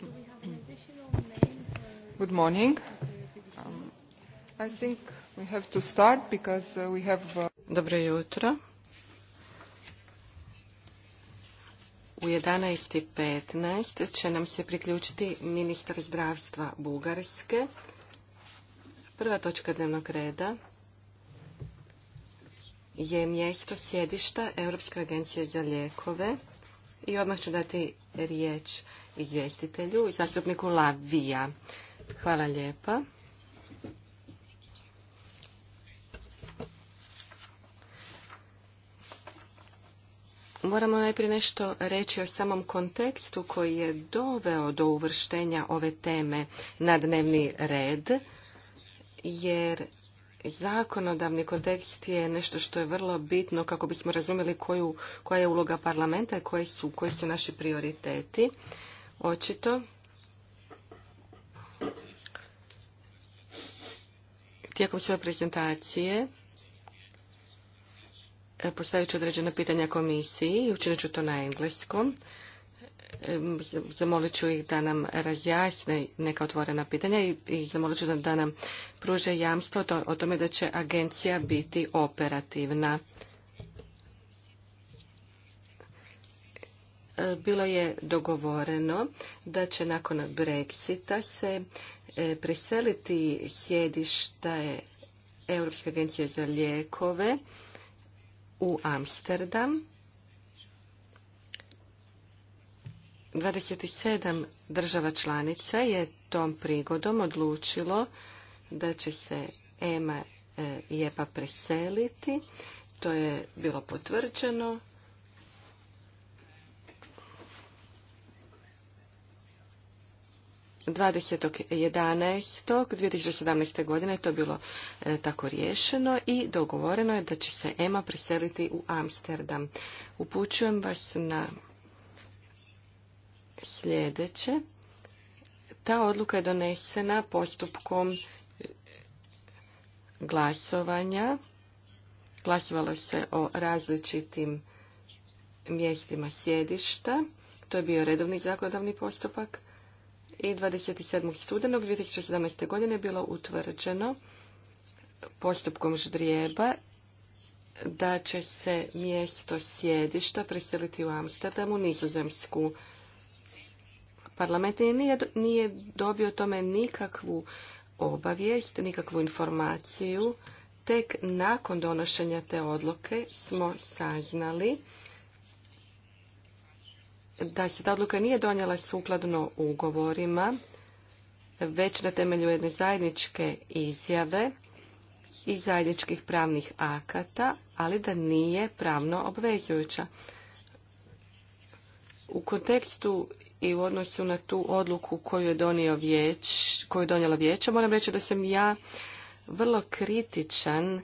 Good, jutro. morning. Um, I think uh, uh, Dobro jutro. U 11.15 će nam se priključiti ministar zdravstva Bugarske. Prva točka dnevnog reda je mjesto sjedišta Europske agencije za lijekove i odmah ću dati riječ izvjestitelju i zastupniku Lavija. Hvala lijepa. Moramo najprije nešto reći o samom kontekstu koji je doveo do uvrštenja ove teme na dnevni red, jer zakonodavni kontekst je nešto što je vrlo bitno kako bismo razumjeli koju, koja je uloga parlamenta i koji su, koji su naši prioriteti. Očito. Tijekom svoje prezentacije e, postavit ću određena pitanja komisiji i učinit ću to na engleskom. E, zamolit ću ih da nam razjasne neka otvorena pitanja i zamolit ću da nam pruže jamstvo o tome da će agencija biti operativna. E, bilo je dogovoreno da će nakon Brexita se e, preseliti sjedišta e, Europske agencije za lijekove u Amsterdam. 27 država članica je tom prigodom odlučilo da će se EMA i EPA preseliti. To je bilo potvrđeno 20.11.2017. godine to je bilo e, tako riješeno i dogovoreno je da će se EMA preseliti u Amsterdam. Upućujem vas na sljedeće. Ta odluka je donesena postupkom glasovanja. Glasovalo se o različitim mjestima sjedišta. To je bio redovni zakonodavni postupak i 27. studenog 2017. godine bilo utvrđeno postupkom ždrijeba da će se mjesto sjedišta preseliti u Amsterdamu, nizozemsku. Parlament nije, nije dobio tome nikakvu obavijest, nikakvu informaciju. Tek nakon donošenja te odluke smo saznali da se ta odluka nije donijela sukladno ugovorima, već na temelju jedne zajedničke izjave i zajedničkih pravnih akata, ali da nije pravno obvezujuća. U kontekstu i u odnosu na tu odluku koju je, donio vijeć, koju je donijelo vijeće, moram reći da sam ja vrlo kritičan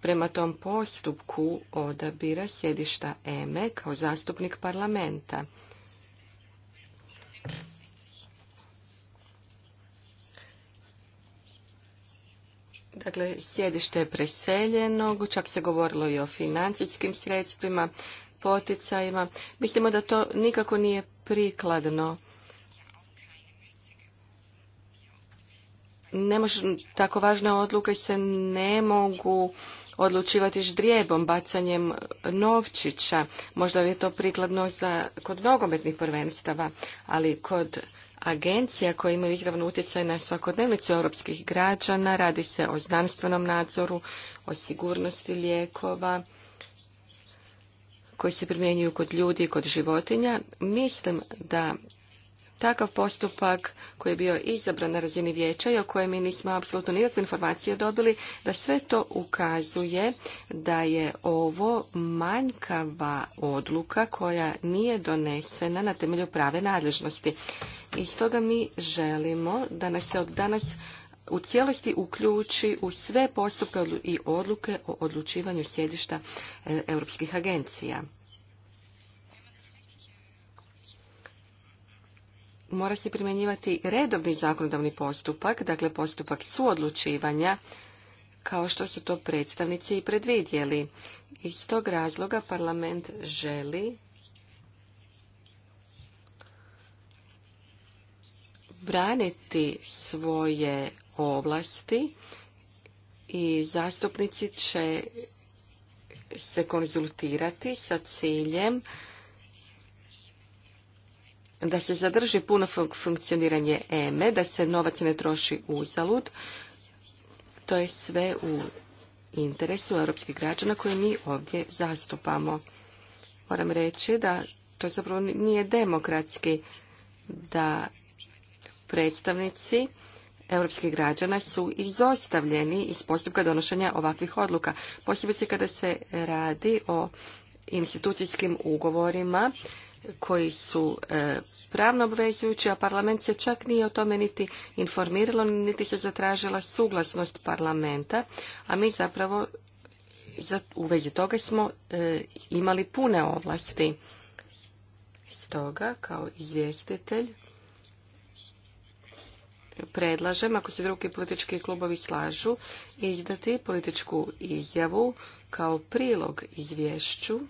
prema tom postupku odabira sjedišta EME kao zastupnik parlamenta. Dakle, sjedište je preseljeno, čak se govorilo i o financijskim sredstvima, poticajima. Mislimo da to nikako nije prikladno. tako važne odluke se ne mogu odlučivati ždrijebom, bacanjem novčića. Možda je to prikladno za, kod nogometnih prvenstava, ali kod agencija koje imaju izravno utjecaj na svakodnevnicu europskih građana. Radi se o znanstvenom nadzoru, o sigurnosti lijekova koji se primjenjuju kod ljudi i kod životinja. Mislim da takav postupak koji je bio izabran na razini vijeća i o kojem mi nismo apsolutno nikakve informacije dobili, da sve to ukazuje da je ovo manjkava odluka koja nije donesena na temelju prave nadležnosti. I stoga mi želimo da nas se od danas u cijelosti uključi u sve postupke i odluke o odlučivanju sjedišta e, europskih agencija. mora se primjenjivati redovni zakonodavni postupak, dakle postupak suodlučivanja, kao što su to predstavnici i predvidjeli. Iz tog razloga parlament želi braniti svoje ovlasti i zastupnici će se konzultirati sa ciljem da se zadrži puno funkcioniranje EME, e, da se novac ne troši uzalud. To je sve u interesu europskih građana koje mi ovdje zastupamo. Moram reći da to zapravo nije demokratski da predstavnici europskih građana su izostavljeni iz postupka donošenja ovakvih odluka. Posebice kada se radi o institucijskim ugovorima koji su e, pravno obvezujući, a parlament se čak nije o tome niti informiralo, niti se zatražila suglasnost parlamenta, a mi zapravo u vezi toga smo e, imali pune ovlasti. Stoga, kao izvjestitelj, predlažem, ako se drugi politički klubovi slažu, izdati političku izjavu kao prilog izvješću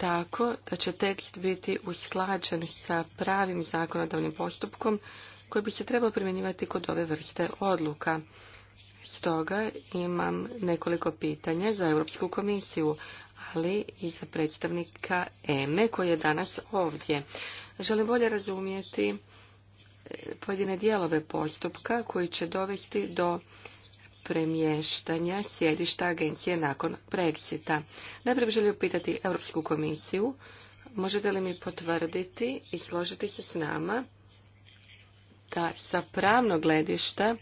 tako da će tekst biti usklađen sa pravim zakonodavnim postupkom koji bi se trebao primjenjivati kod ove vrste odluka. Stoga imam nekoliko pitanja za Europsku komisiju, ali i za predstavnika EME e koji je danas ovdje. Želim bolje razumjeti e, pojedine dijelove postupka koji će dovesti do premještanja sjedišta agencije nakon Brexita. Najprije bih želio pitati Europsku komisiju, možete li mi potvrditi i složiti se s nama da sa pravnog gledišta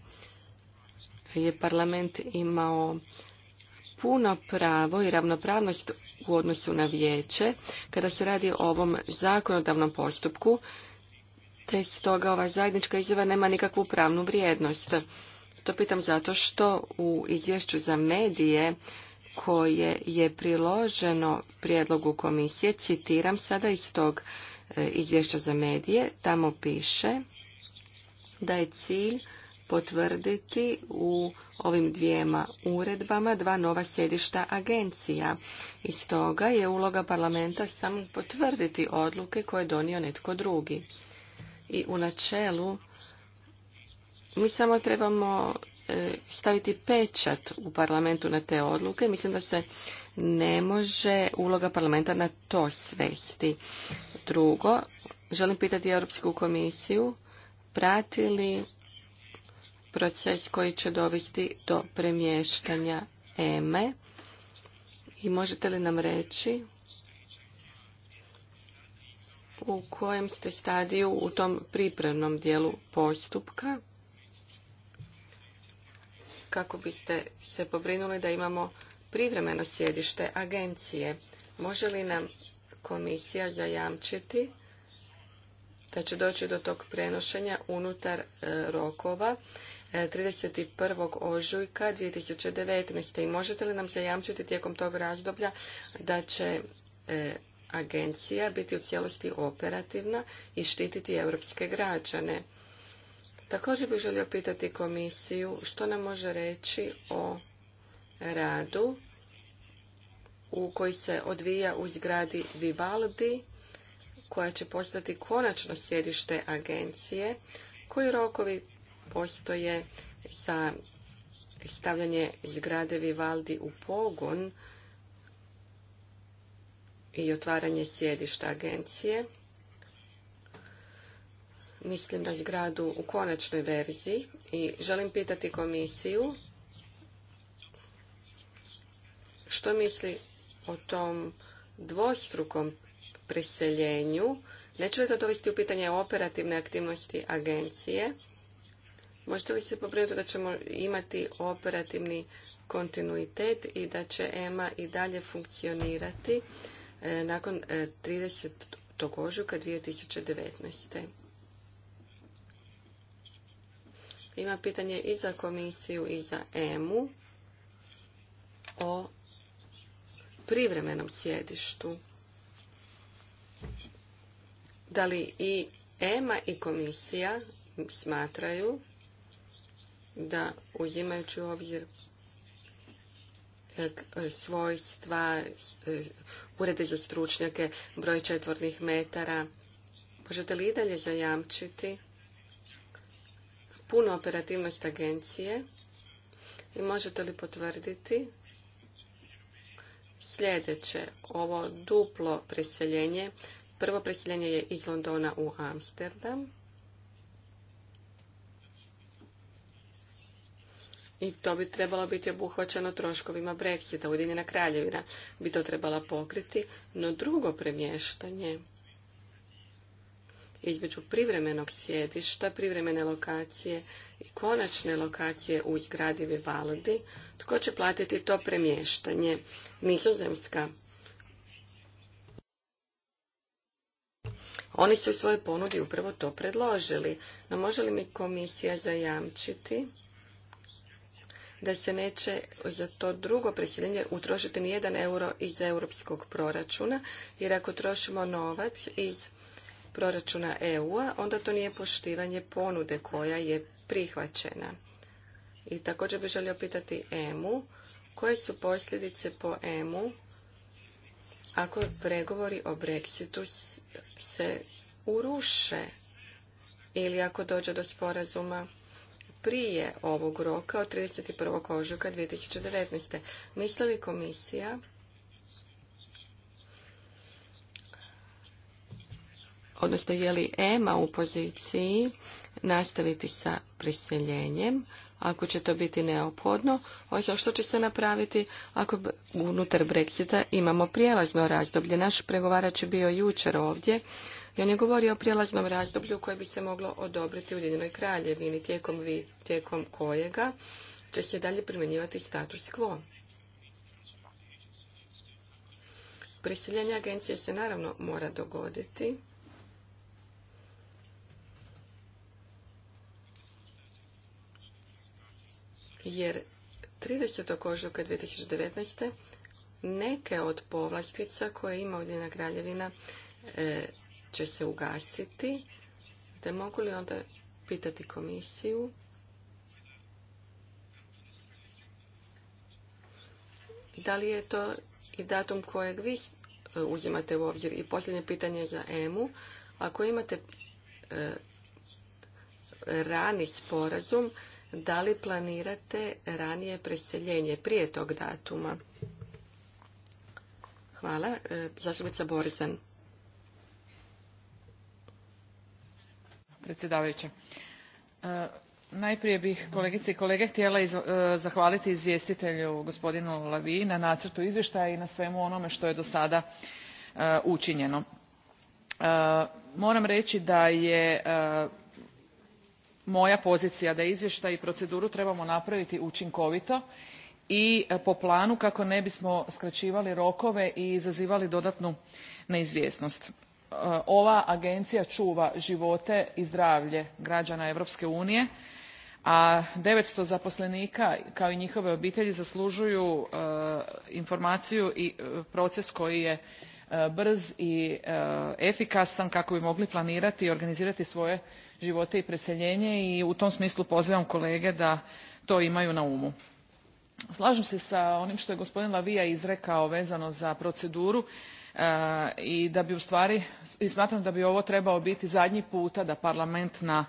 je parlament imao puno pravo i ravnopravnost u odnosu na vijeće kada se radi o ovom zakonodavnom postupku, te stoga ova zajednička izjava nema nikakvu pravnu vrijednost. To pitam zato što u izvješću za medije koje je priloženo prijedlogu komisije, citiram sada iz tog e, izvješća za medije, tamo piše da je cilj potvrditi u ovim dvijema uredbama dva nova sjedišta agencija. I stoga je uloga parlamenta samo potvrditi odluke koje je donio netko drugi. I u načelu mi samo trebamo e, staviti pečat u parlamentu na te odluke. Mislim da se ne može uloga parlamenta na to svesti. Drugo, želim pitati Europsku komisiju prati li proces koji će dovesti do premještanja EME i možete li nam reći u kojem ste stadiju u tom pripremnom dijelu postupka kako biste se pobrinuli da imamo privremeno sjedište agencije. Može li nam komisija zajamčiti da će doći do tog prenošenja unutar e, rokova 31. E, ožujka 2019. I možete li nam zajamčiti tijekom tog razdoblja da će e, agencija biti u cijelosti operativna i štititi europske građane? Također bih želio pitati komisiju što nam može reći o radu u koji se odvija u zgradi Vivaldi, koja će postati konačno sjedište agencije, koji rokovi postoje za stavljanje zgrade Vivaldi u pogon i otvaranje sjedišta agencije mislim na zgradu u konačnoj verziji i želim pitati komisiju što misli o tom dvostrukom preseljenju. Neću li to dovesti u pitanje operativne aktivnosti agencije? Možete li se pobrinuti da ćemo imati operativni kontinuitet i da će EMA i dalje funkcionirati e, nakon 30. E, ožujka 2019. Ima pitanje i za komisiju i za EMU o privremenom sjedištu. Da li i EMA i komisija smatraju da uzimajući u obzir eh, svojstva eh, urede za stručnjake, broj četvornih metara, možete li i dalje zajamčiti Puno operativnost agencije i možete li potvrditi sljedeće, ovo duplo preseljenje. Prvo preseljenje je iz Londona u Amsterdam. I to bi trebalo biti obuhvaćeno troškovima Brexita. Ujedinjena kraljevina bi to trebala pokriti. No drugo premještanje između privremenog sjedišta, privremene lokacije i konačne lokacije u izgradivi Vivaldi, tko će platiti to premještanje? Nizozemska. Oni su u svojoj ponudi upravo to predložili, no može li mi komisija zajamčiti da se neće za to drugo preseljenje utrošiti ni jedan euro iz europskog proračuna, jer ako trošimo novac iz proračuna EU-a, onda to nije poštivanje ponude koja je prihvaćena. I također bih želio pitati EMU, koje su posljedice po EMU ako pregovori o Brexitu se uruše ili ako dođe do sporazuma prije ovog roka od 31. ožujka 2019. Misli li komisija odnosno je li EMA u poziciji nastaviti sa priseljenjem, ako će to biti neophodno, odnosno što će se napraviti ako unutar Brexita imamo prijelazno razdoblje. Naš pregovarač je bio jučer ovdje i on je govorio o prijelaznom razdoblju koje bi se moglo odobriti u Ljedinoj kraljevini tijekom, vi, tijekom kojega će se dalje primjenjivati status quo. Priseljenje agencije se naravno mora dogoditi, jer 30. ožujka 2019. neke od povlastica koje ima Ujedinjena kraljevina e, će se ugasiti. Te mogu li onda pitati komisiju da li je to i datum kojeg vi e, uzimate u obzir? I posljednje pitanje za EMU. Ako imate e, rani sporazum, da li planirate ranije preseljenje prije tog datuma? Hvala. E, zastupnica Borzan. Predsjedavajuća. E, najprije bih kolegice i kolege htjela e, zahvaliti izvjestitelju gospodinu Lavi na nacrtu izvještaja i na svemu onome što je do sada učinjeno. Moram reći da je moja pozicija da izvještaj i proceduru trebamo napraviti učinkovito i e, po planu kako ne bismo skraćivali rokove i izazivali dodatnu neizvjesnost. E, ova agencija čuva živote i zdravlje građana Europske unije, a 900 zaposlenika kao i njihove obitelji zaslužuju e, informaciju i proces koji je brz i efikasan kako bi mogli planirati i organizirati svoje živote i preseljenje i u tom smislu pozivam kolege da to imaju na umu. Slažem se sa onim što je gospodin Lavija izrekao vezano za proceduru e, i da bi ustvari i smatram da bi ovo trebao biti zadnji puta da parlament na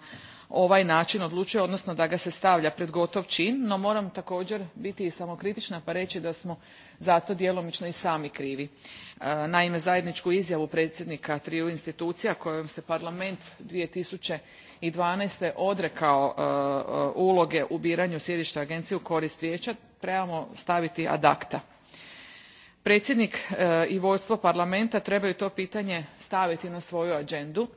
ovaj način odlučuje odnosno da ga se stavlja pred gotov čin no moram također biti i samokritična pa reći da smo zato to djelomično i sami krivi. E, naime zajedničku izjavu predsjednika triju institucija kojom se parlament. two thousand and odrekao e, e, uloge u biranju sjedišta agencije u korist vijeća trebamo staviti ad acta. predsjednik i vodstvo parlamenta trebaju to pitanje staviti na svoju agendu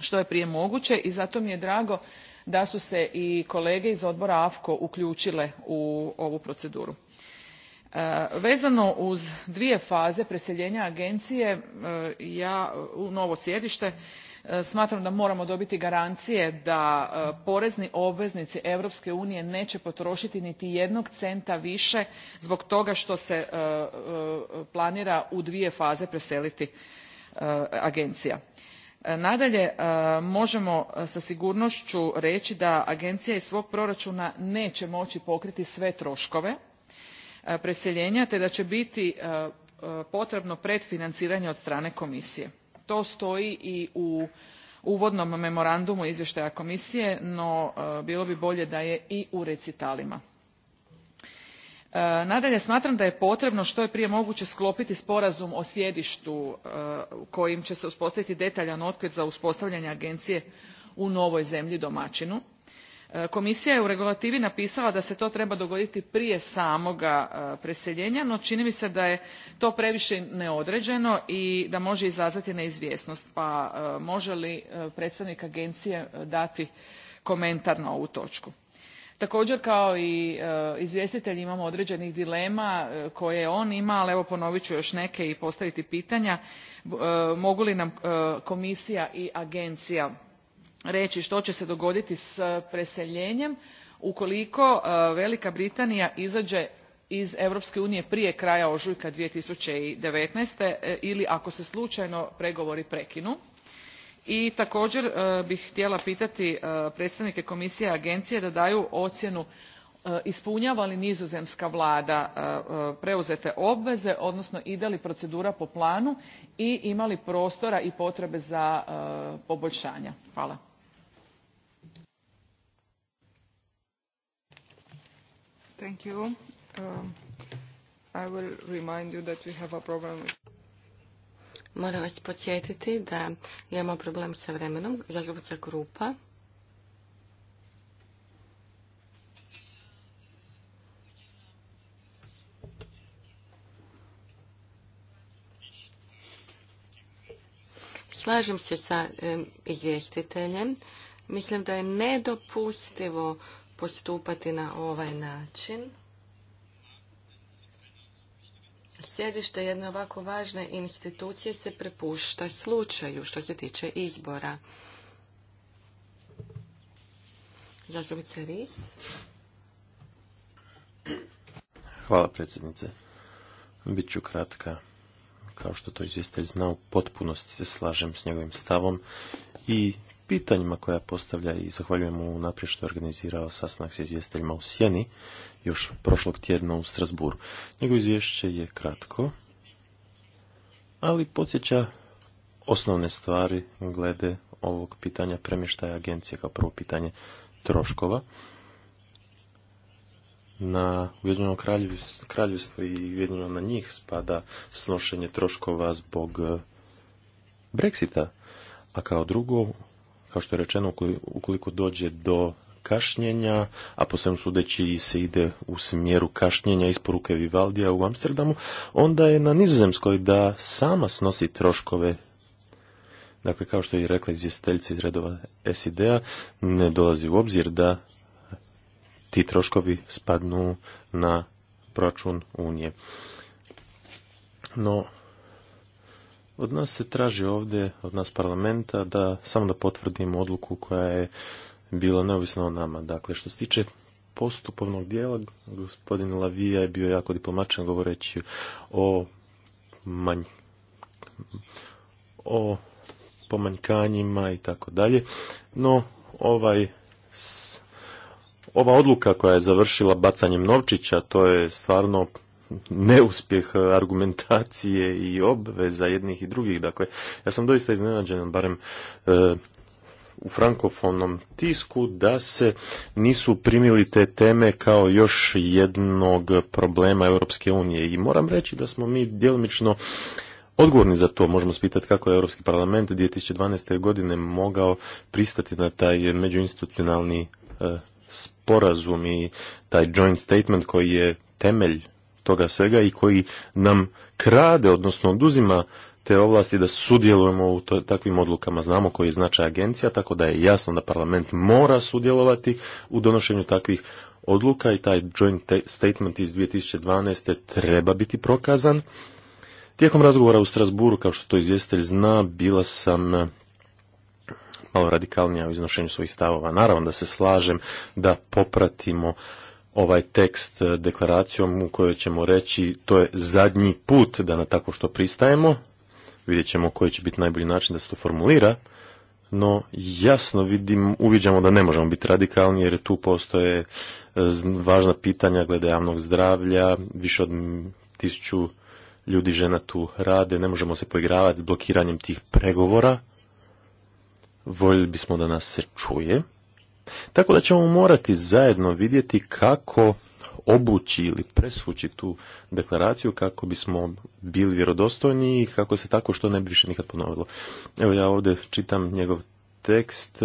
što je prije moguće i zato mi je drago da su se i kolege iz odbora afco uključile u ovu proceduru. E, vezano uz dvije faze preseljenja agencije e, ja, u novo sjedište e, smatram da moramo dobiti garancije da porezni obveznici europske unije neće potrošiti niti jednog centa više zbog toga što se planira u dvije faze preseliti agencija nadalje možemo sa sigurnošću reći da agencija iz svog proračuna neće moći pokriti sve troškove E, preseljenja te da će biti e, e, potrebno predfinanciranje od strane komisije. To stoji i u uvodnom memorandumu izvještaja komisije, no bilo bi bolje da je i u recitalima. Nadalje, smatram da je potrebno što je prije moguće sklopiti sporazum o sjedištu kojim će se uspostaviti detaljan okvir za uspostavljanje agencije u novoj zemlji domaćinu E, komisija je u regulativi napisala da se to treba dogoditi prije samoga e, preseljenja no čini mi se da je to previše neodređeno i da može izazvati neizvjesnost pa e, može li predstavnik agencije dati komentar na ovu točku također kao i izvjestitelj imamo određenih dilema koje on ima ali evo ponovit ću još neke i postaviti pitanja mogu li nam komisija i agencija reći što će se dogoditi s e, preseljenjem ukoliko e, Velika Britanija izađe iz Europske unije prije kraja ožujka 2019. E, ili ako se slučajno pregovori prekinu. I također bih htjela pitati predstavnike komisije i agencije da daju ocjenu ispunjava li nizozemska vlada preuzete obveze, odnosno ide li procedura po planu i ima li prostora i potrebe za poboljšanja. Hvala. Thank you. Um, I will remind you that we have a problem Moram vas podsjetiti da imamo problem sa vremenom. Zagrebaca grupa. Slažem se sa izvjestiteljem. Mislim da je nedopustivo postupati na ovaj način. Sjedište jedne ovako važne institucije se prepušta slučaju što se tiče izbora. Zastupnice Ris. Hvala predsjednice. Biću kratka. Kao što to izvjestelj zna, u potpunosti se slažem s njegovim stavom i pitanjima koja postavlja i zahvaljujem mu naprijed što je organizirao sastanak s izvjestiteljima u Sjeni još prošlog tjedna u Strasburu. Njegovo izvješće je kratko, ali podsjeća osnovne stvari glede ovog pitanja premještaja agencije kao prvo pitanje troškova. Na Ujedinjeno kraljevstvo i ujedinjeno na njih spada snošenje troškova zbog Brexita, a kao drugo kao što je rečeno, ukoliko dođe do kašnjenja, a po svemu sudeći se ide u smjeru kašnjenja isporuke Vivaldija u Amsterdamu, onda je na nizozemskoj da sama snosi troškove Dakle, kao što je rekla izvjestiteljica iz redova SID-a, ne dolazi u obzir da ti troškovi spadnu na proračun Unije. No, od nas se traži ovdje, od nas parlamenta, da samo da potvrdimo odluku koja je bila neovisna o nama. Dakle, što se tiče postupovnog dijela, gospodin Lavija je bio jako diplomačan govoreći o o pomanjkanjima i tako dalje. No, ovaj ova odluka koja je završila bacanjem novčića, to je stvarno neuspjeh e, argumentacije i obveza jednih i drugih. Dakle, ja sam doista iznenađen, barem e, u frankofonom tisku da se nisu primili te teme kao još jednog problema Europske unije. I moram reći da smo mi djelomično odgovorni za to. Možemo spitati kako je Europski parlament 2012. godine mogao pristati na taj međuinstitucionalni e, sporazum i taj joint statement koji je temelj toga svega i koji nam krade, odnosno oduzima te ovlasti da sudjelujemo u takvim odlukama. Znamo koji je značaj agencija, tako da je jasno da parlament mora sudjelovati u donošenju takvih odluka i taj joint statement iz 2012. treba biti prokazan. Tijekom razgovora u Strasburu, kao što to izvjestitelj zna, bila sam eh, malo radikalnija u iznošenju svojih stavova. Naravno da se slažem da popratimo ovaj tekst e, deklaracijom u kojoj ćemo reći to je zadnji put da na tako što pristajemo. Vidjet ćemo koji će biti najbolji način da se to formulira. No jasno vidim, uviđamo da ne možemo biti radikalni jer tu postoje e, važna pitanja glede javnog zdravlja, više od tisuću ljudi žena tu rade, ne možemo se poigravati s blokiranjem tih pregovora. Voljeli bismo da nas se čuje tako da ćemo morati zajedno vidjeti kako obući ili presvući tu deklaraciju kako bismo bili vjerodostojni i kako se tako što ne bi više nikad ponovilo. Evo ja ovdje čitam njegov tekst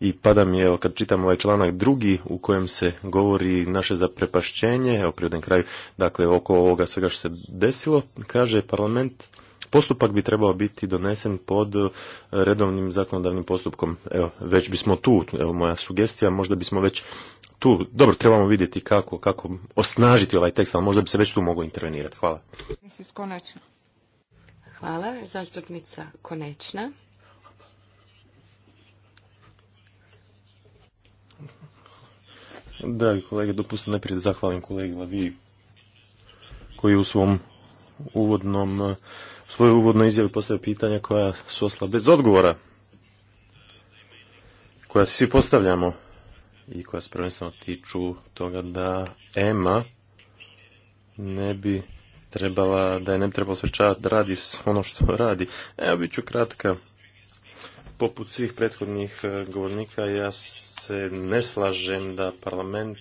i pada mi evo kad čitam ovaj članak drugi u kojem se govori naše zaprepašćenje, evo prirodnom kraju, dakle oko ovoga svega što se desilo, kaže parlament postupak bi trebao biti donesen pod eh, redovnim zakonodavnim postupkom. Evo, već bismo tu, evo moja sugestija, možda bismo već tu, dobro, trebamo vidjeti kako, kako osnažiti ovaj tekst, ali možda bi se već tu moglo intervenirati. Hvala. Konečna. Hvala, zastupnica Konečna. Dragi kolege, dopustite najprije da zahvalim kolegi Lavi koji u svom uvodnom u svojoj uvodnoj izjavi postavio pitanja koja su osla bez odgovora, koja svi postavljamo i koja se prvenstveno tiču toga da EMA ne bi trebala, da je ne bi trebalo svečavati da radi ono što radi. Evo, bit ću kratka. Poput svih prethodnih e, govornika, ja se ne slažem da parlament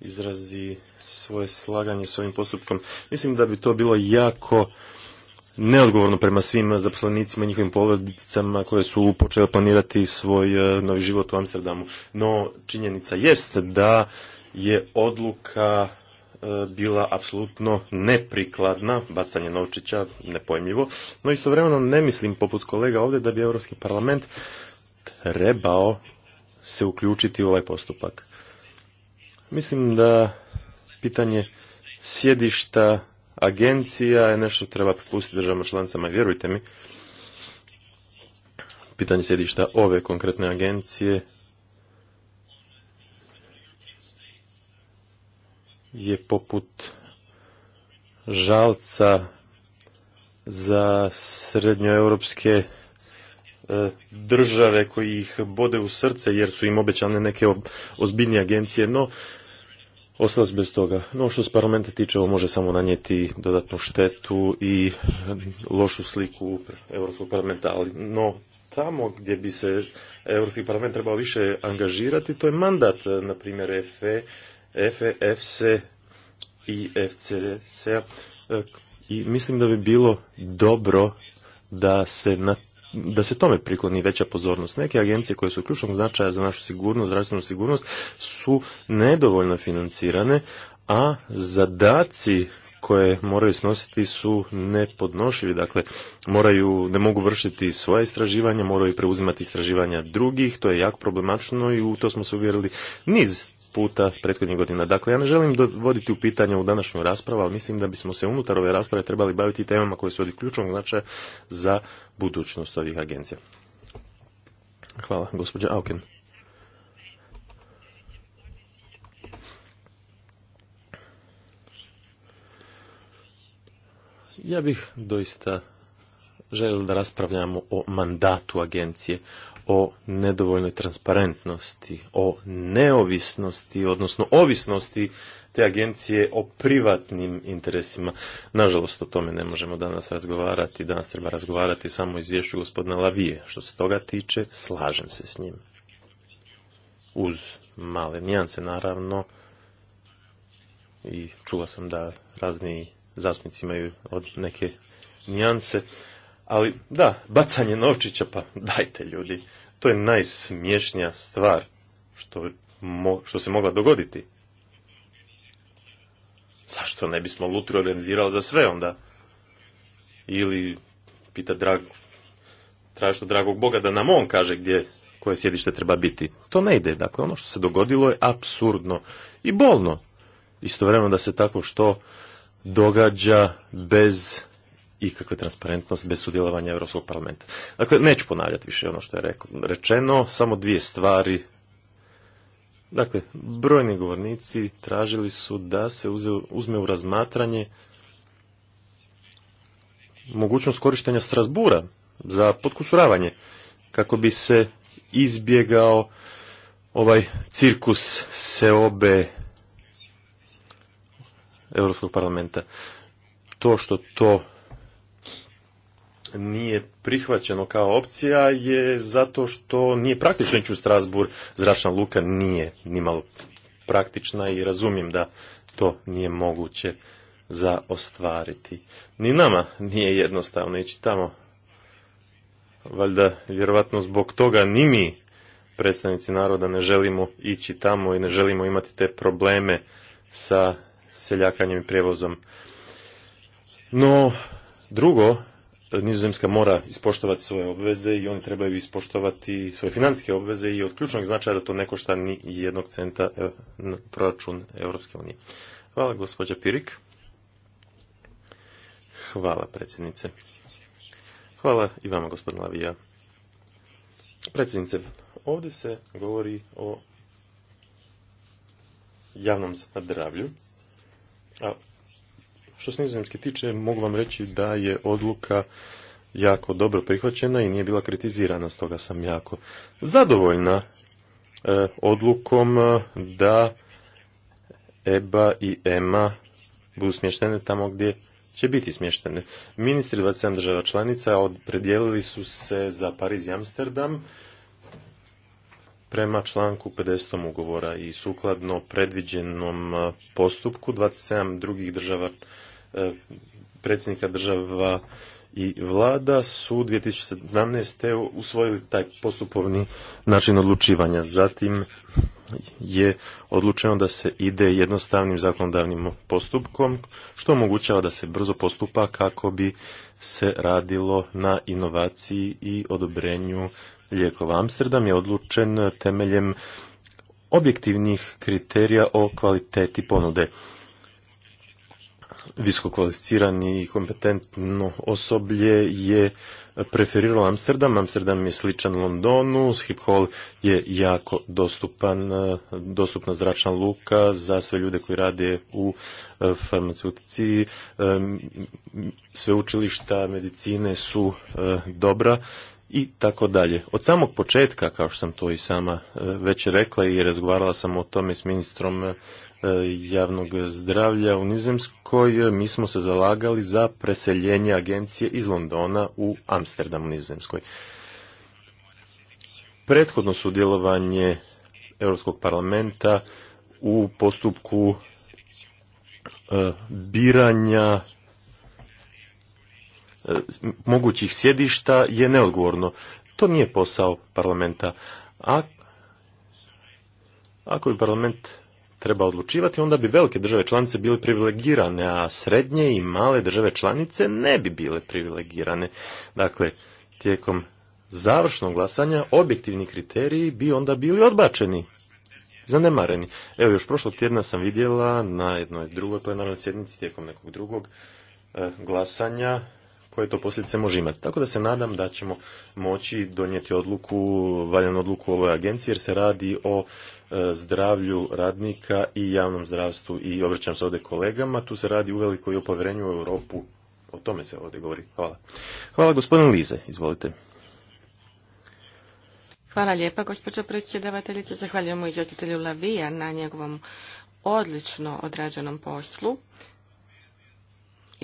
izrazi svoje slaganje s ovim postupkom. Mislim da bi to bilo jako neodgovorno prema svim zaposlenicima i njihovim porodicama koje su počele planirati svoj e, novi život u Amsterdamu. No, činjenica jest da je odluka e, bila apsolutno neprikladna, bacanje novčića, nepojmljivo, no istovremeno ne mislim poput kolega ovdje da bi Europski parlament trebao se uključiti u ovaj postupak. Mislim da pitanje sjedišta agencija je nešto treba prepustiti državama članicama, vjerujte mi. Pitanje sjedišta ove konkretne agencije je poput žalca za srednjoeuropske e, države koji ih bode u srce jer su im obećane neke ozbiljnije agencije, no Ostali bez toga. No što se parlamenta tiče, ovo može samo nanijeti dodatnu štetu i lošu sliku Europskog parlamenta, ali no tamo gdje bi se Europski parlament trebao više angažirati, to je mandat, na primjer, EFE, EFSE i e, I mislim da bi bilo dobro da se na da se tome prikloni veća pozornost. Neke agencije koje su ključnog značaja za našu sigurnost, zdravstvenu sigurnost, su nedovoljno financirane, a zadaci koje moraju snositi su nepodnošivi, dakle moraju, ne mogu vršiti svoje istraživanja, moraju preuzimati istraživanja drugih, to je jako problematično i u to smo se uvjerili niz puta prethodnih godina. Dakle, ja ne želim dovoditi u pitanje u današnju raspravu, ali mislim da bismo se unutar ove rasprave trebali baviti temama koje su od ključnog značaja za budućnost ovih agencija. Hvala, gospođa Auken. Ja bih doista želio da raspravljamo o mandatu agencije o nedovoljnoj transparentnosti, o neovisnosti, odnosno ovisnosti te agencije o privatnim interesima. Nažalost, o tome ne možemo danas razgovarati. Danas treba razgovarati samo o izvješću gospodina Lavije. Što se toga tiče, slažem se s njim. Uz male nijance, naravno, i čula sam da razni zastupnici imaju od neke nijance. Ali da, bacanje novčića, pa dajte ljudi, to je najsmiješnija stvar što, što se mogla dogoditi. Zašto ne bismo lutru organizirali za sve onda? Ili pita drag, tražite dragog Boga da nam on kaže gdje koje sjedište treba biti. To ne ide. Dakle, ono što se dogodilo je absurdno i bolno. Istovremeno da se tako što događa bez ikakve transparentnost bez sudjelovanja Europskog parlamenta. Dakle, neću ponavljati više ono što je rečeno, samo dvije stvari. Dakle, brojni govornici tražili su da se uzme u razmatranje mogućnost korištenja Strasbura za potkusuravanje kako bi se izbjegao ovaj cirkus seobe Europskog parlamenta. To što to nije prihvaćeno kao opcija je zato što nije praktično ići u Strasbur, zračna luka nije malo praktična i razumijem da to nije moguće za ostvariti. Ni nama nije jednostavno ići tamo. Valjda vjerovatno zbog toga ni mi predstavnici naroda ne želimo ići tamo i ne želimo imati te probleme sa seljakanjem i prijevozom. No, drugo Nizozemska mora ispoštovati svoje obveze i oni trebaju ispoštovati svoje financijske obveze i od ključnog značaja da to ne košta ni jednog centa e, proračun Europske unije. Hvala gospođa Pirik. Hvala predsjednice. Hvala i vama gospodin Lavija. Predsjednice, ovdje se govori o javnom zdravlju, a što se nizozemske tiče, mogu vam reći da je odluka jako dobro prihvaćena i nije bila kritizirana, stoga sam jako zadovoljna e, odlukom e, da EBA i EMA budu smještene tamo gdje će biti smještene. Ministri 27 država članica predijelili su se za Pariz i Amsterdam prema članku 50. ugovora i sukladno predviđenom postupku 27 drugih država E, predsjednika država i vlada su 2017. usvojili taj postupovni način odlučivanja. Zatim je odlučeno da se ide jednostavnim zakonodavnim postupkom, što omogućava da se brzo postupa kako bi se radilo na inovaciji i odobrenju lijekova. Amsterdam je odlučen temeljem objektivnih kriterija o kvaliteti ponude visokokvalificirani i kompetentno osoblje je preferiralo Amsterdam. Amsterdam je sličan Londonu, Hall je jako dostupan, e, dostupna zračna luka za sve ljude koji rade u e, farmaceutici. E, učilišta, medicine su dobra i tako dalje. Od samog početka, kao što sam to i sama već rekla i razgovarala sam o tome s ministrom E, javnog zdravlja u Nizozemskoj, mi smo se zalagali za preseljenje agencije iz Londona u Amsterdam u Nizozemskoj. Prethodno sudjelovanje Europskog parlamenta u postupku e, biranja e, mogućih sjedišta je neodgovorno. To nije posao parlamenta. A ako je parlament treba odlučivati, onda bi velike države članice bile privilegirane, a srednje i male države članice ne bi bile privilegirane. Dakle, tijekom završnog glasanja objektivni kriteriji bi onda bili odbačeni, zanemareni. Evo, još prošlog tjedna sam vidjela na jednoj drugoj plenarnoj sjednici tijekom nekog drugog e, glasanja koje to posljedice može imati. Tako da se nadam da ćemo moći donijeti odluku, valjanu odluku u ovoj agenciji jer se radi o e, zdravlju radnika i javnom zdravstvu i obraćam se ovdje kolegama. Tu se radi uveliko i o povjerenju u Europu. O tome se ovdje govori. Hvala. Hvala gospodin Lize. Izvolite. Hvala lijepa, gospođo predsjedavateljice. Zahvaljujemo izvjetitelju Lavija na njegovom odlično odrađenom poslu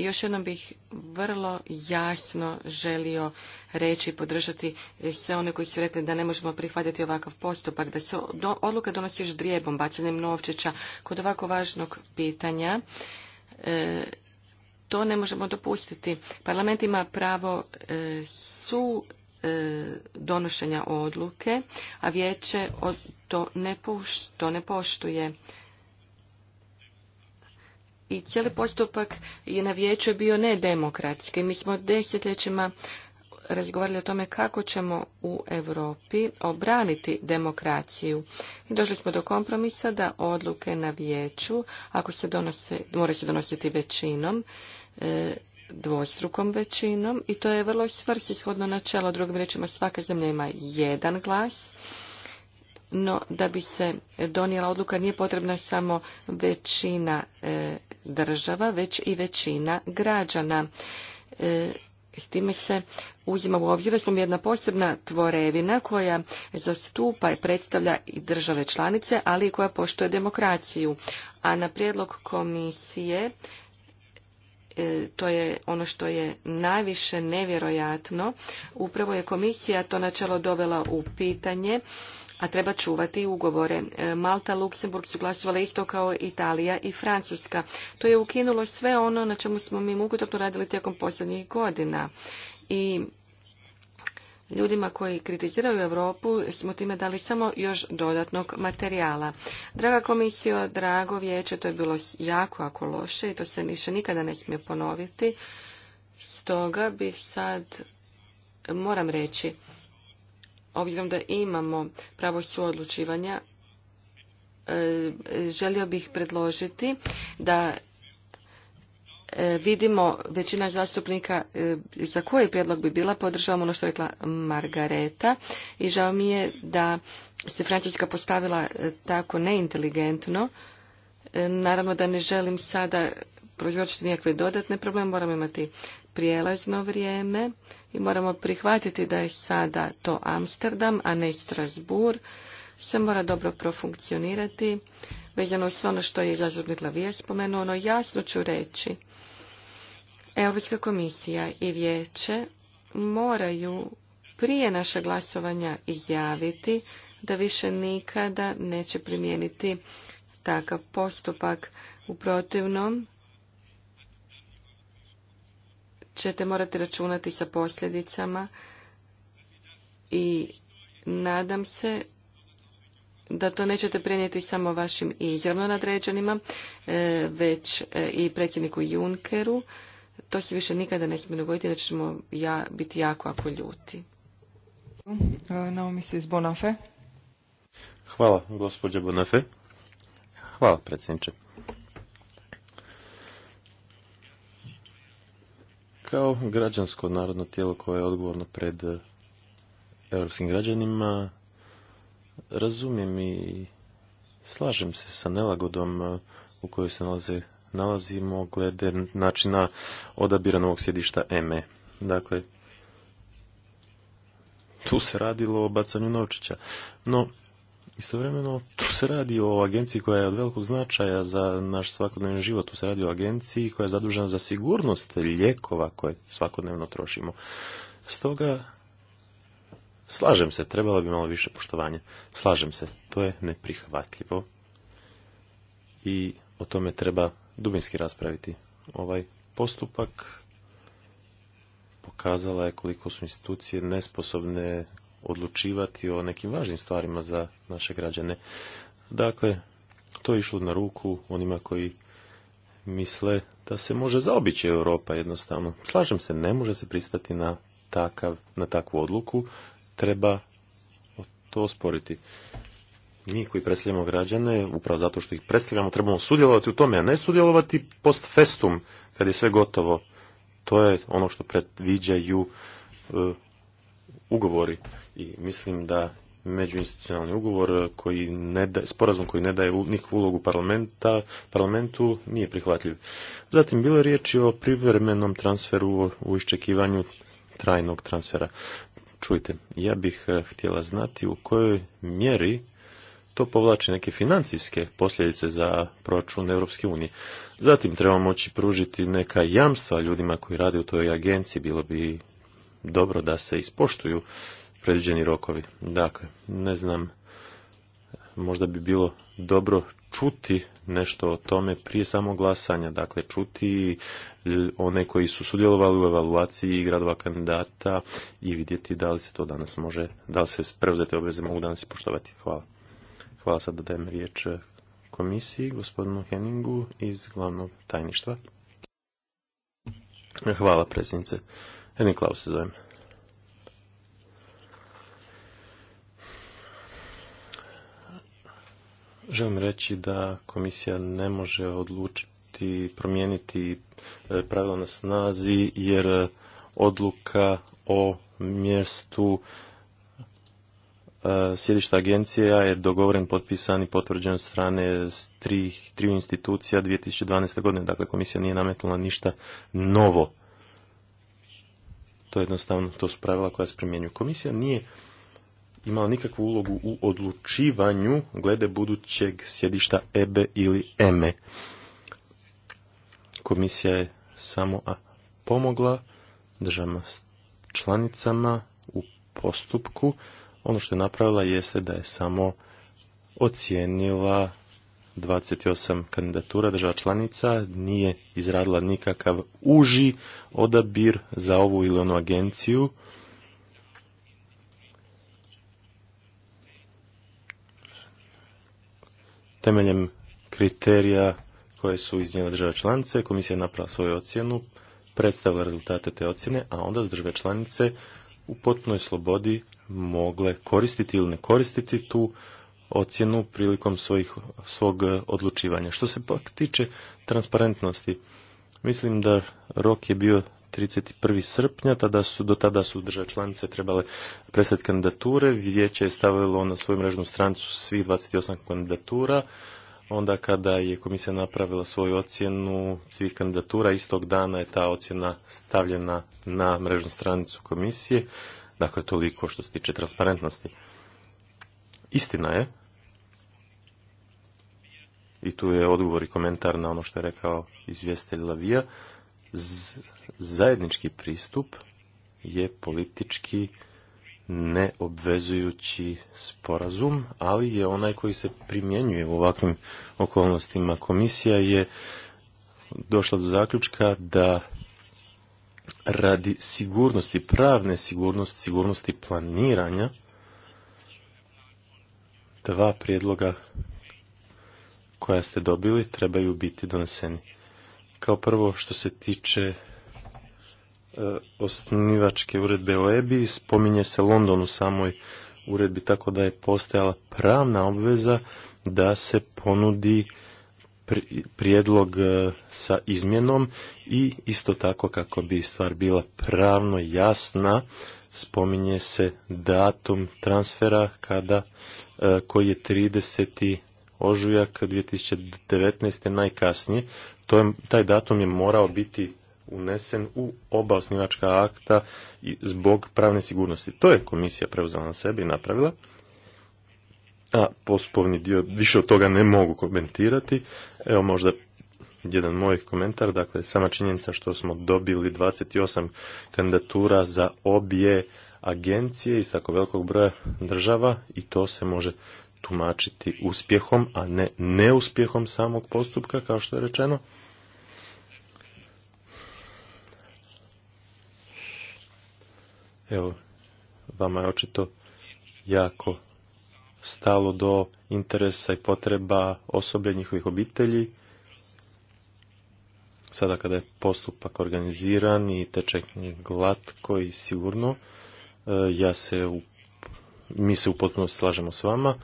još jednom bih vrlo jasno želio reći i podržati sve one koji su rekli da ne možemo prihvatiti ovakav postupak, da se odluka donosi ždrijebom, bacanjem novčića. Kod ovako važnog pitanja e, to ne možemo dopustiti. Parlament ima pravo e, su e, donošenja odluke, a vijeće to ne poštuje i cijeli postupak je na vijeću bio nedemokratski. Mi smo desetljećima razgovarali o tome kako ćemo u Europi obraniti demokraciju. I došli smo do kompromisa da odluke na vijeću, ako se donose, mora se donositi većinom, e, dvostrukom većinom i to je vrlo svrsishodno načelo. Drugim rečima svaka zemlja ima jedan glas no da bi se donijela odluka nije potrebna samo većina e, država, već i većina građana. E, s time se uzima u obzir da smo jedna posebna tvorevina koja zastupa i predstavlja i države članice, ali i koja poštuje demokraciju. A na prijedlog komisije e, to je ono što je najviše nevjerojatno. Upravo je komisija to načelo dovela u pitanje a treba čuvati ugovore. E, Malta, Luksemburg su glasovali isto kao Italija i Francuska. To je ukinulo sve ono na čemu smo mi mukotrpno radili tijekom posljednjih godina. I Ljudima koji kritiziraju Europu smo time dali samo još dodatnog materijala. Draga komisija, drago vijeće, to je bilo jako, ako loše i to se više nikada ne smije ponoviti. Stoga bih sad, moram reći, obzirom da imamo pravo suodlučivanja, e, želio bih predložiti da e, vidimo većina zastupnika e, za koji prijedlog bi bila, Podržavamo ono što je rekla Margareta i žao mi je da se Francuska postavila tako neinteligentno. Naravno da ne želim sada proizvršiti nikakve dodatne probleme, moramo imati prijelazno vrijeme i moramo prihvatiti da je sada to Amsterdam, a ne Strasbourg. Sve mora dobro profunkcionirati. Vezano sve ono što je zastupnik glavija spomenuo, ono jasno ću reći. Europska komisija i vijeće moraju prije našeg glasovanja izjaviti da više nikada neće primijeniti takav postupak. U protivnom, ćete morati računati sa posljedicama i nadam se da to nećete prenijeti samo vašim izravno nadređenima, e, već e, i predsjedniku Junkeru. To se više nikada ne smije dogoditi, da ćemo ja biti jako, ako ljuti. Hvala, gospođa Bonafe. Hvala, predsjedniče. Kao građansko narodno tijelo koje je odgovorno pred eh, europskim građanima, razumijem i slažem se sa nelagodom eh, u kojoj se nalaze, nalazimo glede načina odabira novog sjedišta EME. Dakle, tu se radilo o bacanju novčića. No, Istovremeno, tu se radi o agenciji koja je od velikog značaja za naš svakodnevni život. Tu se radi o agenciji koja je zadužena za sigurnost lijekova koje svakodnevno trošimo. Stoga, slažem se, trebalo bi malo više poštovanja. Slažem se, to je neprihvatljivo. I o tome treba dubinski raspraviti. Ovaj postupak pokazala je koliko su institucije nesposobne odlučivati o nekim važnim stvarima za naše građane. Dakle, to je išlo na ruku onima koji misle da se može zaobići Europa jednostavno. Slažem se, ne može se pristati na, takav, na takvu odluku, treba to osporiti. Mi koji predstavljamo građane, upravo zato što ih predstavljamo, trebamo sudjelovati u tome, a ne sudjelovati post festum, kad je sve gotovo. To je ono što predviđaju e, ugovori i mislim da međuinstitucionalni ugovor koji ne da, sporazum koji ne daje nikakvu ulogu parlamenta, parlamentu nije prihvatljiv. Zatim bilo je riječi o privremenom transferu u iščekivanju trajnog transfera. Čujte, ja bih eh, htjela znati u kojoj mjeri to povlači neke financijske posljedice za proračun Europske unije. Zatim trebamo moći pružiti neka jamstva ljudima koji rade u toj agenciji, bilo bi dobro da se ispoštuju predviđeni rokovi. Dakle, ne znam, možda bi bilo dobro čuti nešto o tome prije samog glasanja, dakle čuti one koji su sudjelovali u evaluaciji gradova kandidata i vidjeti da li se to danas može, da li se preuzete obveze mogu danas ispoštovati. Hvala. Hvala sad da dajem riječ komisiji, gospodinu Henningu iz glavnog tajništva. Hvala predsjednice. Henning Klaus se zovem. Želim reći da komisija ne može odlučiti, promijeniti e, pravila na snazi, jer e, odluka o mjestu e, sjedišta agencije je dogovoren, potpisan i potvrđen od strane tri, tri institucija 2012. godine. Dakle, komisija nije nametnula ništa novo jednostavno, to su pravila koja se primjenjuju. Komisija nije imala nikakvu ulogu u odlučivanju glede budućeg sjedišta EBE ili EME. Komisija je samo pomogla državama članicama u postupku. Ono što je napravila jeste da je samo ocijenila 28 kandidatura država članica nije izradila nikakav uži odabir za ovu ili onu agenciju. Temeljem kriterija koje su iznijela države članice, komisija je napravila svoju ocjenu, predstavila rezultate te ocjene, a onda države članice u potpunoj slobodi mogle koristiti ili ne koristiti tu ocjenu prilikom svojih, svog e, odlučivanja. Što se pak tiče transparentnosti, mislim da rok je bio 31. srpnja, tada su, do tada su države članice trebale predstaviti kandidature, vijeće je stavilo na svoju mrežnu strancu svih 28 kandidatura, onda kada je komisija napravila svoju ocjenu svih kandidatura, istog dana je ta ocjena stavljena na mrežnu stranicu komisije, dakle toliko što se tiče transparentnosti. Istina je i tu je odgovor i komentar na ono što je rekao izvjestelj Lavija, zajednički pristup je politički neobvezujući sporazum, ali je onaj koji se primjenjuje u ovakvim okolnostima. Komisija je došla do zaključka da radi sigurnosti, pravne sigurnosti, sigurnosti planiranja, dva prijedloga koja ste dobili trebaju biti doneseni. Kao prvo što se tiče e, osnivačke uredbe o EBI, spominje se London u samoj uredbi, tako da je postojala pravna obveza da se ponudi prijedlog e, sa izmjenom i isto tako kako bi stvar bila pravno jasna, spominje se datum transfera kada, e, koji je 30 ožujak 2019. najkasnije. To je, taj datum je morao biti unesen u oba osnivačka akta i zbog pravne sigurnosti. To je komisija preuzela na sebe i napravila. A postupovni dio, više od toga ne mogu komentirati. Evo možda jedan moj komentar, dakle sama činjenica što smo dobili 28 kandidatura za obje agencije iz tako velikog broja država i to se može tumačiti uspjehom, a ne neuspjehom samog postupka, kao što je rečeno. Evo, vama je očito jako stalo do interesa i potreba osoblja njihovih obitelji. Sada kada je postupak organiziran i teče glatko i sigurno, e, ja se, mi se u potpunosti slažemo s vama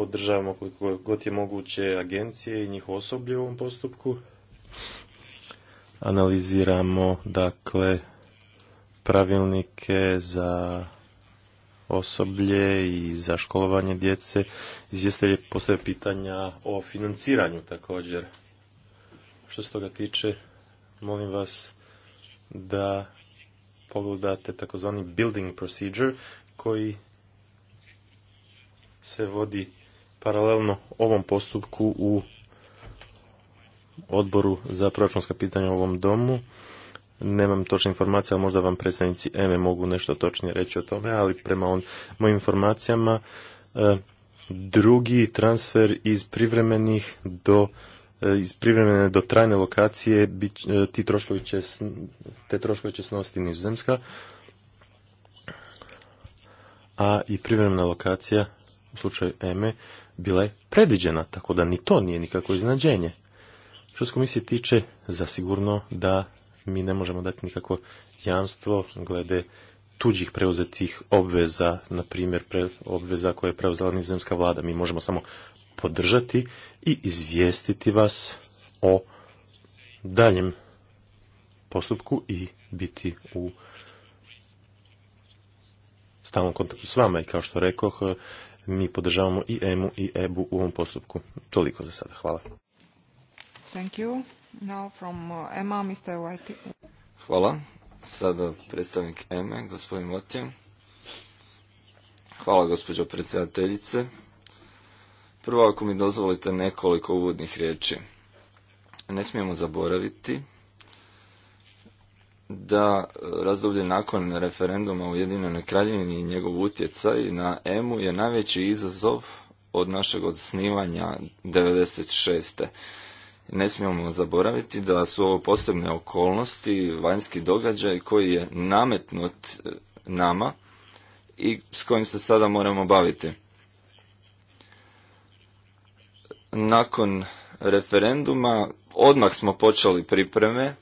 podržavamo koliko god je moguće agencije i njihov osoblje u ovom postupku. Analiziramo, dakle, pravilnike za osoblje i za školovanje djece. Izvjestelje postoje pitanja o financiranju također. Što se toga tiče, molim vas da pogledate takozvani building procedure koji se vodi paralelno ovom postupku u odboru za proračunska pitanja u ovom domu. Nemam točne informacije, ali možda vam predstavnici EME mogu nešto točnije reći o tome, ali prema on, mojim informacijama e, drugi transfer iz privremenih do e, iz privremene do trajne lokacije e, ti troškovi će, te troškovi će snositi nizozemska a i privremena lokacija u slučaju EME bila je predviđena, tako da ni to nije nikako iznadženje. Što se komisije tiče, zasigurno da mi ne možemo dati nikako jamstvo glede tuđih preuzetih obveza, na primjer pre, obveza koje je preuzela nizemska vlada. Mi možemo samo podržati i izvijestiti vas o daljem postupku i biti u stalnom kontaktu s vama i kao što rekoh mi podržavamo i EMU i EBU u ovom postupku. Toliko za sada. Hvala. Thank you. Now from uh, Mr. White. Hvala. Sada predstavnik EME, e, gospodin Votjan. Hvala gospođo predsjedateljice. Prvo ako mi dozvolite nekoliko uvodnih riječi. Ne smijemo zaboraviti da e, razdoblje nakon referenduma u Jedinjenoj Kraljevini i njegov utjecaj na EMU je najveći izazov od našeg odsnivanja 96. Ne smijemo zaboraviti da su ovo posebne okolnosti, vanjski događaj koji je nametnut e, nama i s kojim se sada moramo baviti. Nakon referenduma odmah smo počeli pripreme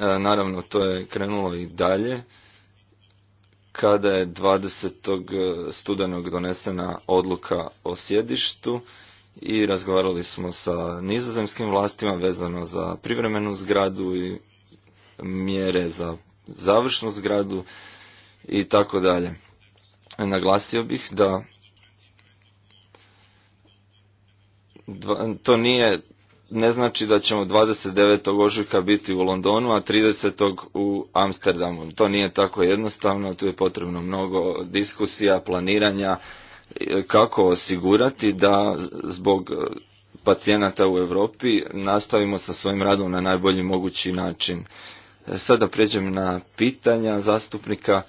E, naravno, to je krenulo i dalje kada je 20. E, studenog donesena odluka o sjedištu i razgovarali smo sa nizozemskim vlastima vezano za privremenu zgradu i mjere za završnu zgradu i tako dalje. Naglasio bih da to nije ne znači da ćemo 29. ožujka biti u Londonu, a 30. u Amsterdamu. To nije tako jednostavno, tu je potrebno mnogo diskusija, planiranja, e, kako osigurati da zbog e, pacijenata u Europi nastavimo sa svojim radom na najbolji mogući način. E, Sada pređem na pitanja zastupnika.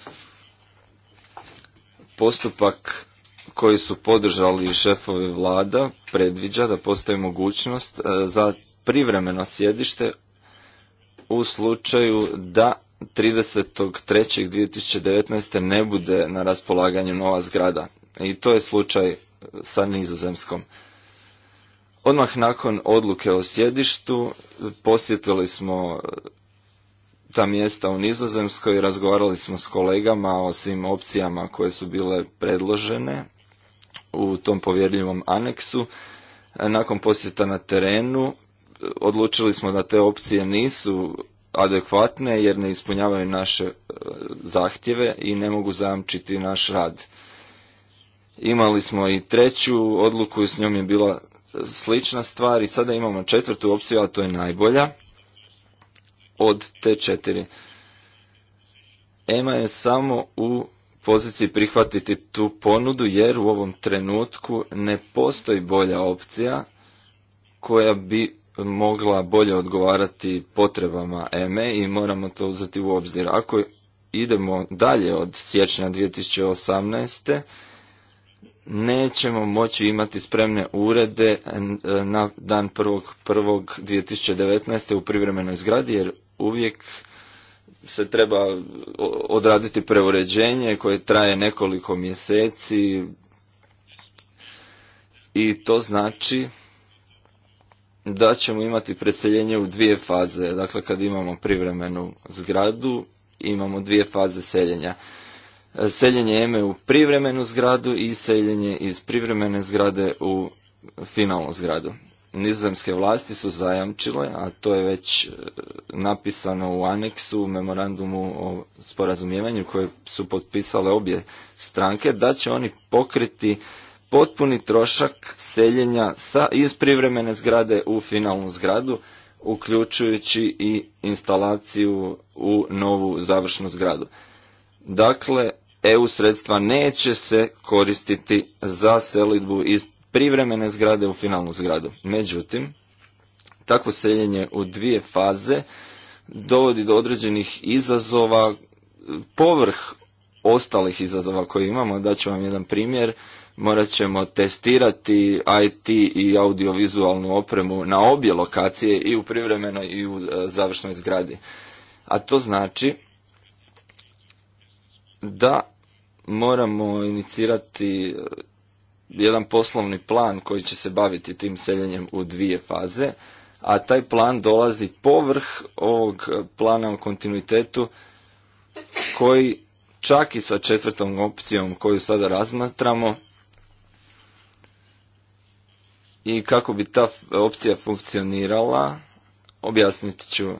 Postupak koji su podržali šefovi vlada predviđa da postoji mogućnost e, za privremeno sjedište u slučaju da 30.3.2019. ne bude na raspolaganju nova zgrada. I to je slučaj sa nizozemskom. Odmah nakon odluke o sjedištu posjetili smo e, ta mjesta u Nizozemskoj, razgovarali smo s kolegama o svim opcijama koje su bile predložene u tom povjerljivom aneksu. E, nakon posjeta na terenu e, odlučili smo da te opcije nisu adekvatne jer ne ispunjavaju naše e, zahtjeve i ne mogu zajamčiti naš rad. Imali smo i treću odluku i s njom je bila slična stvar i sada imamo četvrtu opciju, a to je najbolja od te četiri. EMA je samo u poziciji prihvatiti tu ponudu jer u ovom trenutku ne postoji bolja opcija koja bi mogla bolje odgovarati potrebama EME i moramo to uzeti u obzir. Ako idemo dalje od siječnja 2018. nećemo moći imati spremne urede e, na dan 1.1.2019. u privremenoj zgradi jer uvijek se treba odraditi preuređenje koje traje nekoliko mjeseci i to znači da ćemo imati preseljenje u dvije faze. Dakle, kad imamo privremenu zgradu, imamo dvije faze seljenja. Seljenje EME u privremenu zgradu i seljenje iz privremene zgrade u finalnu zgradu nizozemske vlasti su zajamčile, a to je već e, napisano u aneksu u memorandumu o sporazumijevanju koje su potpisale obje stranke, da će oni pokriti potpuni trošak seljenja sa, iz privremene zgrade u finalnu zgradu, uključujući i instalaciju u novu završnu zgradu. Dakle, EU sredstva neće se koristiti za selidbu iz privremene zgrade u finalnu zgradu. Međutim, takvo seljenje u dvije faze dovodi do određenih izazova povrh ostalih izazova koje imamo. ću vam jedan primjer. Morat ćemo testirati IT i audiovizualnu opremu na obje lokacije i u privremenoj i u e, završnoj zgradi. A to znači da moramo inicirati jedan poslovni plan koji će se baviti tim seljenjem u dvije faze, a taj plan dolazi povrh ovog plana u kontinuitetu koji čak i sa četvrtom opcijom koju sada razmatramo i kako bi ta opcija funkcionirala, objasnit ću.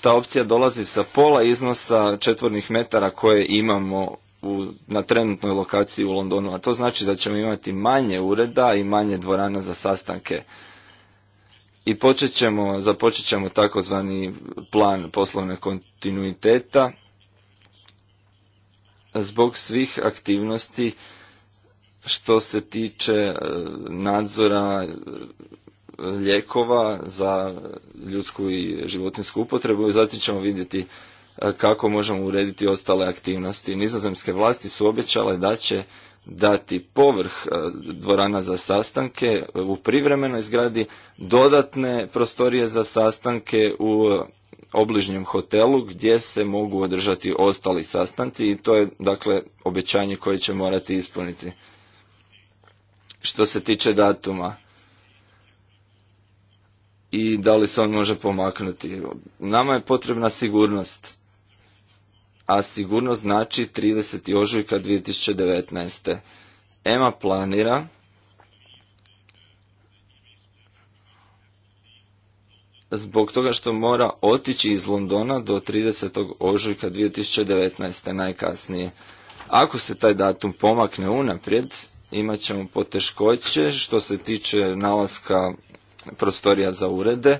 Ta opcija dolazi sa pola iznosa četvornih metara koje imamo u, na trenutnoj lokaciji u Londonu, a to znači da ćemo imati manje ureda i manje dvorana za sastanke. I počet ćemo, započet ćemo takozvani plan poslovne kontinuiteta zbog svih aktivnosti što se tiče e, nadzora e, lijekova za ljudsku i životinsku upotrebu i zatim ćemo vidjeti E, kako možemo urediti ostale aktivnosti. Nizozemske vlasti su obećale da će dati povrh e, dvorana za sastanke u privremenoj zgradi dodatne prostorije za sastanke u e, obližnjem hotelu gdje se mogu održati ostali sastanci i to je dakle obećanje koje će morati ispuniti. Što se tiče datuma i da li se on može pomaknuti. Nama je potrebna sigurnost a sigurno znači 30. ožujka 2019. EMA planira zbog toga što mora otići iz Londona do 30. ožujka 2019. najkasnije. Ako se taj datum pomakne unaprijed, imat ćemo poteškoće što se tiče nalaska prostorija za urede,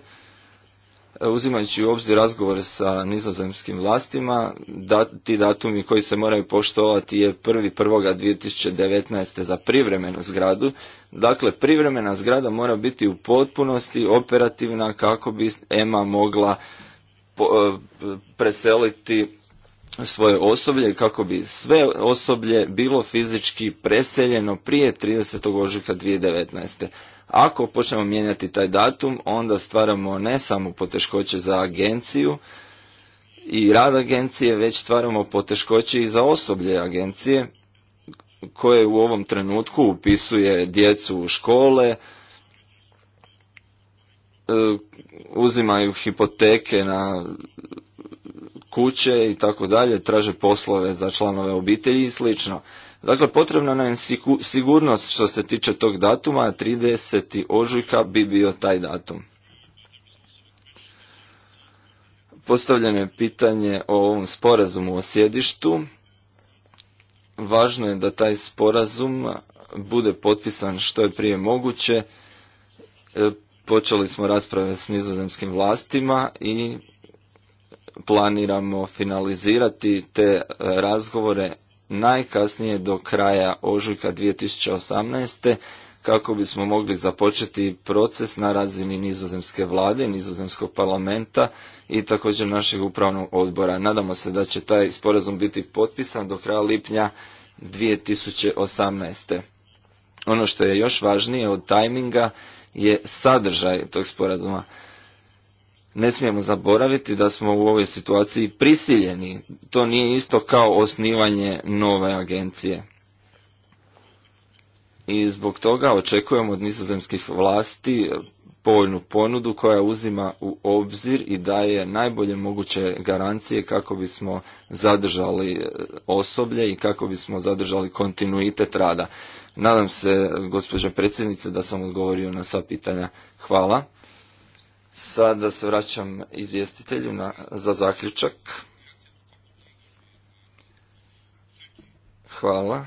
E, uzimajući u obzir razgovor sa nizozemskim vlastima, da, ti datumi koji se moraju poštovati je 1.1.2019. za privremenu zgradu. Dakle, privremena zgrada mora biti u potpunosti operativna kako bi EMA mogla e, preseliti svoje osoblje kako bi sve osoblje bilo fizički preseljeno prije 30. ožujka 2019. Ako počnemo mijenjati taj datum, onda stvaramo ne samo poteškoće za agenciju i rad agencije, već stvaramo poteškoće i za osoblje agencije koje u ovom trenutku upisuje djecu u škole, e, uzimaju hipoteke na kuće i tako dalje, traže poslove za članove obitelji i slično. Dakle, potrebna nam je sigurnost što se tiče tog datuma, 30. ožujka bi bio taj datum. Postavljeno je pitanje o ovom sporazumu o sjedištu. Važno je da taj sporazum bude potpisan što je prije moguće. E, počeli smo rasprave s nizozemskim vlastima i planiramo finalizirati te e, razgovore najkasnije do kraja ožujka 2018. kako bismo mogli započeti proces na razini nizozemske vlade, nizozemskog parlamenta i također našeg upravnog odbora. Nadamo se da će taj sporazum biti potpisan do kraja lipnja 2018. Ono što je još važnije od tajminga je sadržaj tog sporazuma. Ne smijemo zaboraviti da smo u ovoj situaciji prisiljeni. To nije isto kao osnivanje nove agencije. I zbog toga očekujemo od nizozemskih vlasti povoljnu ponudu koja uzima u obzir i daje najbolje moguće garancije kako bismo zadržali e, osoblje i kako bismo zadržali kontinuitet rada. Nadam se, gospođo predsjednice, da sam odgovorio na sva pitanja. Hvala. Sada se vraćam izvjestitelju za zaključak. Hvala.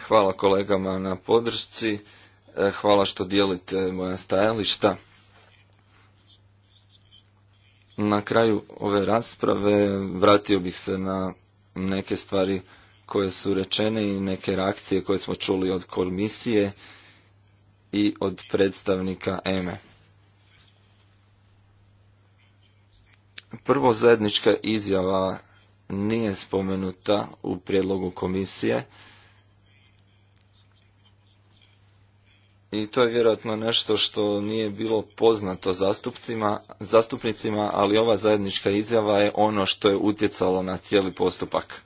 Hvala kolegama na podršci. E, hvala što dijelite moja stajališta. Na kraju ove rasprave vratio bih se na neke stvari koje su rečene i neke reakcije koje smo čuli od komisije i od predstavnika EME. Prvo zajednička izjava nije spomenuta u prijedlogu komisije i to je vjerojatno nešto što nije bilo poznato zastupnicima, ali ova zajednička izjava je ono što je utjecalo na cijeli postupak.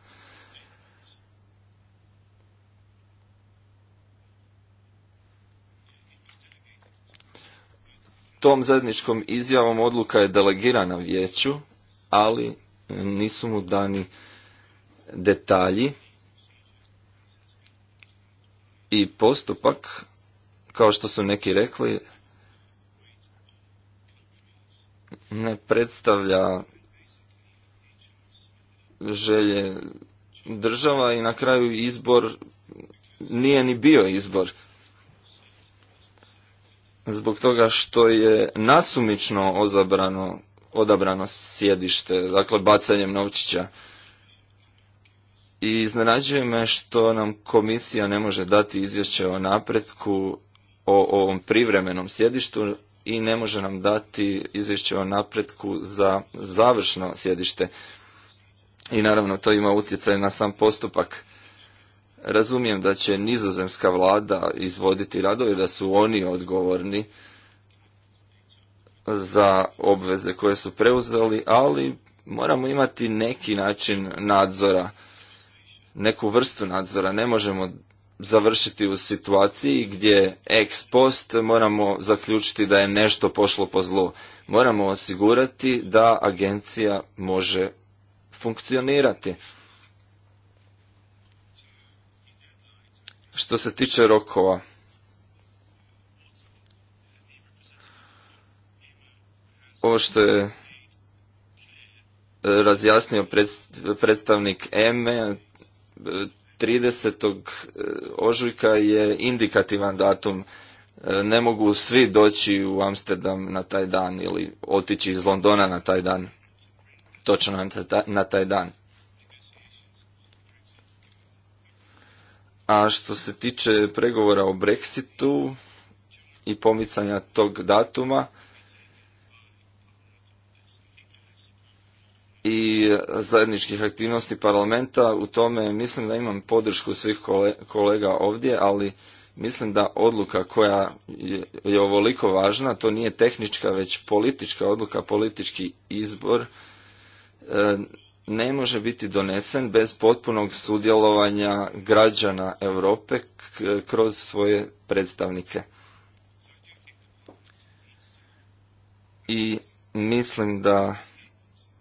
tom zajedničkom izjavom odluka je delegirana vijeću, ali e, nisu mu dani detalji i postupak, kao što su neki rekli, ne predstavlja želje država i na kraju izbor nije ni bio izbor zbog toga što je nasumično ozabrano, odabrano sjedište, dakle bacanjem novčića. I iznenađuje me što nam komisija ne može dati izvješće o napretku o ovom privremenom sjedištu i ne može nam dati izvješće o napretku za završno sjedište. I naravno to ima utjecaj na sam postupak. Razumijem da će nizozemska vlada izvoditi radovi, da su oni odgovorni za obveze koje su preuzeli, ali moramo imati neki način nadzora, neku vrstu nadzora. Ne možemo završiti u situaciji gdje ex post moramo zaključiti da je nešto pošlo po zlu. Moramo osigurati da agencija može funkcionirati. Što se tiče rokova, ovo što je e, razjasnio predstavnik EME, 30. E, ožujka je indikativan datum. E, ne mogu svi doći u Amsterdam na taj dan ili otići iz Londona na taj dan. Točno na taj dan. A što se tiče pregovora o Brexitu i pomicanja tog datuma i zajedničkih aktivnosti parlamenta, u tome mislim da imam podršku svih kolega ovdje, ali mislim da odluka koja je ovoliko važna, to nije tehnička već politička odluka, politički izbor, e, ne može biti donesen bez potpunog sudjelovanja građana Europe kroz svoje predstavnike. I mislim da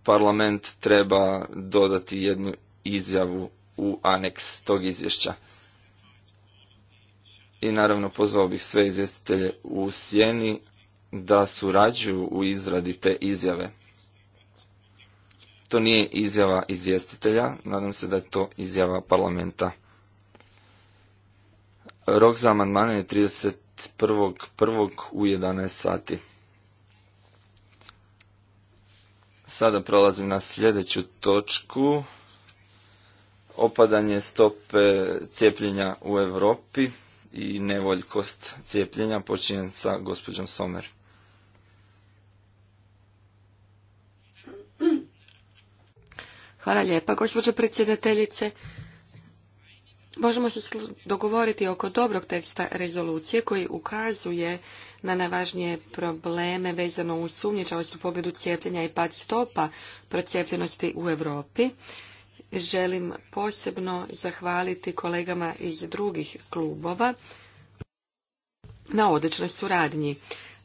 parlament treba dodati jednu izjavu u aneks tog izvješća. I naravno pozvao bih sve izvjestitelje u sjeni da surađuju u izradi te izjave. To nije izjava izvjestitelja, nadam se da je to izjava parlamenta. Rok za amandmane je 31.1. u 11 sati. Sada prolazim na sljedeću točku. Opadanje stope cijepljenja u Europi i nevoljkost cijepljenja počinjen sa gospođom Somer. Hvala lijepa, gospođo predsjedateljice. Možemo se dogovoriti oko dobrog teksta rezolucije koji ukazuje na najvažnije probleme vezano uz sumnjičavost u pogledu cijepljenja i pad stopa procijepljenosti u Europi. Želim posebno zahvaliti kolegama iz drugih klubova na odličnoj suradnji.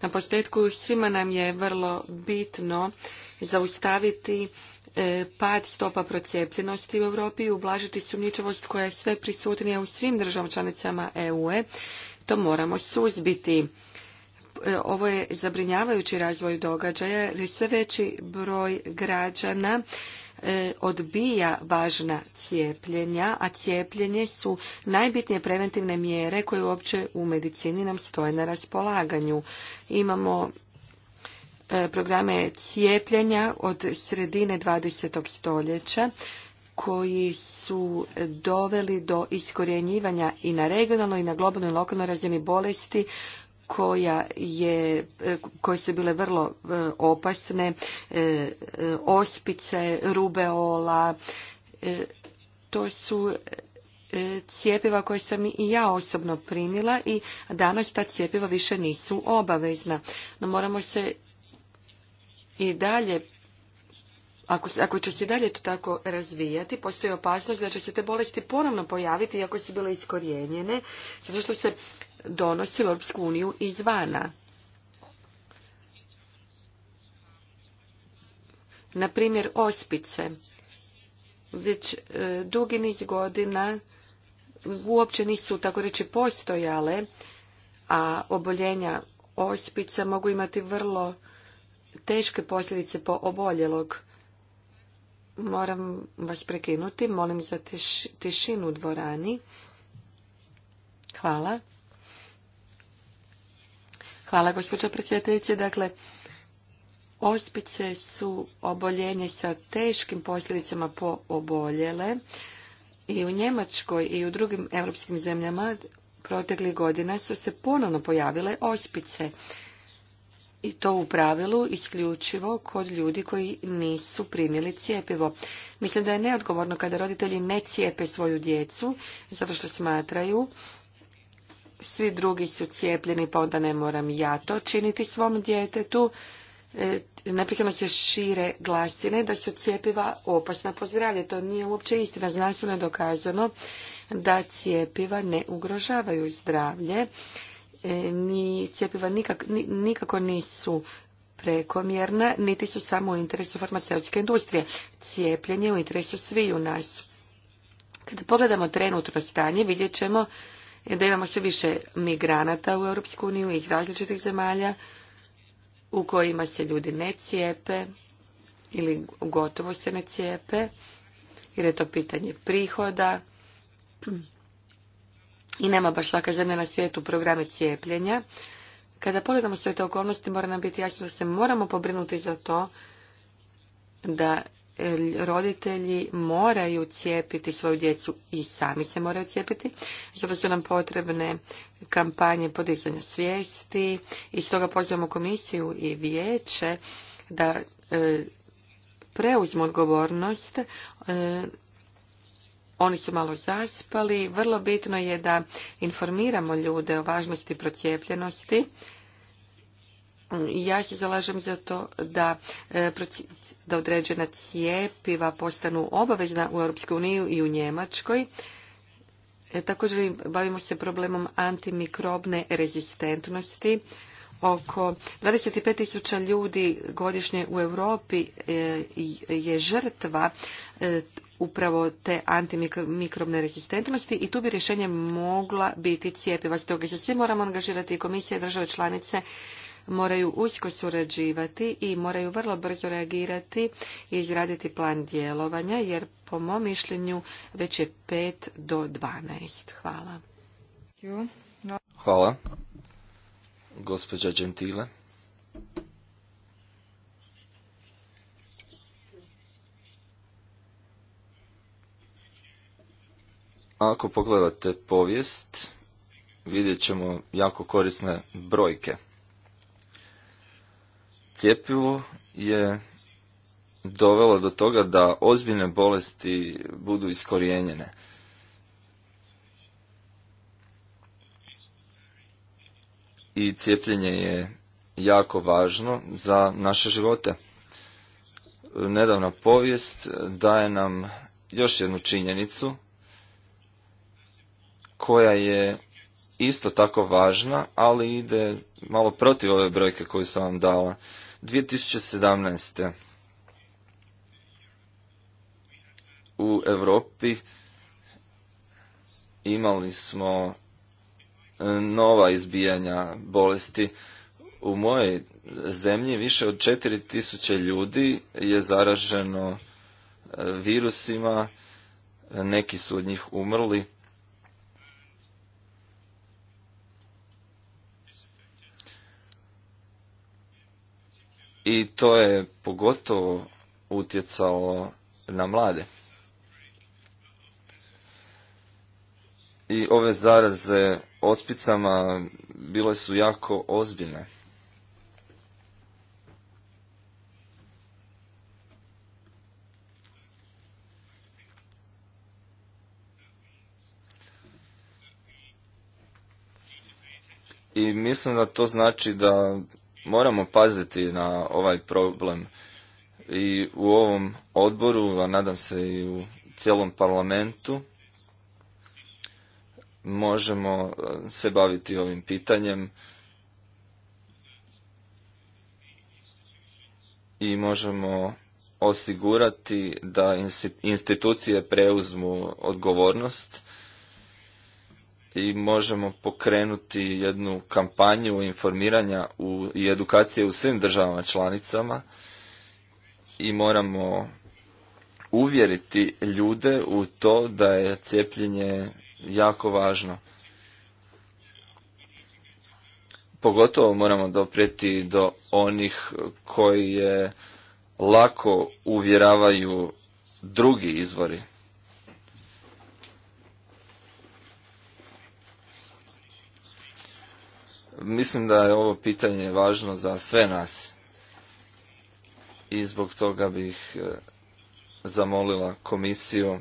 Na posljedku svima nam je vrlo bitno zaustaviti E, pad stopa procijepljenosti u Europi i ublažiti sumnjičavost koja je sve prisutnija u svim državama članicama eu e, To moramo suzbiti. E, ovo je zabrinjavajući razvoj događaja jer sve veći broj građana odbija važna cijepljenja, a cijepljenje su najbitnije preventivne mjere koje uopće u medicini nam stoje na raspolaganju. Imamo E, programe cijepljenja od sredine 20. stoljeća koji su doveli do iskorjenjivanja i na regionalnoj i na globalnoj i lokalnoj razini bolesti koja je, e, koje su bile vrlo e, opasne, ospice, rubeola. To su cijepiva koje sam i ja osobno primila i danas ta cijepiva više nisu obavezna. No moramo se i dalje ako, će se dalje to tako razvijati, postoji opasnost da će se te bolesti ponovno pojaviti iako su bile iskorijenjene, zato što se donosi u Europsku uniju izvana. Na primjer, ospice. Već e, dugi niz godina uopće nisu, tako reći, postojale, a oboljenja ospica mogu imati vrlo teške posljedice po oboljelog. Moram vas prekinuti, molim za tišinu u dvorani. Hvala. Hvala, gospođa predsjedateljice. Dakle, ospice su oboljenje sa teškim posljedicama po oboljele. I u Njemačkoj i u drugim europskim zemljama proteklih godina su se ponovno pojavile ospice i to u pravilu isključivo kod ljudi koji nisu primjeli cijepivo. Mislim da je neodgovorno kada roditelji ne cijepe svoju djecu, zato što smatraju svi drugi su cijepljeni, pa onda ne moram ja to činiti svom djetetu. E, Neprekidno se šire glasine da su cijepiva opasna po zdravlje. To nije uopće istina. Znanstveno je dokazano da cijepiva ne ugrožavaju zdravlje E, ni cjepiva nikako nisu prekomjerna, niti su samo u interesu farmaceutske industrije. Cijepljenje u interesu u nas. Kada pogledamo trenutno stanje, vidjet ćemo da imamo sve više migranata u Europsku uniju iz različitih zemalja u kojima se ljudi ne cijepe ili gotovo se ne cijepe, jer je to pitanje prihoda, i nema baš svaka zemlja na svijetu programe cijepljenja. Kada pogledamo sve te okolnosti, mora nam biti jasno da se moramo pobrinuti za to da roditelji moraju cijepiti svoju djecu i sami se moraju cijepiti. Zato su nam potrebne kampanje podizanja svijesti i stoga pozivamo komisiju i vijeće da e, preuzmu odgovornost e, oni su malo zaspali. Vrlo bitno je da informiramo ljude o važnosti procijepljenosti. Ja se zalažem za to da, e, da određena cijepiva postanu obavezna u EU i u Njemačkoj. E, također bavimo se problemom antimikrobne rezistentnosti. Oko 25.000 ljudi godišnje u Europi e, je žrtva upravo te antimikrobne rezistentnosti i tu bi rješenje mogla biti cijepiva. Stoga se svi moramo angažirati i komisije države članice moraju usko surađivati i moraju vrlo brzo reagirati i izraditi plan djelovanja, jer po mom mišljenju već je 5 do 12. Hvala. Hvala. Gospođa Gentile. Ako pogledate povijest, vidjet ćemo jako korisne brojke. Cijepivo je dovelo do toga da ozbiljne bolesti budu iskorijenjene. I cijepljenje je jako važno za naše živote. Nedavna povijest daje nam još jednu činjenicu – koja je isto tako važna, ali ide malo protiv ove brojke koju sam vam dala. 2017. u Europi imali smo e, nova izbijanja bolesti. U mojoj zemlji više od 4000 ljudi je zaraženo e, virusima, neki su od njih umrli. i to je pogotovo utjecalo na mlade. I ove zaraze ospicama bile su jako ozbiljne. I mislim da to znači da moramo paziti na ovaj problem i u ovom odboru, a nadam se i u cijelom parlamentu, možemo e, se baviti ovim pitanjem i možemo osigurati da institucije preuzmu odgovornost i možemo pokrenuti jednu kampanju informiranja u, i edukacije u svim državama članicama i moramo uvjeriti ljude u to da je cijepljenje jako važno. Pogotovo moramo doprijeti do onih koji je lako uvjeravaju drugi izvori. Mislim da je ovo pitanje važno za sve nas i zbog toga bih e, zamolila komisiju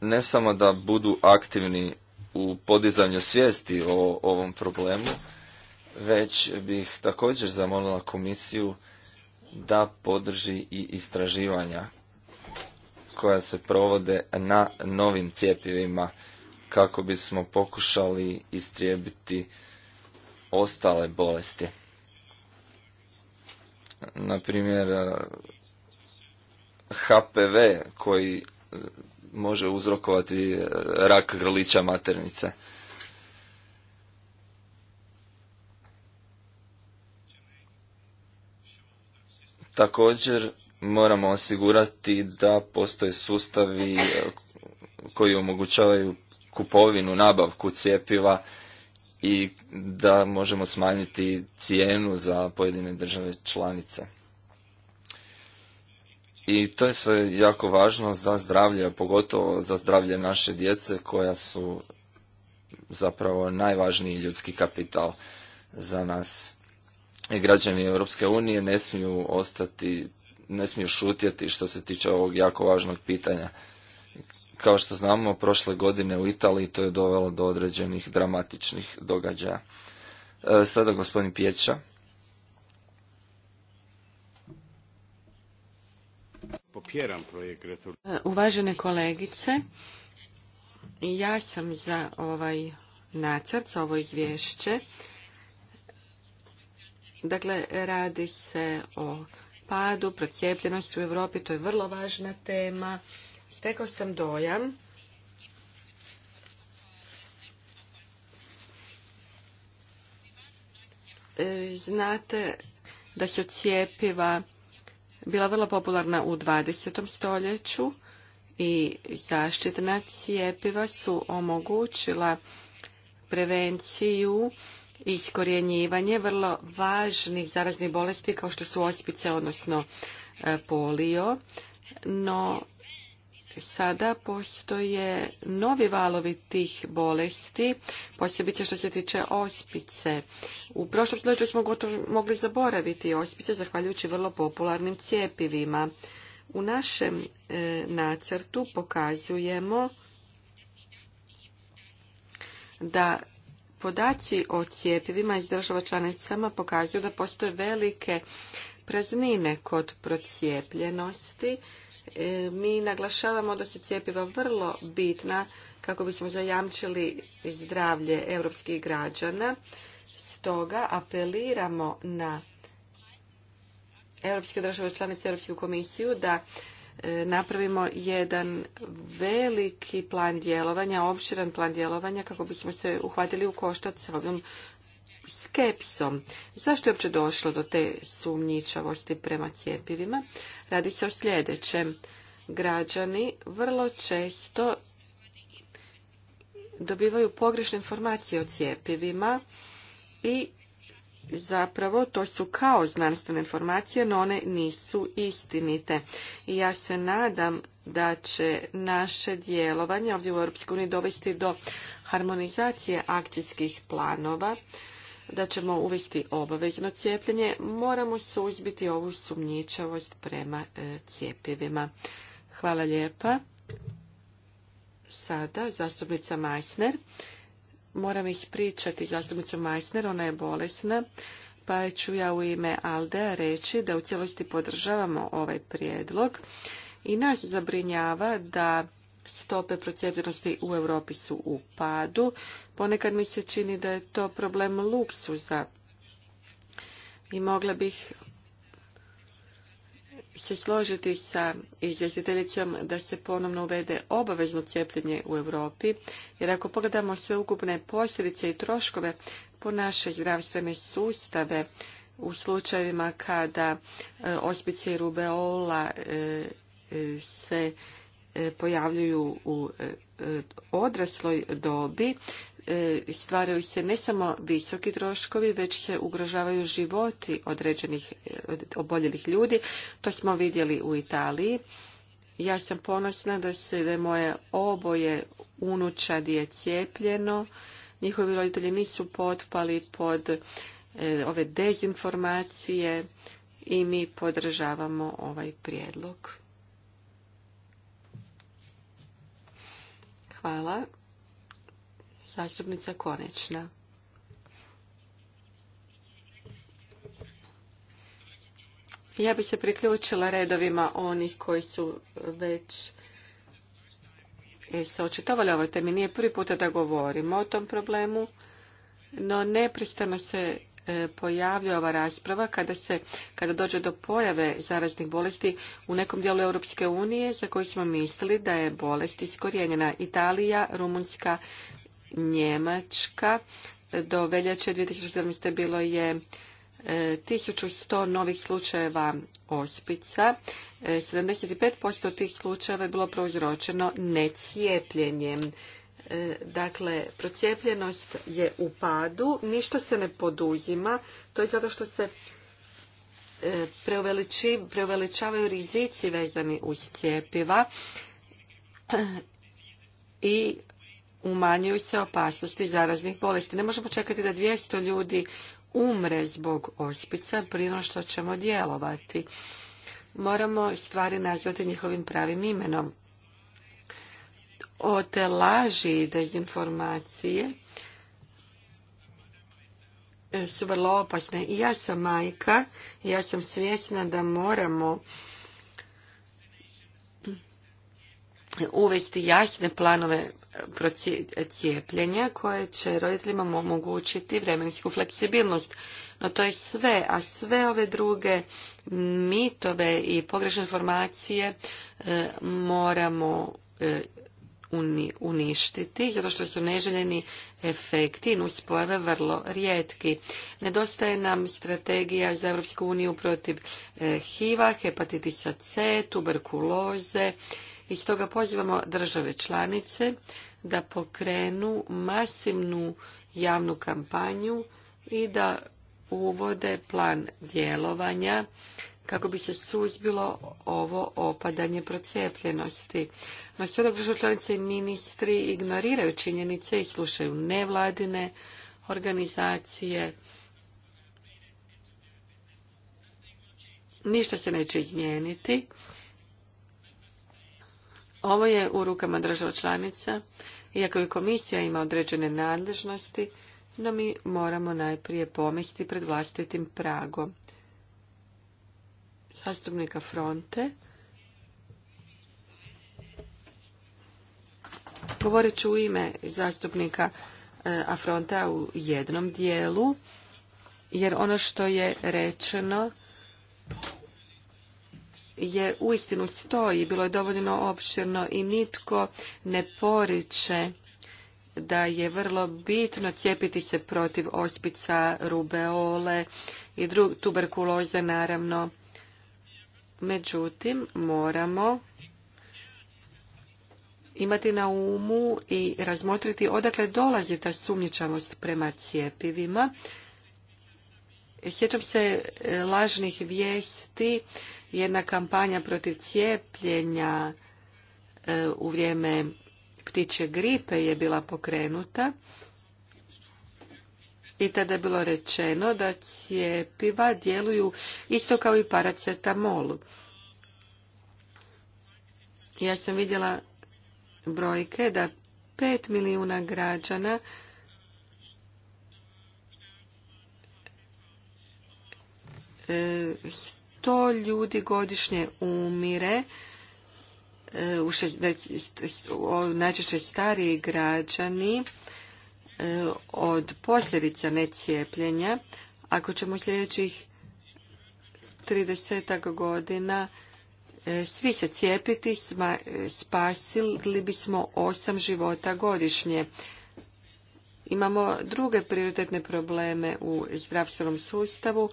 ne samo da budu aktivni u podizanju svijesti o ovom problemu, već bih također zamolila komisiju da podrži i istraživanja koja se provode na novim cjepivima kako bismo pokušali istrijebiti ostale bolesti. Na HPV koji može uzrokovati rak grlića maternice. Također moramo osigurati da postoje sustavi e, koji omogućavaju kupovinu, nabavku cijepiva i da možemo smanjiti cijenu za pojedine države članice. I to je sve jako važno za zdravlje, pogotovo za zdravlje naše djece koja su zapravo najvažniji ljudski kapital za nas. I građani Europske unije ne smiju ostati ne smiju šutjeti što se tiče ovog jako važnog pitanja. Kao što znamo, prošle godine u Italiji to je dovelo do određenih dramatičnih događaja. E, sada gospodin Pjeća. E, uvažene kolegice, ja sam za ovaj nacrt, za ovo izvješće. Dakle, radi se o padu procijepljenosti u Europi, to je vrlo važna tema. Stekao sam dojam e, Znate da su cijepiva bila vrlo popularna u 20. stoljeću i zaštitna cijepiva su omogućila prevenciju iskorjenjivanje vrlo važnih zaraznih bolesti kao što su ospice, odnosno e, polio, no sada postoje novi valovi tih bolesti, posebice što se tiče ospice. U prošlom slučaju smo gotovo mogli zaboraviti ospice zahvaljujući vrlo popularnim cijepivima. U našem e, nacrtu pokazujemo da podaci o cijepivima iz država članicama pokazuju da postoje velike praznine kod procijepljenosti. E, mi naglašavamo da su cijepiva vrlo bitna kako bismo zajamčili zdravlje europskih građana. Stoga apeliramo na europske države članice Europsku komisiju da E, napravimo jedan veliki plan djelovanja, opširan plan djelovanja kako bismo se uhvatili u koštac s ovim skepsom. Zašto je uopće došlo do te sumnjičavosti prema cjepivima? Radi se o sljedećem. Građani vrlo često dobivaju pogrešne informacije o cjepivima i zapravo to su kao znanstvene informacije, no one nisu istinite. I ja se nadam da će naše djelovanje ovdje u EU dovesti do harmonizacije akcijskih planova, da ćemo uvesti obavezno cijepljenje, moramo suzbiti ovu sumnjičavost prema e, cijepivima. Hvala lijepa. Sada zastupnica Majsner moram ispričati zastupnicu Majsner, ona je bolesna, pa ću ja u ime Aldea reći da u cijelosti podržavamo ovaj prijedlog i nas zabrinjava da stope procijepljenosti u Europi su u padu. Ponekad mi se čini da je to problem luksuza i mogla bih se složiti sa izvjestiteljicom da se ponovno uvede obavezno cijepljenje u Europi, jer ako pogledamo sve ukupne posljedice i troškove po naše zdravstvene sustave u slučajevima kada e, ospice rubeola e, e, se pojavljuju u odrasloj dobi, E, stvaraju se ne samo visoki troškovi, već se ugrožavaju životi određenih e, oboljelih ljudi. To smo vidjeli u Italiji. Ja sam ponosna da se da moje oboje unučad je cijepljeno. Njihovi roditelji nisu potpali pod e, ove dezinformacije i mi podržavamo ovaj prijedlog. Hvala. Zastupnica Konečna. Ja bi se priključila redovima onih koji su već e, se očitovali ovoj temi. Nije prvi puta da govorimo o tom problemu, no nepristano se e, pojavlja ova rasprava kada, se, kada dođe do pojave zaraznih bolesti u nekom dijelu Europske unije za koji smo mislili da je bolest iskorijenjena Italija, Rumunjska, Njemačka. Do veljače 2017. bilo je 1100 e, novih slučajeva ospica. 75% e, tih slučajeva je bilo prouzročeno necijepljenjem. E, dakle, procijepljenost je u padu, ništa se ne poduzima, to je zato što se preuveličavaju rizici vezani uz cijepiva i umanjuju se opasnosti zaraznih bolesti. Ne možemo čekati da 200 ljudi umre zbog ospica prije što ćemo djelovati. Moramo stvari nazvati njihovim pravim imenom. O te laži i dezinformacije su vrlo opasne. I ja sam majka, i ja sam svjesna da moramo uvesti jasne planove cijepljenja koje će roditeljima omogućiti vremensku fleksibilnost. No to je sve, a sve ove druge mitove i pogrešne informacije e, moramo e, uništiti, zato što su neželjeni efekti i nuspojave vrlo rijetki. Nedostaje nam strategija za Europsku uniju protiv hiva, e, HIV-a, hepatitisa C, tuberkuloze, i stoga pozivamo države članice da pokrenu masivnu javnu kampanju i da uvode plan djelovanja kako bi se suzbilo ovo opadanje procijepljenosti. No sve dok članice i ministri ignoriraju činjenice i slušaju nevladine organizacije, ništa se neće izmijeniti ovo je u rukama država članica, iako i komisija ima određene nadležnosti, no mi moramo najprije pomesti pred vlastitim pragom. Zastupnika fronte. Govorit ću u ime zastupnika e, fronta u jednom dijelu, jer ono što je rečeno je uistinu stoji, bilo je dovoljno opširno i nitko ne poriče da je vrlo bitno cijepiti se protiv ospica, rubeole i tuberkuloze naravno. Međutim, moramo imati na umu i razmotriti odakle dolazi ta sumnjičavost prema cijepivima Sjećam se e, lažnih vijesti, jedna kampanja protiv cijepljenja e, u vrijeme ptiće gripe je bila pokrenuta i tada je bilo rečeno da cijepiva djeluju isto kao i paracetamol. Ja sam vidjela brojke da pet milijuna građana E, sto ljudi godišnje umire, e, najčešće stariji građani, e, od posljedica necijepljenja. Ako ćemo sljedećih 30 godina svi se cijepiti, spasili bismo osam života godišnje. Imamo druge prioritetne probleme u zdravstvenom sustavu,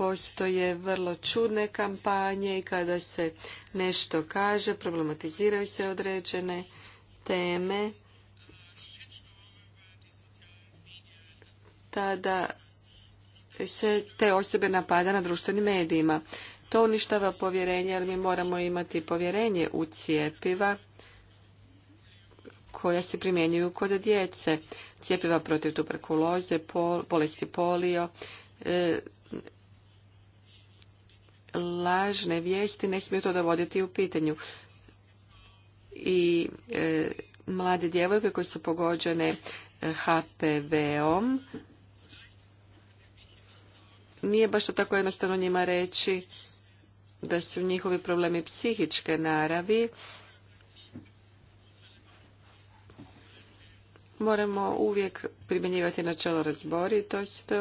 postoje vrlo čudne kampanje i kada se nešto kaže, problematiziraju se određene teme, tada se te osobe napada na društvenim medijima. To uništava povjerenje, jer mi moramo imati povjerenje u cijepiva koja se primjenjuju kod djece. Cijepiva protiv tuberkuloze, bolesti polio, e, lažne vijesti ne smiju to dovoditi u pitanju. I e, mlade djevojke koje su pogođene e, HPV-om, nije baš to tako jednostavno njima reći da su njihovi problemi psihičke naravi. Moramo uvijek primjenjivati načelo razboritosti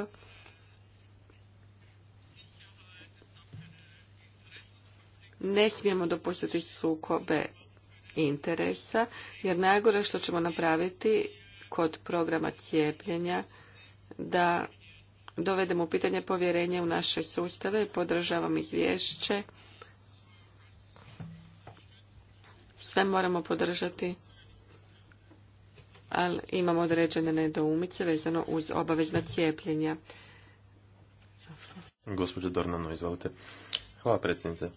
Ne smijemo dopustiti sukobe interesa, jer najgore što ćemo napraviti kod programa cijepljenja da dovedemo u pitanje povjerenje u naše sustave. Podržavam izvješće. Sve moramo podržati, ali imamo određene nedoumice vezano uz obavezna cijepljenja. Gospođo Dornano, izvolite. Hvala predsjednice.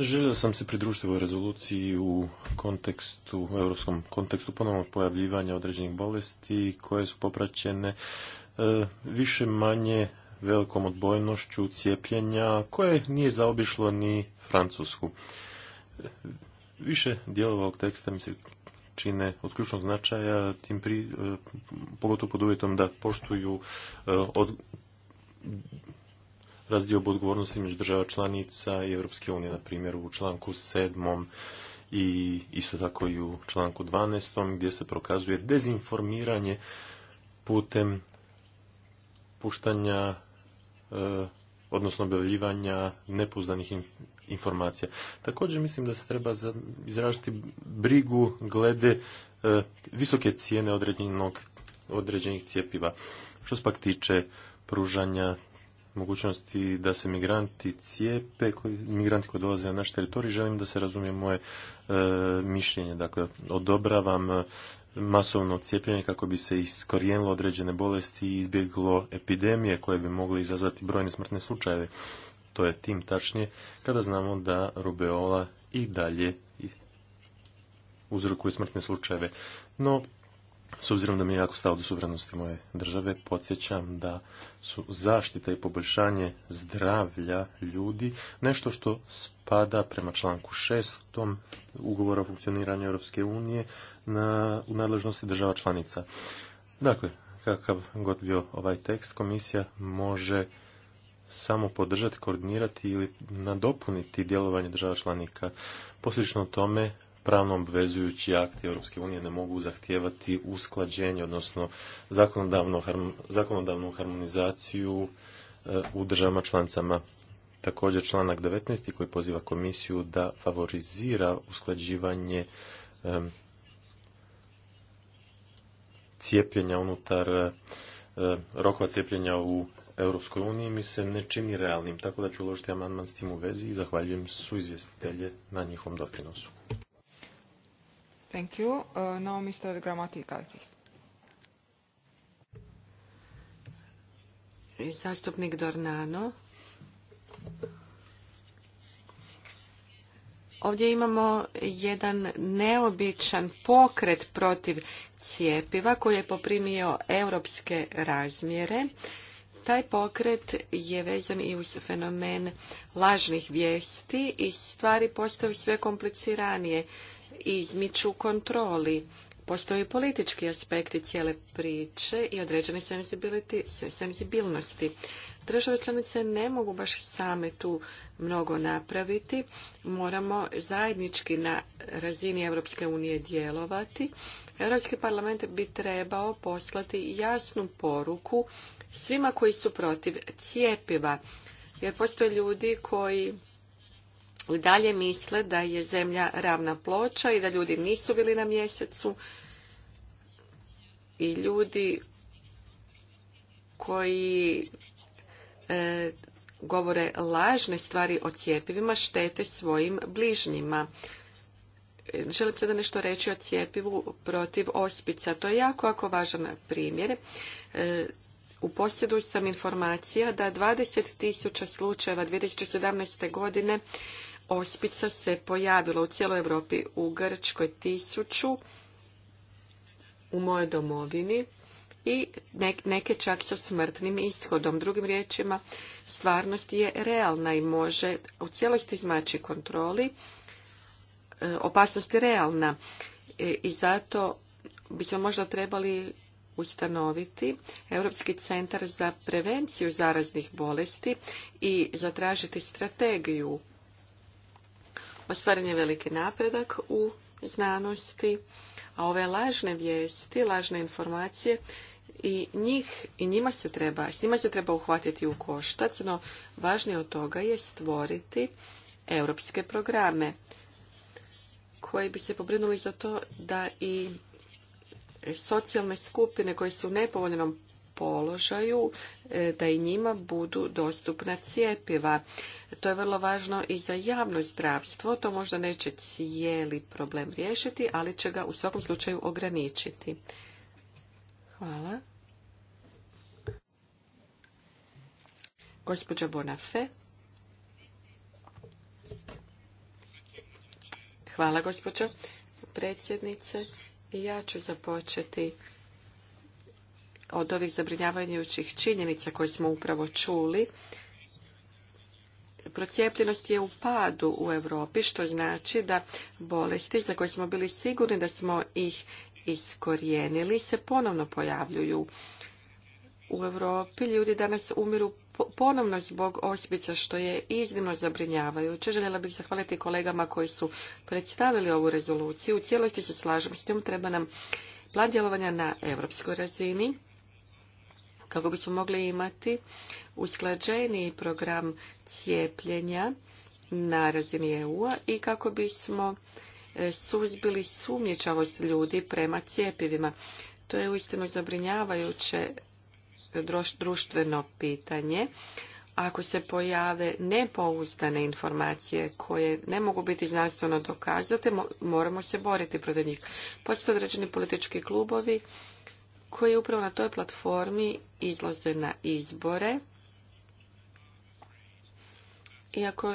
Želio sam se pridružiti ovoj rezoluciji u kontekstu, u europskom kontekstu ponovnog pojavljivanja određenih bolesti koje su popraćene e, više manje velikom odbojnošću cijepljenja koje nije zaobišlo ni Francusku. E, više dijelova ovog teksta mi se čine od ključnog značaja, tim pri, e, pogotovo pod uvjetom da poštuju od, razdiobu odgovornosti među država članica i Europske unije, na primjer u članku 7. i isto tako i u članku 12. gdje se prokazuje dezinformiranje putem puštanja e, odnosno objavljivanja nepuzdanih informacija. Također mislim da se treba izražiti brigu glede e, visoke cijene određenog, određenih cijepiva. Što se pak tiče pružanja mogućnosti da se migranti cijepe, koji, migranti koji dolaze na naš teritorij, želim da se razumije moje e, mišljenje. Dakle, odobravam e, masovno cijepljenje kako bi se iskorijenilo određene bolesti i izbjeglo epidemije koje bi mogle izazvati brojne smrtne slučajeve. To je tim tačnije kada znamo da rubeola i dalje uzrokuje smrtne slučajeve. No, s obzirom da mi je jako stao do suverenosti moje države, podsjećam da su zaštita i poboljšanje zdravlja ljudi nešto što spada prema članku 6. ugovora o funkcioniranju Europske unije na, u nadležnosti država članica. Dakle, kakav god bio ovaj tekst, komisija može samo podržati, koordinirati ili nadopuniti djelovanje država članika. Poslično tome, pravno obvezujući akti Europske unije ne mogu zahtijevati usklađenje, odnosno zakonodavnu, harmonizaciju e, u državama članicama. Također članak 19. koji poziva komisiju da favorizira usklađivanje e, cijepljenja unutar e, rokova cijepljenja u Europskoj uniji mi se ne čini realnim, tako da ću uložiti amandman s tim u vezi i zahvaljujem su izvjestitelje na njihovom doprinosu. Thank you. Uh, Zastupnik Dornano. Ovdje imamo jedan neobičan pokret protiv cijepiva koji je poprimio europske razmjere. Taj pokret je vezan i uz fenomen lažnih vijesti i stvari postaju sve kompliciranije izmiču kontroli. Postoji politički aspekti cijele priče i određene senzibilnosti. Države članice ne mogu baš same tu mnogo napraviti. Moramo zajednički na razini Europske unije djelovati. Europski parlament bi trebao poslati jasnu poruku svima koji su protiv cijepiva. Jer postoje ljudi koji i dalje misle da je zemlja ravna ploča i da ljudi nisu bili na mjesecu i ljudi koji e, govore lažne stvari o cijepivima štete svojim bližnjima. Želim sada nešto reći o cjepivu protiv ospica. To je jako, jako važan primjer. E, u posjedu sam informacija da 20.000 slučajeva 2017. godine ospica se pojavilo u cijeloj Europi, u Grčkoj tisuću, u mojoj domovini i neke čak sa smrtnim ishodom. Drugim riječima, stvarnost je realna i može u cijelosti izmaći kontroli. E, opasnost je realna e, i zato bismo možda trebali ustanoviti Europski centar za prevenciju zaraznih bolesti i zatražiti strategiju Ostvaren je veliki napredak u znanosti, a ove lažne vijesti, lažne informacije i njih i njima se treba, s njima se treba uhvatiti u koštac, no važnije od toga je stvoriti europske programe koji bi se pobrinuli za to da i socijalne skupine koje su u nepovoljnom položaju e, da i njima budu dostupna cijepiva. To je vrlo važno i za javno zdravstvo. To možda neće cijeli problem riješiti, ali će ga u svakom slučaju ograničiti. Hvala. Gospođa Bonafe. Hvala gospođo predsjednice. Ja ću započeti od ovih zabrinjavajućih činjenica koje smo upravo čuli, procijepljenost je u padu u Europi, što znači da bolesti za koje smo bili sigurni da smo ih iskorijenili se ponovno pojavljuju. U Europi ljudi danas umiru ponovno zbog ospica, što je iznimno zabrinjavajuće. Željela bih zahvaliti kolegama koji su predstavili ovu rezoluciju. U cijelosti se slažem s njom, treba nam plan djelovanja na europskoj razini kako bismo mogli imati usklađeniji program cijepljenja na razini EU-a i kako bismo e, suzbili sumnječavost ljudi prema cijepivima. To je uistinu zabrinjavajuće društveno pitanje. Ako se pojave nepouzdane informacije koje ne mogu biti znanstveno dokazate, moramo se boriti protiv njih. Postoje određeni politički klubovi koji upravo na toj platformi izlaze na izbore. Iako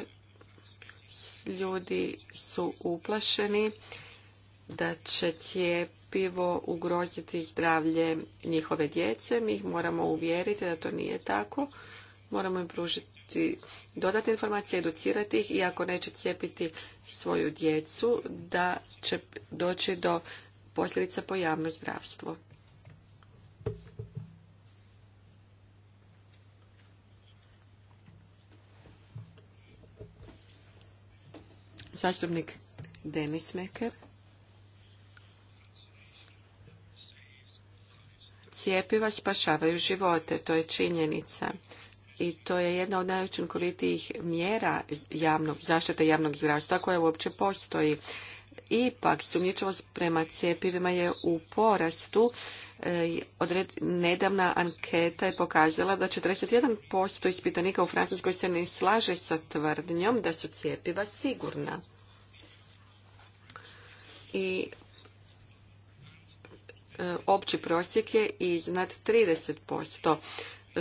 ljudi su uplašeni da će cijepivo ugroziti zdravlje njihove djece, mi ih moramo uvjeriti da to nije tako. Moramo im pružiti dodatne informacije, educirati ih i ako neće cijepiti svoju djecu, da će doći do posljedica po javno zdravstvo. Zastupnik Denis Meker. Cijepiva spašavaju živote, to je činjenica. I to je jedna od najučinkovitijih mjera javnog, zaštite javnog zdravstva koja uopće postoji. Ipak, sumnjičavost prema cijepivima je u porastu nedavna anketa je pokazala da 41% ispitanika u Francuskoj se ne slaže sa tvrdnjom da su cijepiva sigurna. I e, opći prosjek je iznad 30%.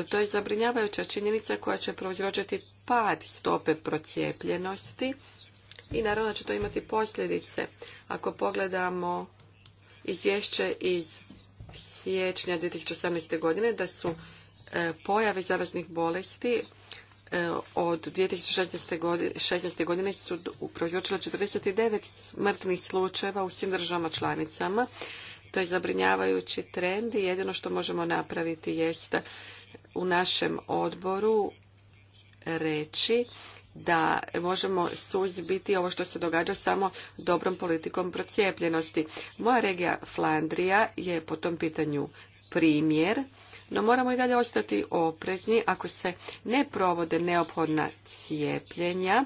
To je zabrinjavajuća činjenica koja će prouzročiti pad stope procijepljenosti i naravno će to imati posljedice. Ako pogledamo izvješće iz siječnja 2018. godine da su e, pojave zaraznih bolesti e, od 2016. godine, šesnaest godine su prouzročile 49 smrtnih slučajeva u svim državama članicama. To je zabrinjavajući trend i jedino što možemo napraviti jest u našem odboru reći da možemo suzbiti ovo što se događa samo dobrom politikom procijepljenosti. Moja regija Flandrija je po tom pitanju primjer, no moramo i dalje ostati oprezni ako se ne provode neophodna cijepljenja.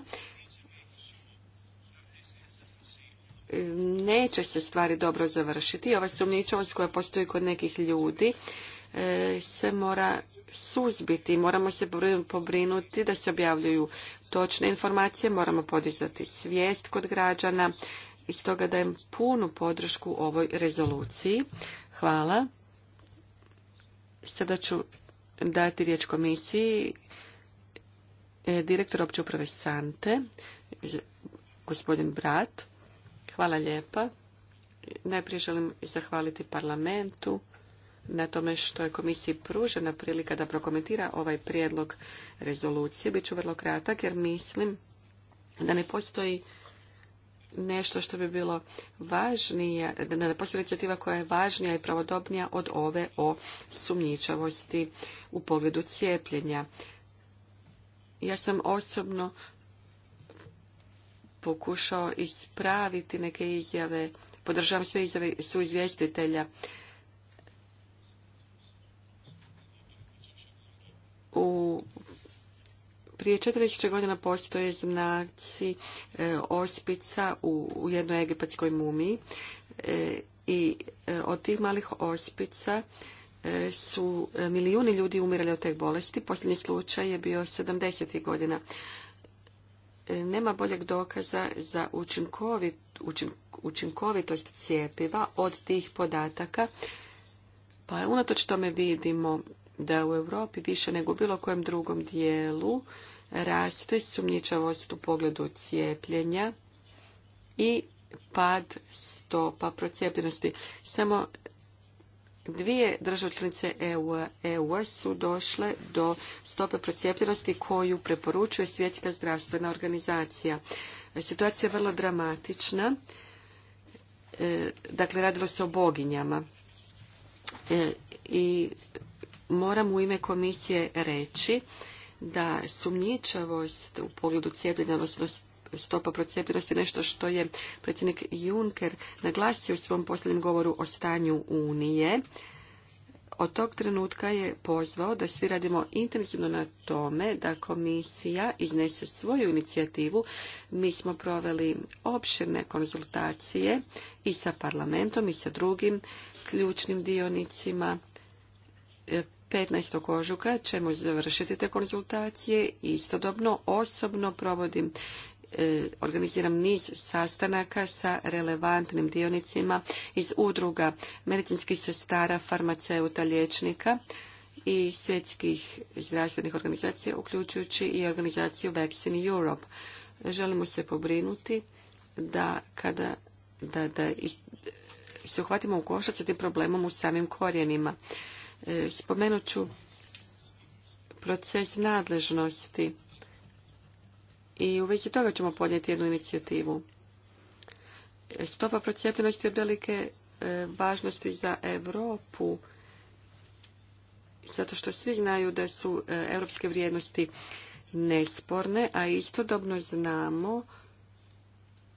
Neće se stvari dobro završiti. Ova sumničavost koja postoji kod nekih ljudi e, se mora suzbiti. Moramo se pobrinuti da se objavljuju točne informacije, moramo podizati svijest kod građana. I stoga dajem punu podršku ovoj rezoluciji. Hvala. Sada ću dati riječ komisiji e, direktor opće uprave Sante, gospodin Brat. Hvala lijepa. Najprije želim zahvaliti parlamentu na tome što je komisiji pružena prilika da prokomentira ovaj prijedlog rezolucije. Biću vrlo kratak jer mislim da ne postoji nešto što bi bilo važnije, da ne postoji inicijativa koja je važnija i pravodobnija od ove o sumnjičavosti u pogledu cijepljenja. Ja sam osobno pokušao ispraviti neke izjave, podržavam sve izjave su izvjestitelja u prije 4000 godina postoje znaci e, ospica u, jednoj egipatskoj mumiji e, i e, od tih malih ospica su milijuni ljudi umirali od te bolesti. Posljednji slučaj je bio 70. godina. Nema boljeg dokaza za učinkovit, učinkovitost cijepiva od tih podataka. Pa unatoč tome vidimo da u Europi više nego u bilo kojem drugom dijelu raste sumnjičavost u pogledu cijepljenja i pad stopa procijepljenosti. Samo dvije države EU, e EU su došle do stope procijepljenosti koju preporučuje Svjetska zdravstvena organizacija. Situacija je vrlo dramatična. E, dakle, radilo se o boginjama. E, I moram u ime komisije reći da sumnjičavost u pogledu cijepljenja, odnosno stopa procijepljenosti nešto što je predsjednik Juncker naglasio u svom posljednjem govoru o stanju Unije. Od tog trenutka je pozvao da svi radimo intenzivno na tome da komisija iznese svoju inicijativu. Mi smo proveli opširne konzultacije i sa parlamentom i sa drugim ključnim dionicima 15. ožuka ćemo završiti te konzultacije. Istodobno osobno provodim e, organiziram niz sastanaka sa relevantnim dionicima iz udruga medicinskih sestara, farmaceuta, liječnika i svjetskih zdravstvenih organizacija, uključujući i organizaciju Vaccine Europe. Želimo se pobrinuti da kada da, da se uhvatimo u koštac sa tim problemom u samim korijenima. E, spomenut ću proces nadležnosti i u vezi toga ćemo podnijeti jednu inicijativu. Stopa procijepljenosti je velike e, važnosti za Europu zato što svi znaju da su e, europske vrijednosti nesporne, a istodobno znamo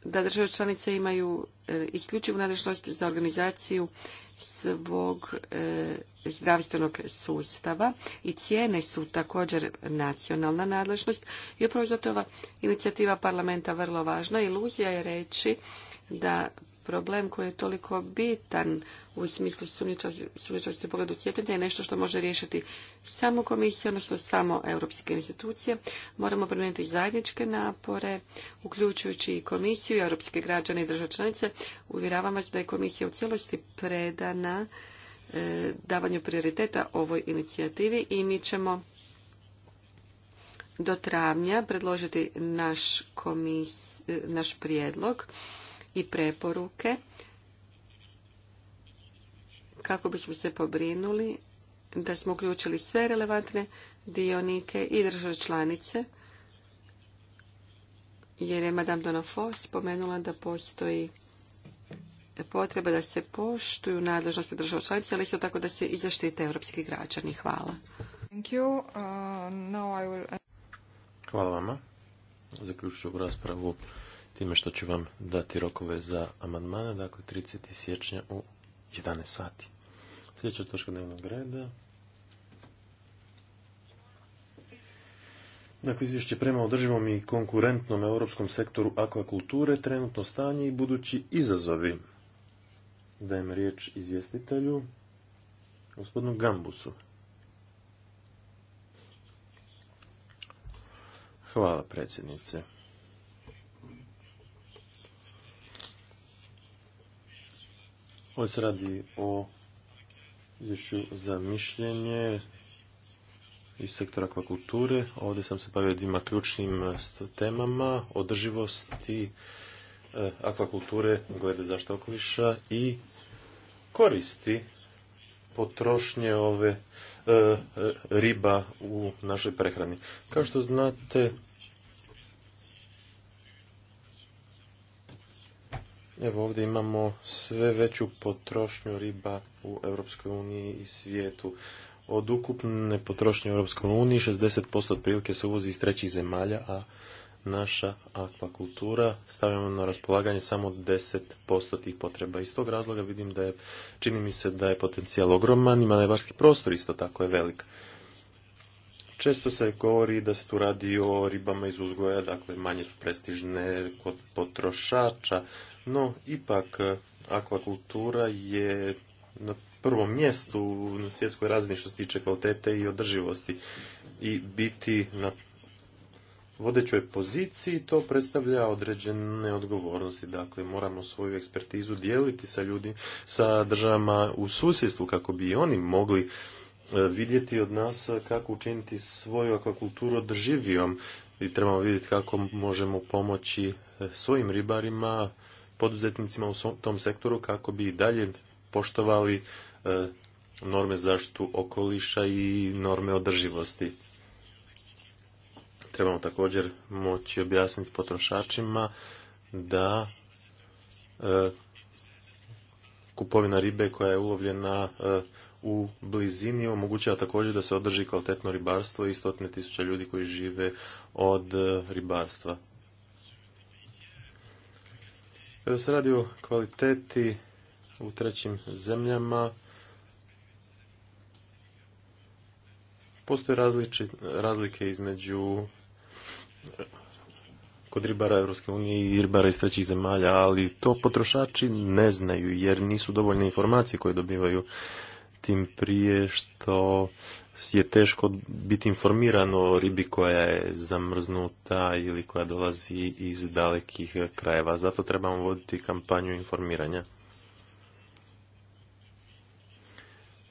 da države članice imaju isključivu nadležnost za organizaciju svog zdravstvenog sustava i cijene su također nacionalna nadležnost i upravo zato ova inicijativa parlamenta vrlo važna. Iluzija je reći da problem koji je toliko bitan u smislu sumničavosti u pogledu cijepljenja je nešto što može riješiti samo komisija, odnosno samo europske institucije. Moramo promijeniti zajedničke napore, uključujući i komisiju, i europske građane i države članice. Uvjeravam vas da je komisija u cijelosti predana E, davanju prioriteta ovoj inicijativi i mi ćemo do travnja predložiti naš, e, naš prijedlog i preporuke kako bismo se pobrinuli da smo uključili sve relevantne dionike i države članice, jer je Madame Donofo spomenula da postoji potreba da se poštuju nadležnosti država članica, ali isto tako da se i zaštite europski građani. Hvala. Thank you. Uh, Hvala vama. Zaključit raspravu time što ću vam dati rokove za amandmane, dakle 30. siječnja u 11 sati. Sljedeća točka dnevnog reda. Dakle, izvješće prema održivom i konkurentnom europskom sektoru akvakulture, trenutno stanje i budući izazovi. Dajem riječ izvjestitelju, gospodinu Gambusu. Hvala predsjednice. Ovo se radi o izvješću za mišljenje iz sektora akvakulture. Ovdje sam se bavio dvima ključnim temama, održivosti E, akvakulture glede zašto okoliša i koristi potrošnje ove e, e, riba u našoj prehrani. Kao što znate, evo ovdje imamo sve veću potrošnju riba u EU i svijetu. Od ukupne potrošnje u EU uniji 60% otprilike se uvozi iz trećih zemalja, a naša akvakultura stavljamo na raspolaganje samo 10% tih potreba. Iz tog razloga vidim da je, čini mi se da je potencijal ogroman i manevarski prostor isto tako je velik. Često se govori da se tu radi o ribama iz uzgoja, dakle manje su prestižne kod potrošača, no ipak akvakultura je na prvom mjestu na svjetskoj razini što se tiče kvalitete i održivosti i biti na vodećoj poziciji, to predstavlja određene odgovornosti. Dakle, moramo svoju ekspertizu dijeliti sa ljudi, sa državama u susjedstvu kako bi i oni mogli e, vidjeti od nas kako učiniti svoju akvakulturu održivijom i trebamo vidjeti kako možemo pomoći e, svojim ribarima, poduzetnicima u tom sektoru kako bi i dalje poštovali e, norme zaštitu okoliša i norme održivosti trebamo također moći objasniti potrošačima da e, kupovina ribe koja je ulovljena e, u blizini omogućava također da se održi kvalitetno ribarstvo i stotine tisuća ljudi koji žive od e, ribarstva. Kada se radi o kvaliteti u trećim zemljama, postoje razlike između kod ribara Europske unije i ribara iz trećih zemalja, ali to potrošači ne znaju jer nisu dovoljne informacije koje dobivaju tim prije što je teško biti informirano o ribi koja je zamrznuta ili koja dolazi iz dalekih krajeva. Zato trebamo voditi kampanju informiranja.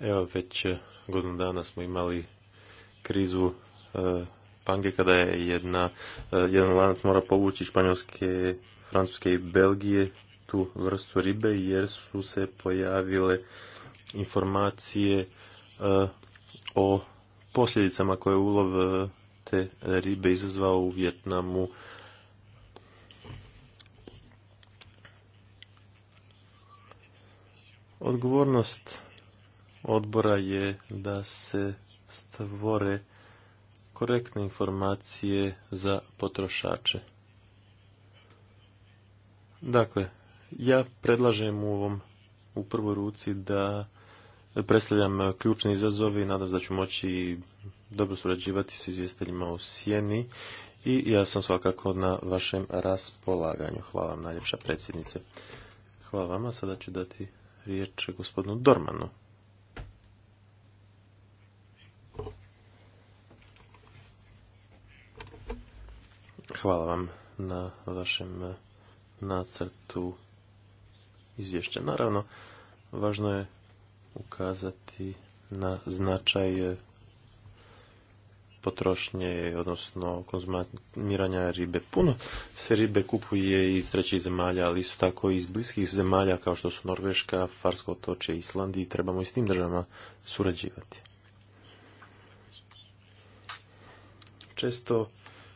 Evo već godinu dana smo imali krizu e, špange kada je jedna, e, jedan lanac mora povući španjolske, francuske i belgije tu vrstu ribe jer su se pojavile informacije e, o posljedicama koje je ulov e, te ribe izazvao u Vjetnamu. Odgovornost odbora je da se stvore korektne informacije za potrošače. Dakle, ja predlažem u ovom u prvoj ruci da predstavljam ključne izazove i nadam se da ću moći dobro surađivati s izvjestiteljima u Sjeni i ja sam svakako na vašem raspolaganju. Hvala vam najljepša predsjednice. Hvala vama, sada ću dati riječ gospodinu Dormanu. Hvala vam na vašem eh, nacrtu izvješća. Naravno, važno je ukazati na značaj eh, potrošnje, odnosno konzumiranja ribe. Puno se ribe kupuje iz trećih zemalja, ali isto tako i iz bliskih zemalja kao što su Norveška, Farsko otoče, islandi i trebamo i s tim državama surađivati. Često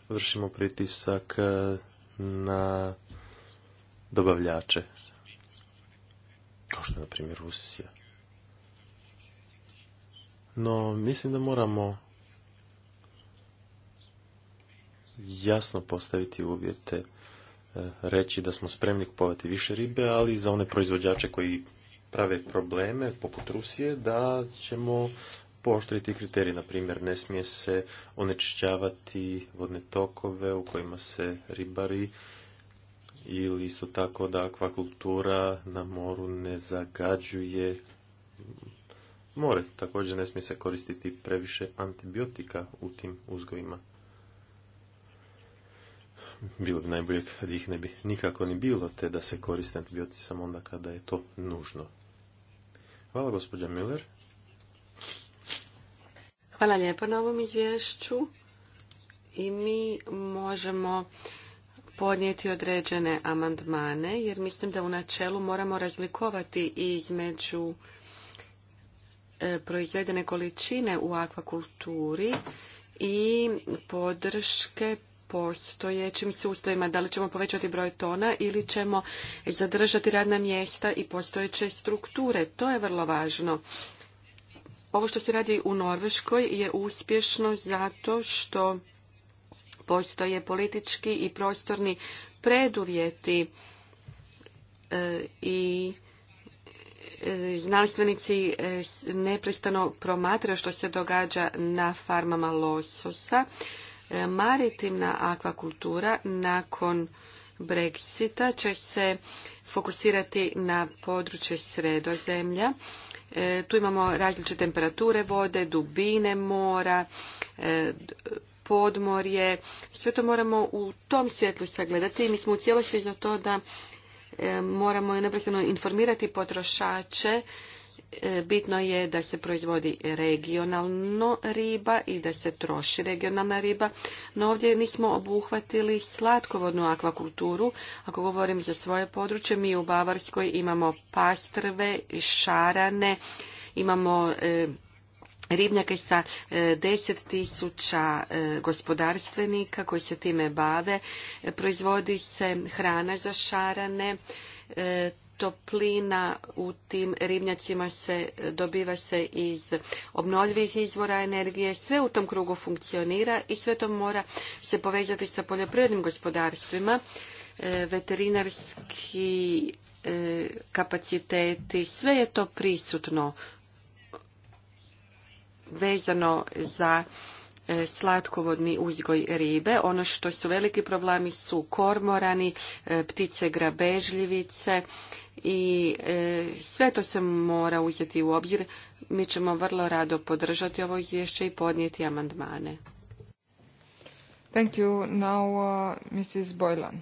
vršimo pritisak e, na dobavljače, kao što je na primjer Rusija. No, mislim da moramo jasno postaviti uvjete, e, reći da smo spremni kupovati više ribe, ali za one proizvođače koji prave probleme, poput Rusije, da ćemo pooštriti ti Na primjer, ne smije se onečišćavati vodne tokove u kojima se ribari ili isto tako da akvakultura na moru ne zagađuje more. Također ne smije se koristiti previše antibiotika u tim uzgojima. Bilo bi najbolje kad ih ne bi nikako ni bilo, te da se koriste antibiotici samo onda kada je to nužno. Hvala gospođa Miller. Hvala lijepo na ovom izvješću i mi možemo podnijeti određene amandmane jer mislim da u načelu moramo razlikovati između e, proizvedene količine u akvakulturi i podrške postojećim sustavima. Da li ćemo povećati broj tona ili ćemo zadržati radna mjesta i postojeće strukture. To je vrlo važno. Ovo što se radi u Norveškoj je uspješno zato što postoje politički i prostorni preduvjeti e, i e, znanstvenici e, neprestano promatraju što se događa na farmama lososa. Maritimna akvakultura nakon Brexita će se fokusirati na područje sredozemlja E, tu imamo različite temperature vode, dubine mora, e, podmorje. Sve to moramo u tom svjetlu sagledati i mi smo u cijelosti za to da e, moramo neprestano informirati potrošače E, bitno je da se proizvodi regionalno riba i da se troši regionalna riba, no ovdje nismo obuhvatili slatkovodnu akvakulturu. Ako govorim za svoje područje, mi u Bavarskoj imamo pastrve, šarane, imamo e, ribnjake sa 10.000 e, tisuća gospodarstvenika koji se time bave. Proizvodi se hrana za šarane, toplina u tim ribnjacima se dobiva se iz obnovljivih izvora energije. Sve u tom krugu funkcionira i sve to mora se povezati sa poljoprivrednim gospodarstvima. E, veterinarski e, kapaciteti, sve je to prisutno vezano za e, slatkovodni uzgoj ribe. Ono što su veliki problemi su kormorani, ptice grabežljivice i e, sve to se mora uzeti u obzir. Mi ćemo vrlo rado podržati ovo izvješće i podnijeti amandmane. Thank you. Now, uh, Mrs. Boylan.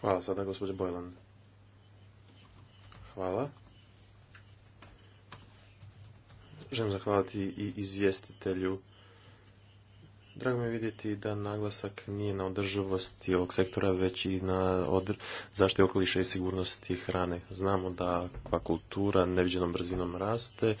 Hvala sada, gospođa Boylan. Hvala. Želim zahvaliti i izvjestitelju Drago mi je vidjeti da naglasak nije na održivosti ovog sektora, već i na odr... zaštiti okoliša i sigurnosti hrane. Znamo da akvakultura neviđenom brzinom raste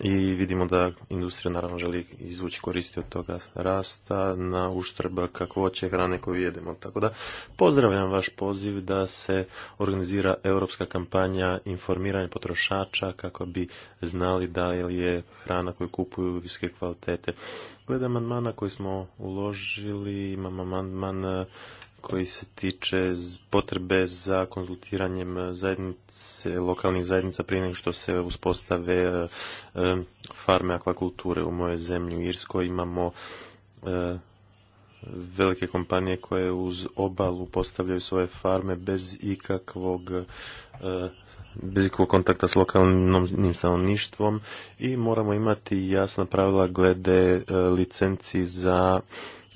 i vidimo da industrija naravno želi izvući koristi od toga rasta na uštrb kakvoće hrane koju jedemo. Tako da pozdravljam vaš poziv da se organizira europska kampanja informiranja potrošača kako bi znali da li je hrana koju kupuju viske kvalitete. Glede amandmana koji smo uložili, imamo amandman e, koji se tiče potrebe za konzultiranjem zajednice, lokalnih zajednica prije nego što se uspostave e, e, farme akvakulture u mojoj zemlji u Irskoj. Imamo velike kompanije koje uz obalu postavljaju svoje farme bez ikakvog bez ikog kontakta s lokalnim stanovništvom i moramo imati jasna pravila glede e, licenci za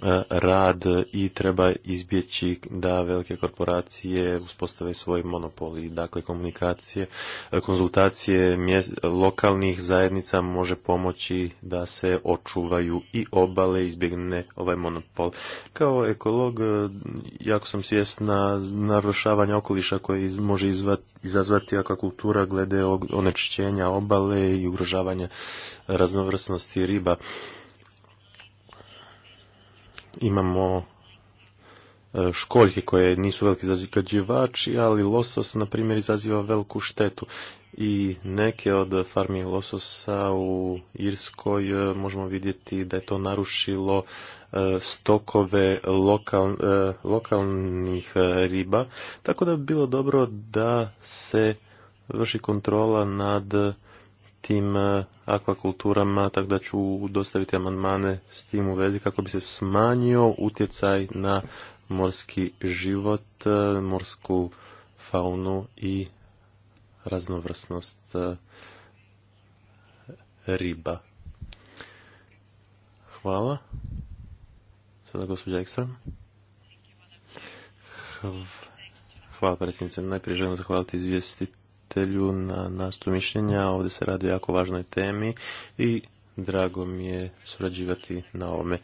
E, rad i treba izbjeći da velike korporacije uspostave svoj monopol i dakle komunikacije, e, konzultacije lokalnih zajednica može pomoći da se očuvaju i obale, izbjegne ovaj monopol. Kao ekolog e, jako sam svjesna narušavanja okoliša koje može izazvati akvakultura glede onečišćenja obale i ugrožavanja raznovrsnosti riba imamo e, školjke koje nisu veliki zagađivači, ali losos, na primjer, izaziva veliku štetu. I neke od farmi lososa u Irskoj e, možemo vidjeti da je to narušilo e, stokove lokal, lokalnih riba, tako da bi bilo dobro da se vrši kontrola nad tim eh, akvakulturama, tako da ću dostaviti amandmane s tim u vezi kako bi se smanjio utjecaj na morski život, eh, morsku faunu i raznovrsnost eh, riba. Hvala. Sada gospođa Ekstrom. Hvala predsjednice. Najprije želim zahvaliti izvijestiti na nastu mišljenja. Ovdje se radi o jako važnoj temi i drago mi je surađivati na ovome.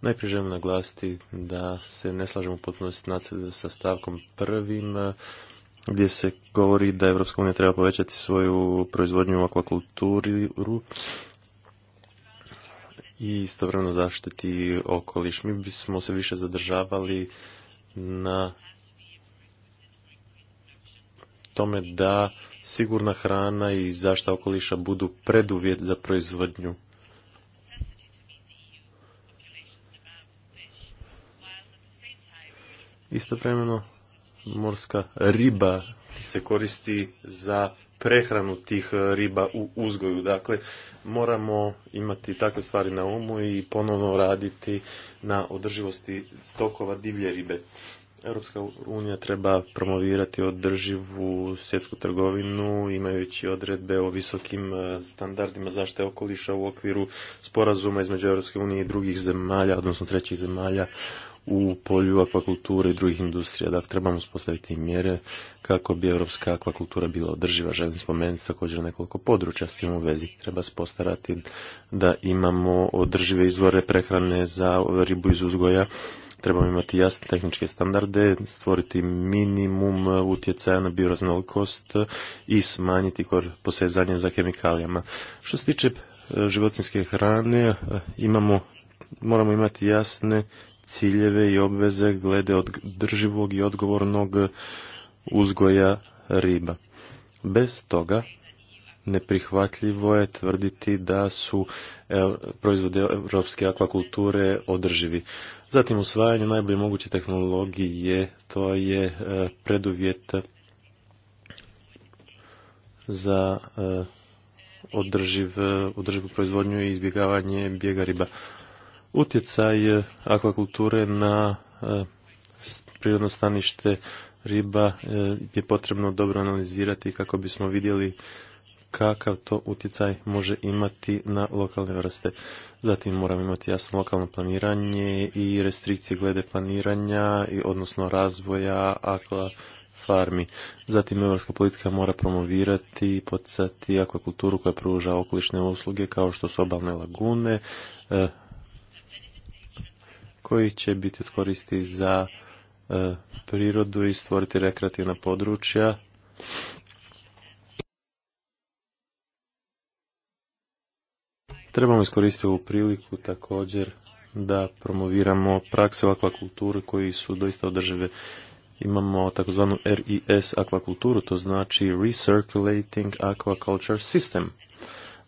Najprije želim naglasiti da se ne slažemo u potpunosti sa stavkom prvim gdje se govori da Evropska unija treba povećati svoju proizvodnju u akvakulturi i istovremeno zaštiti okoliš. Mi bismo se više zadržavali na tome da sigurna hrana i zašta okoliša budu preduvjet za proizvodnju. Istovremeno morska riba se koristi za prehranu tih riba u uzgoju. Dakle, moramo imati takve stvari na umu i ponovno raditi na održivosti stokova divlje ribe. Europska unija treba promovirati održivu svjetsku trgovinu imajući odredbe o visokim e, standardima zaštite okoliša u okviru sporazuma između Europske unije i drugih zemalja, odnosno trećih zemalja u polju akvakulture i drugih industrija. Dakle, trebamo uspostaviti mjere kako bi europska akvakultura bila održiva. Želim spomenuti također nekoliko područja s tim u vezi. Treba spostarati da imamo održive izvore prehrane za ribu iz uzgoja Trebamo imati jasne tehničke standarde, stvoriti minimum utjecaja na bioraznolikost i smanjiti posezanje za kemikalijama. Što se tiče e, životinske hrane, e, imamo, moramo imati jasne ciljeve i obveze glede od drživog i odgovornog uzgoja riba. Bez toga neprihvatljivo je tvrditi da su e, proizvode europske akvakulture održivi. Zatim usvajanje najbolje moguće tehnologije, to je e, preduvjet za e, održiv, e, održivu proizvodnju i izbjegavanje bijega riba. Utjecaj akvakulture na prirodno stanište riba je potrebno dobro analizirati kako bismo vidjeli kakav to utjecaj može imati na lokalne vrste. Zatim moramo imati jasno lokalno planiranje i restrikcije glede planiranja i odnosno razvoja akva farmi. Zatim europska politika mora promovirati i poticati akvakulturu koja pruža okolišne usluge kao što su obalne lagune e, koji će biti koristi za e, prirodu i stvoriti rekreativna područja Trebamo iskoristiti ovu priliku također da promoviramo prakse u akvakulturi koji su doista održive. Imamo takozvanu RIS akvakulturu, to znači Recirculating Aquaculture System.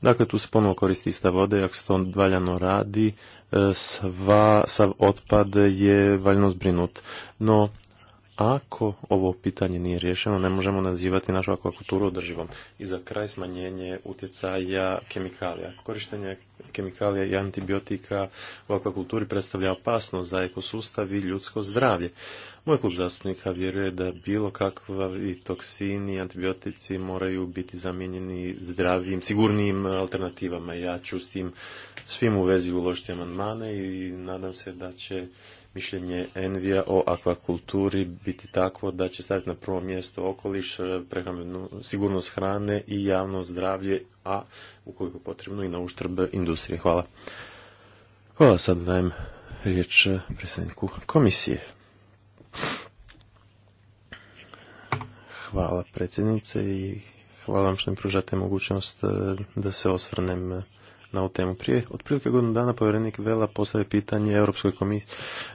Dakle, tu se ponovo koristi ista vode, ako se to valjano radi, e, sva, sav otpad je valjno zbrinut. No, ako ovo pitanje nije rješeno, ne možemo nazivati našu akvakulturu održivom. I za kraj smanjenje utjecaja kemikalija. Korištenje kemikalija i antibiotika u akvakulturi predstavlja opasnost za ekosustav i ljudsko zdravlje. Moj klub zastupnika vjeruje da bilo i toksini i antibiotici moraju biti zamijenjeni zdravijim, sigurnijim alternativama. Ja ću s tim svim u vezi uložiti amandmane i nadam se da će mišljenje Envija o akvakulturi biti takvo da će staviti na prvo mjesto okoliš, prehrambenu sigurnost hrane i javno zdravlje, a ukoliko potrebno i na uštrb industrije. Hvala. Hvala sad dajem riječ predsjedniku komisije. Hvala predsjednice i hvala vam što mi pružate mogućnost eh, da se osvrnem eh, na ovu temu. Prije otprilike godinu dana povjerenik Vela postavio pitanje Europskoj komisiji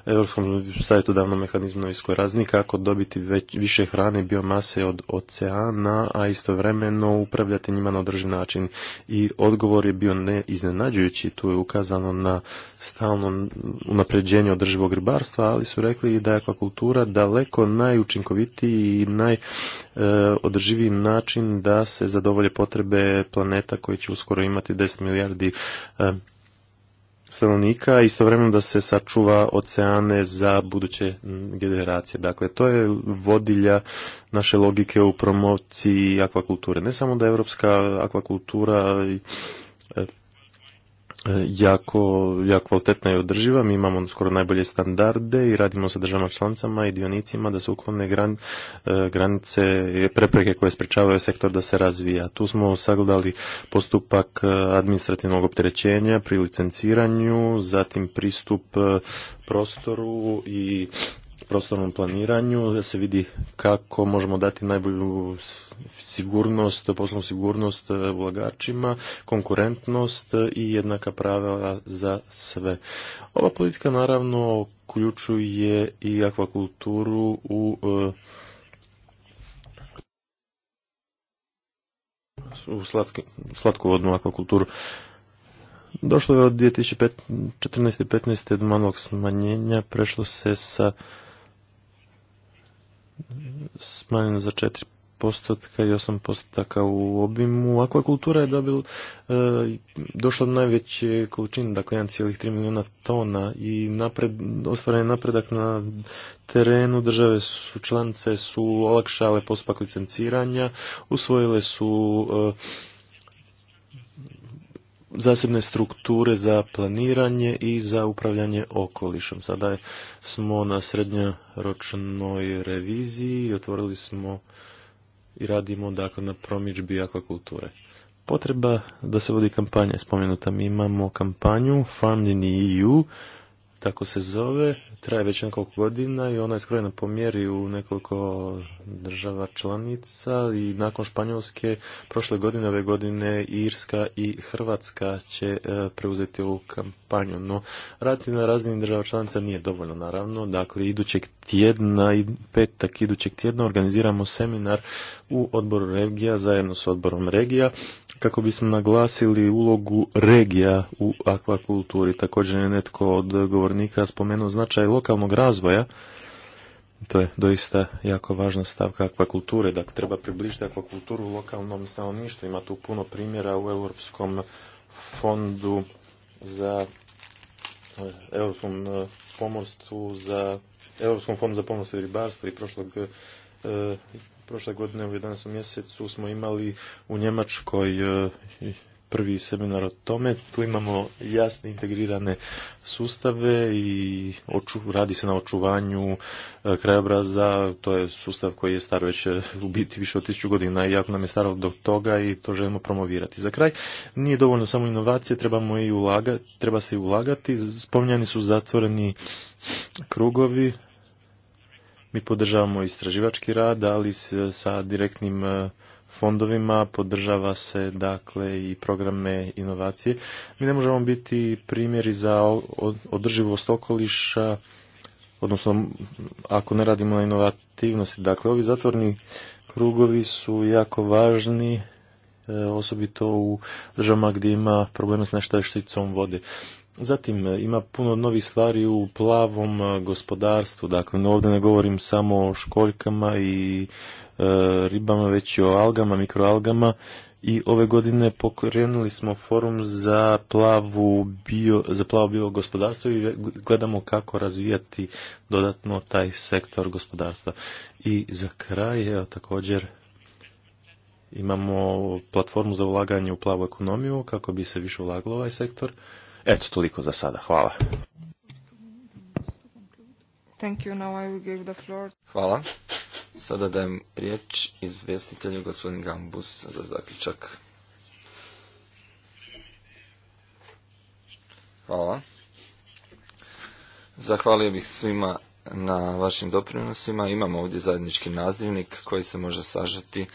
Europskom savjetodavnom mehanizmu na razini kako dobiti već, više hrane i biomase od oceana, a istovremeno upravljati njima na održiv način. I odgovor je bio ne iznenađujući, tu je ukazano na stalno unapređenje održivog ribarstva, ali su rekli da je akvakultura daleko najučinkovitiji i naj E, održivi način da se zadovolje potrebe planeta koji će uskoro imati 10 milijardi e, stanovnika istovremeno da se sačuva oceane za buduće generacije. Dakle, to je vodilja naše logike u promociji akvakulture. Ne samo da je evropska akvakultura e, jako, jako kvalitetna i održiva. Mi imamo skoro najbolje standarde i radimo sa državama članicama i dionicima da se uklone gran, e, granice, prepreke koje sprečavaju sektor da se razvija. Tu smo sagledali postupak e, administrativnog opterećenja pri licenciranju, zatim pristup e, prostoru i prostornom planiranju, da se vidi kako možemo dati najbolju sigurnost, poslovnu sigurnost e, ulagačima, konkurentnost e, i jednaka pravila za sve. Ova politika naravno uključuje i akvakulturu u e, u slatkovodnu akvakulturu. Došlo je od 2014. i 15. do malog smanjenja, prešlo se sa smanjeno za 4 postotka i 8 postotaka u obimu. Akvakultura je dobil, e, došla do najveće količine, dakle 1,3 milijuna tona i napred, ostvaren je napredak na terenu. Države su, članice su olakšale postupak licenciranja, usvojile su e, zasebne strukture za planiranje i za upravljanje okolišom. Sada smo na srednjoročnoj reviziji i otvorili smo i radimo dakle na promičbi akvakulture. Potreba da se vodi kampanja spomenuta. Mi imamo kampanju Farming EU, tako se zove, traje već nekoliko godina i ona je skrojena po mjeri u nekoliko država članica i nakon Španjolske prošle godine, ove godine Irska i Hrvatska će e, preuzeti ovu kampanju. No, raditi na razini država članica nije dovoljno, naravno. Dakle, idućeg tjedna i petak idućeg tjedna organiziramo seminar u odboru regija zajedno s odborom regija kako bismo naglasili ulogu regija u akvakulturi. Također je netko od govornika spomenuo značaj lokalnog razvoja. To je doista jako važna stavka akvakulture. Dakle, treba približiti akvakulturu u lokalnom stanovništvu. Ima tu puno primjera u Europskom fondu za eh, Europskom eh, pomorstvu za Europskom fondu za pomorstvo i ribarstvo i prošlog eh, prošle godine u 11. mjesecu smo imali u Njemačkoj e, prvi seminar o tome. Tu imamo jasne integrirane sustave i radi se na očuvanju e, krajobraza. To je sustav koji je star već e, u biti više od tisuću godina i jako nam je staro do toga i to želimo promovirati. Za kraj, nije dovoljno samo inovacije, trebamo i ulaga, treba se i ulagati. Spominjani su zatvoreni krugovi, mi podržavamo istraživački rad, ali sa direktnim e, fondovima podržava se dakle i programe inovacije. Mi ne možemo biti primjeri za održivost okoliša, odnosno ako ne radimo na inovativnosti. Dakle, ovi zatvorni krugovi su jako važni, e, osobito u državama gdje ima problema s neštajšticom vode. Zatim e, ima puno novih stvari u plavom e, gospodarstvu, dakle ovdje ne govorim samo o školjkama i e, ribama, već i o algama, mikroalgama i ove godine pokrenuli smo forum za plavu bio, za plavo bio gospodarstvo i gledamo kako razvijati dodatno taj sektor gospodarstva. I za kraj također imamo platformu za ulaganje u plavu ekonomiju kako bi se više ulagalo ovaj sektor Eto, toliko za sada. Hvala. Thank you. Now I Hvala. Sada dajem riječ izvjestitelju gospodin Gambus za zaključak. Hvala. Zahvalio bih svima na vašim doprinosima. Imamo ovdje zajednički nazivnik koji se može sažeti,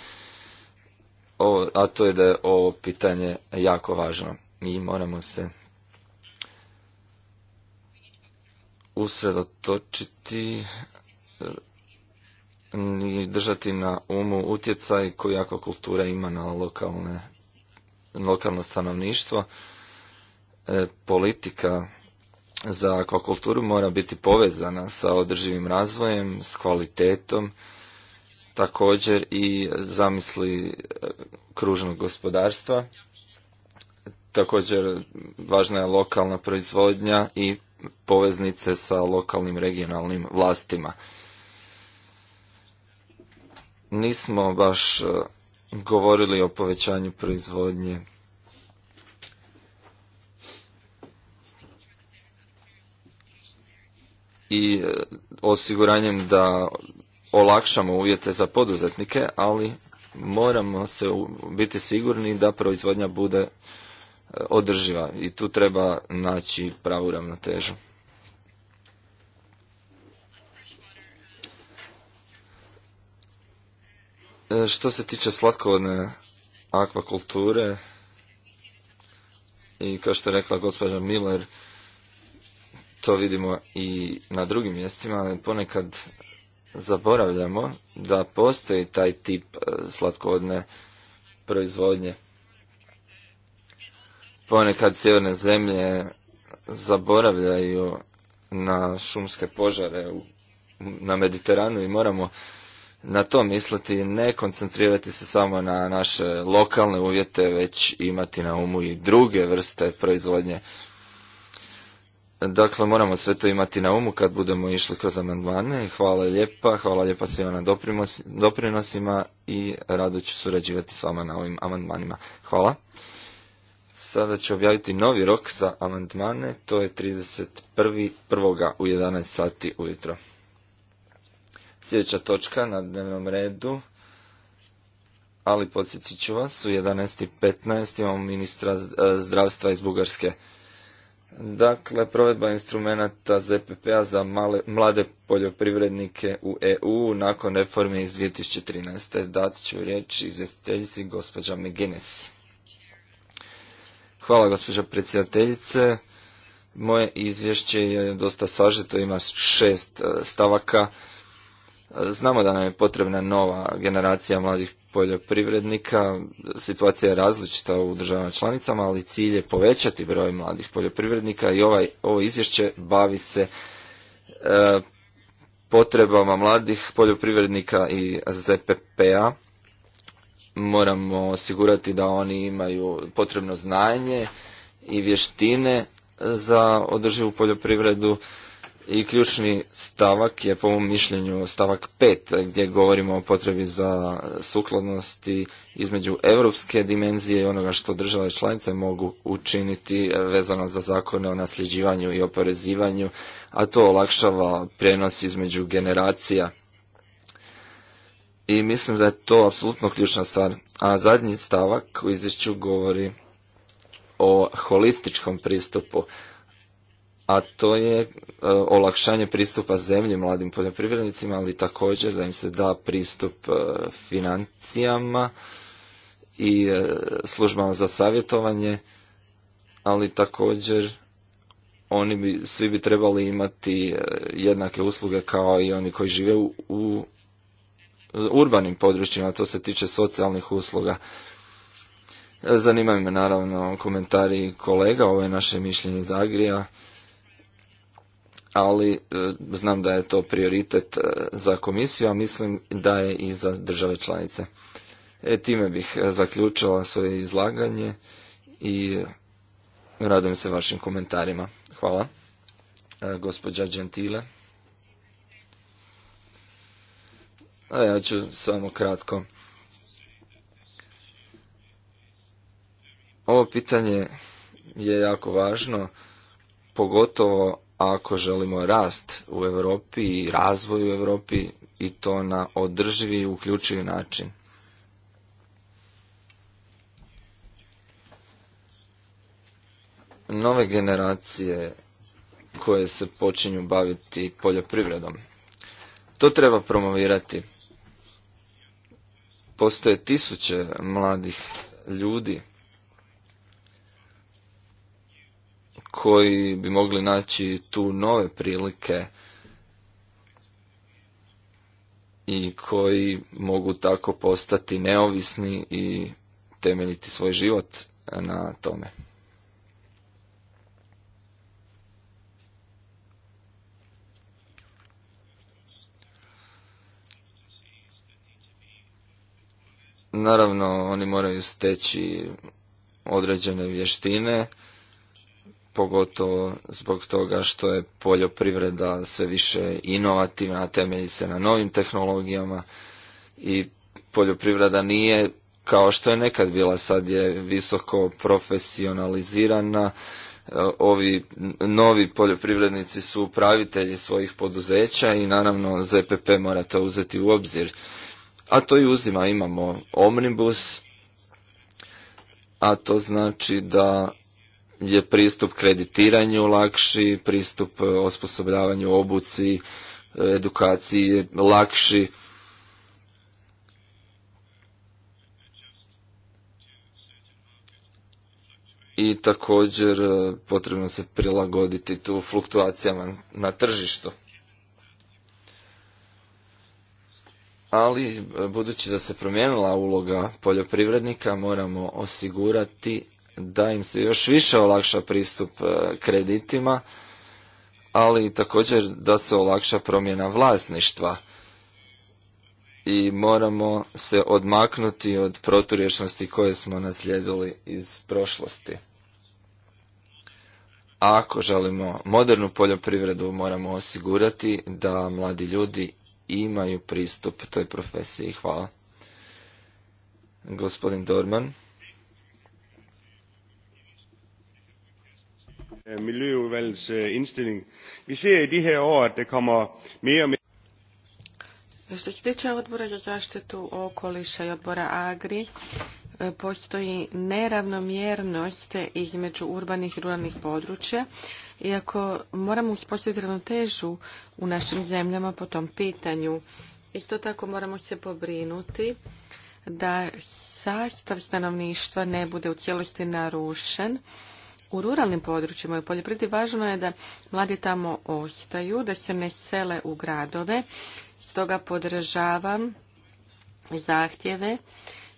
a to je da je ovo pitanje jako važno. Mi moramo se usredotočiti e, i držati na umu utjecaj koji akvakultura ima na lokalne, lokalno stanovništvo. E, politika za akvakulturu mora biti povezana sa održivim razvojem, s kvalitetom, također i zamisli e, kružnog gospodarstva. Također važna je lokalna proizvodnja i poveznice sa lokalnim regionalnim vlastima. Nismo baš e, govorili o povećanju proizvodnje. I e, osiguranjem da olakšamo uvjete za poduzetnike, ali moramo se biti sigurni da proizvodnja bude E, održiva i tu treba naći pravu ravnotežu. E, što se tiče slatkovodne akvakulture i kao što je rekla gospođa Miller, to vidimo i na drugim mjestima, ponekad zaboravljamo da postoji taj tip e, slatkovodne proizvodnje. Ponekad sjeverne zemlje zaboravljaju na šumske požare u, na Mediteranu i moramo na to misliti, ne koncentrirati se samo na naše lokalne uvjete, već imati na umu i druge vrste proizvodnje. Dakle, moramo sve to imati na umu kad budemo išli kroz amandmane. Hvala lijepa, hvala lijepa svima na doprinosima i rado ću surađivati s vama na ovim amandmanima. Hvala. Sada ću objaviti novi rok za amandmane, to je 31.1. u 11 sati ujutro. Sljedeća točka na dnevnom redu, ali podsjetit ću vas, u 11.15 imamo ministra e, zdravstva iz Bugarske. Dakle, provedba instrumenta ZPP-a za mlade poljoprivrednike u EU nakon reforme iz 2013. Dat ću riječ izvjestiteljici gospođa McGuinness. Hvala gospođo predsjedateljice. Moje izvješće je dosta sažeto, ima šest e, stavaka. E, znamo da nam je potrebna nova generacija mladih poljoprivrednika. Situacija je različita u državama članicama, ali cilj je povećati broj mladih poljoprivrednika i ovaj, ovo izvješće bavi se e, potrebama mladih poljoprivrednika i ZPP-a moramo osigurati da oni imaju potrebno znanje i vještine za održivu poljoprivredu i ključni stavak je po mom mišljenju stavak 5 gdje govorimo o potrebi za sukladnosti između europske dimenzije i onoga što države članice mogu učiniti vezano za zakone o nasljeđivanju i oporezivanju, a to olakšava prenos između generacija i mislim da je to apsolutno ključna stvar. A zadnji stavak u izvješću govori o holističkom pristupu, a to je e, olakšanje pristupa zemlji mladim poljoprivrednicima, ali također da im se da pristup e, financijama i e, službama za savjetovanje, ali također oni bi, svi bi trebali imati jednake usluge kao i oni koji žive u urbanim područjima, to se tiče socijalnih usluga. Zanimaju me naravno komentari kolega, ovo je naše mišljenje iz Agrija, ali e, znam da je to prioritet e, za komisiju, a mislim da je i za države članice. E, time bih e, zaključila svoje izlaganje i radujem se vašim komentarima. Hvala. E, gospođa Gentile. A ja ću samo kratko. Ovo pitanje je jako važno, pogotovo ako želimo rast u Europi i razvoj u Europi i to na održivi i uključivi način. Nove generacije koje se počinju baviti poljoprivredom. To treba promovirati. Postoje tisuće mladih ljudi koji bi mogli naći tu nove prilike i koji mogu tako postati neovisni i temeljiti svoj život na tome. Naravno, oni moraju steći određene vještine, pogotovo zbog toga što je poljoprivreda sve više inovativna, temelji se na novim tehnologijama i poljoprivreda nije kao što je nekad bila, sad je visoko profesionalizirana, ovi novi poljoprivrednici su upravitelji svojih poduzeća i naravno ZPP morate uzeti u obzir a to i uzima. Imamo omnibus, a to znači da je pristup kreditiranju lakši, pristup e, osposobljavanju obuci, e, edukaciji je lakši. I također e, potrebno se prilagoditi tu fluktuacijama na tržištu. ali e, budući da se promijenila uloga poljoprivrednika moramo osigurati da im se još više olakša pristup e, kreditima, ali također da se olakša promjena vlasništva i moramo se odmaknuti od proturječnosti koje smo naslijedili iz prošlosti. A ako želimo modernu poljoprivredu, moramo osigurati da mladi ljudi imaju pristup toj profesiji. Hvala. Gospodin Dorman. Eh, Miljøudvalgets eh, indstilling. Vi ser i de her år, at der kommer mere og mere što se tiče odbora za zaštitu okoliša i odbora Agri, postoji neravnomjernost između urbanih i ruralnih područja, iako moramo uspostaviti ravnotežu u našim zemljama po tom pitanju. Isto tako moramo se pobrinuti da sastav stanovništva ne bude u cijelosti narušen. U ruralnim područjima i u poljoprivredi važno je da mladi tamo ostaju, da se ne sele u gradove. Stoga podržavam zahtjeve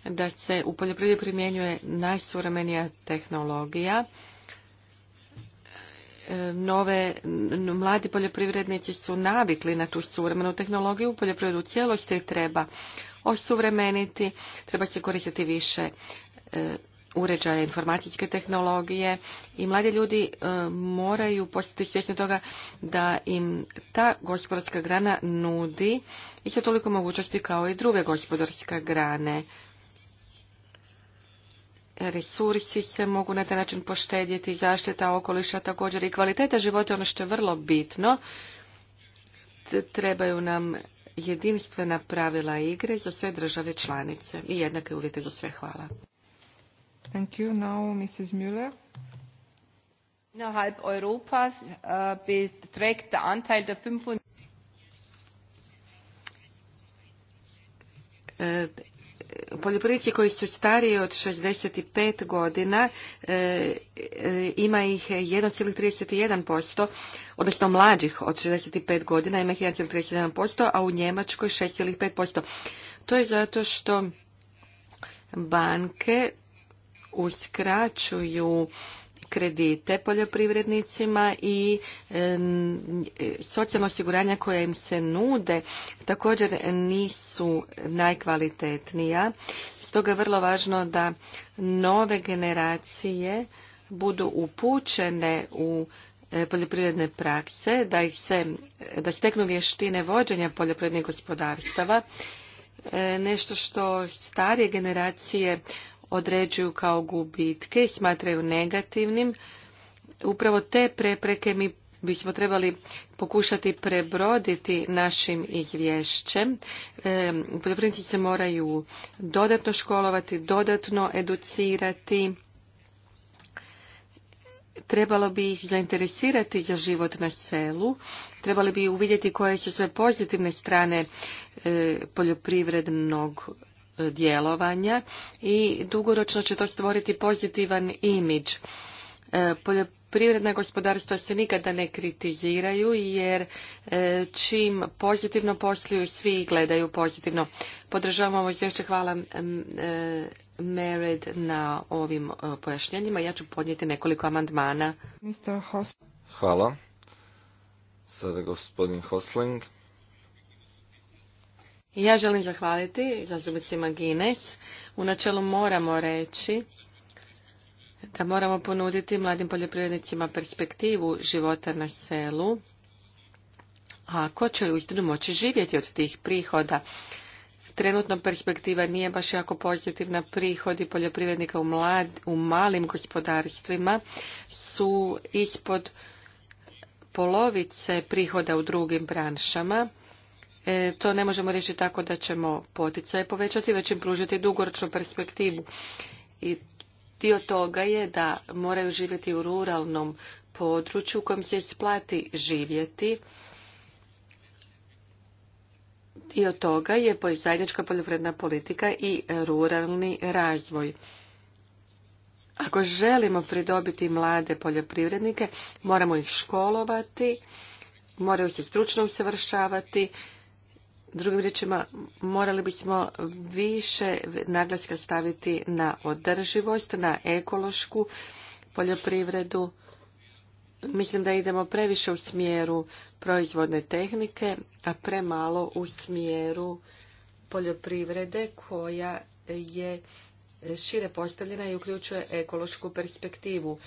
da se u poljoprivredi primjenjuje najsuvremenija tehnologija. E, nove, mladi poljoprivrednici su navikli na tu suvremenu tehnologiju. Poljoprivredu u cijelosti treba osuvremeniti, treba se koristiti više e, uređaja informatičke tehnologije i mladi ljudi e, moraju postati svjesni toga da im ta gospodarska grana nudi isto toliko mogućnosti kao i druge gospodarske grane resursi se mogu na taj način poštedjeti, zaštita okoliša također i kvaliteta života, ono što je vrlo bitno. Trebaju nam jedinstvena pravila igre za sve države članice i jednake uvjete za sve. Hvala. Thank you. Now, Mrs. Müller. Innerhalb Europas äh, beträgt der Anteil der äh, Poljoprivrednici koji su stariji od 65 e, e, godina, ima ih 1,31%, odnosno mlađih od 65 godina ima ih 1,31%, a u Njemačkoj 6,5%. To je zato što banke uskraćuju kredite poljoprivrednicima i socijalno osiguranja koja im se nude također nisu najkvalitetnija. Stoga je vrlo važno da nove generacije budu upućene u e, poljoprivredne prakse, da, ih se, da steknu vještine vođenja poljoprivrednih gospodarstava, e, nešto što starije generacije određuju kao gubitke i smatraju negativnim. Upravo te prepreke mi bismo trebali pokušati prebroditi našim izvješćem. E, poljoprivrednici se moraju dodatno školovati, dodatno educirati. Trebalo bi ih zainteresirati za život na selu, trebali bi uvidjeti koje su sve pozitivne strane e, poljoprivrednog djelovanja i dugoročno će to stvoriti pozitivan imidž. E, poljoprivredna gospodarstva se nikada ne kritiziraju jer e, čim pozitivno posluju svi gledaju pozitivno. Podržavamo ovo izvješće, hvala e, Mered na ovim pojašnjenjima. Ja ću podnijeti nekoliko amandmana. Hvala. Sada gospodin Hosling. Ja želim zahvaliti zastupnicima Guinness. U načelu moramo reći da moramo ponuditi mladim poljoprivrednicima perspektivu života na selu, ako će uistinu moći živjeti od tih prihoda. Trenutno perspektiva nije baš jako pozitivna. Prihodi poljoprivrednika u malim gospodarstvima su ispod polovice prihoda u drugim branšama. E, to ne možemo reći tako da ćemo poticaje povećati, već im pružiti dugoročnu perspektivu. I dio toga je da moraju živjeti u ruralnom području u kojem se isplati živjeti. Dio toga je zajednička poljoprivredna politika i ruralni razvoj. Ako želimo pridobiti mlade poljoprivrednike, moramo ih školovati, moraju se stručno usavršavati, Drugim riječima, morali bismo više naglaska staviti na održivost, na ekološku poljoprivredu. Mislim da idemo previše u smjeru proizvodne tehnike, a premalo u smjeru poljoprivrede koja je šire postavljena i uključuje ekološku perspektivu.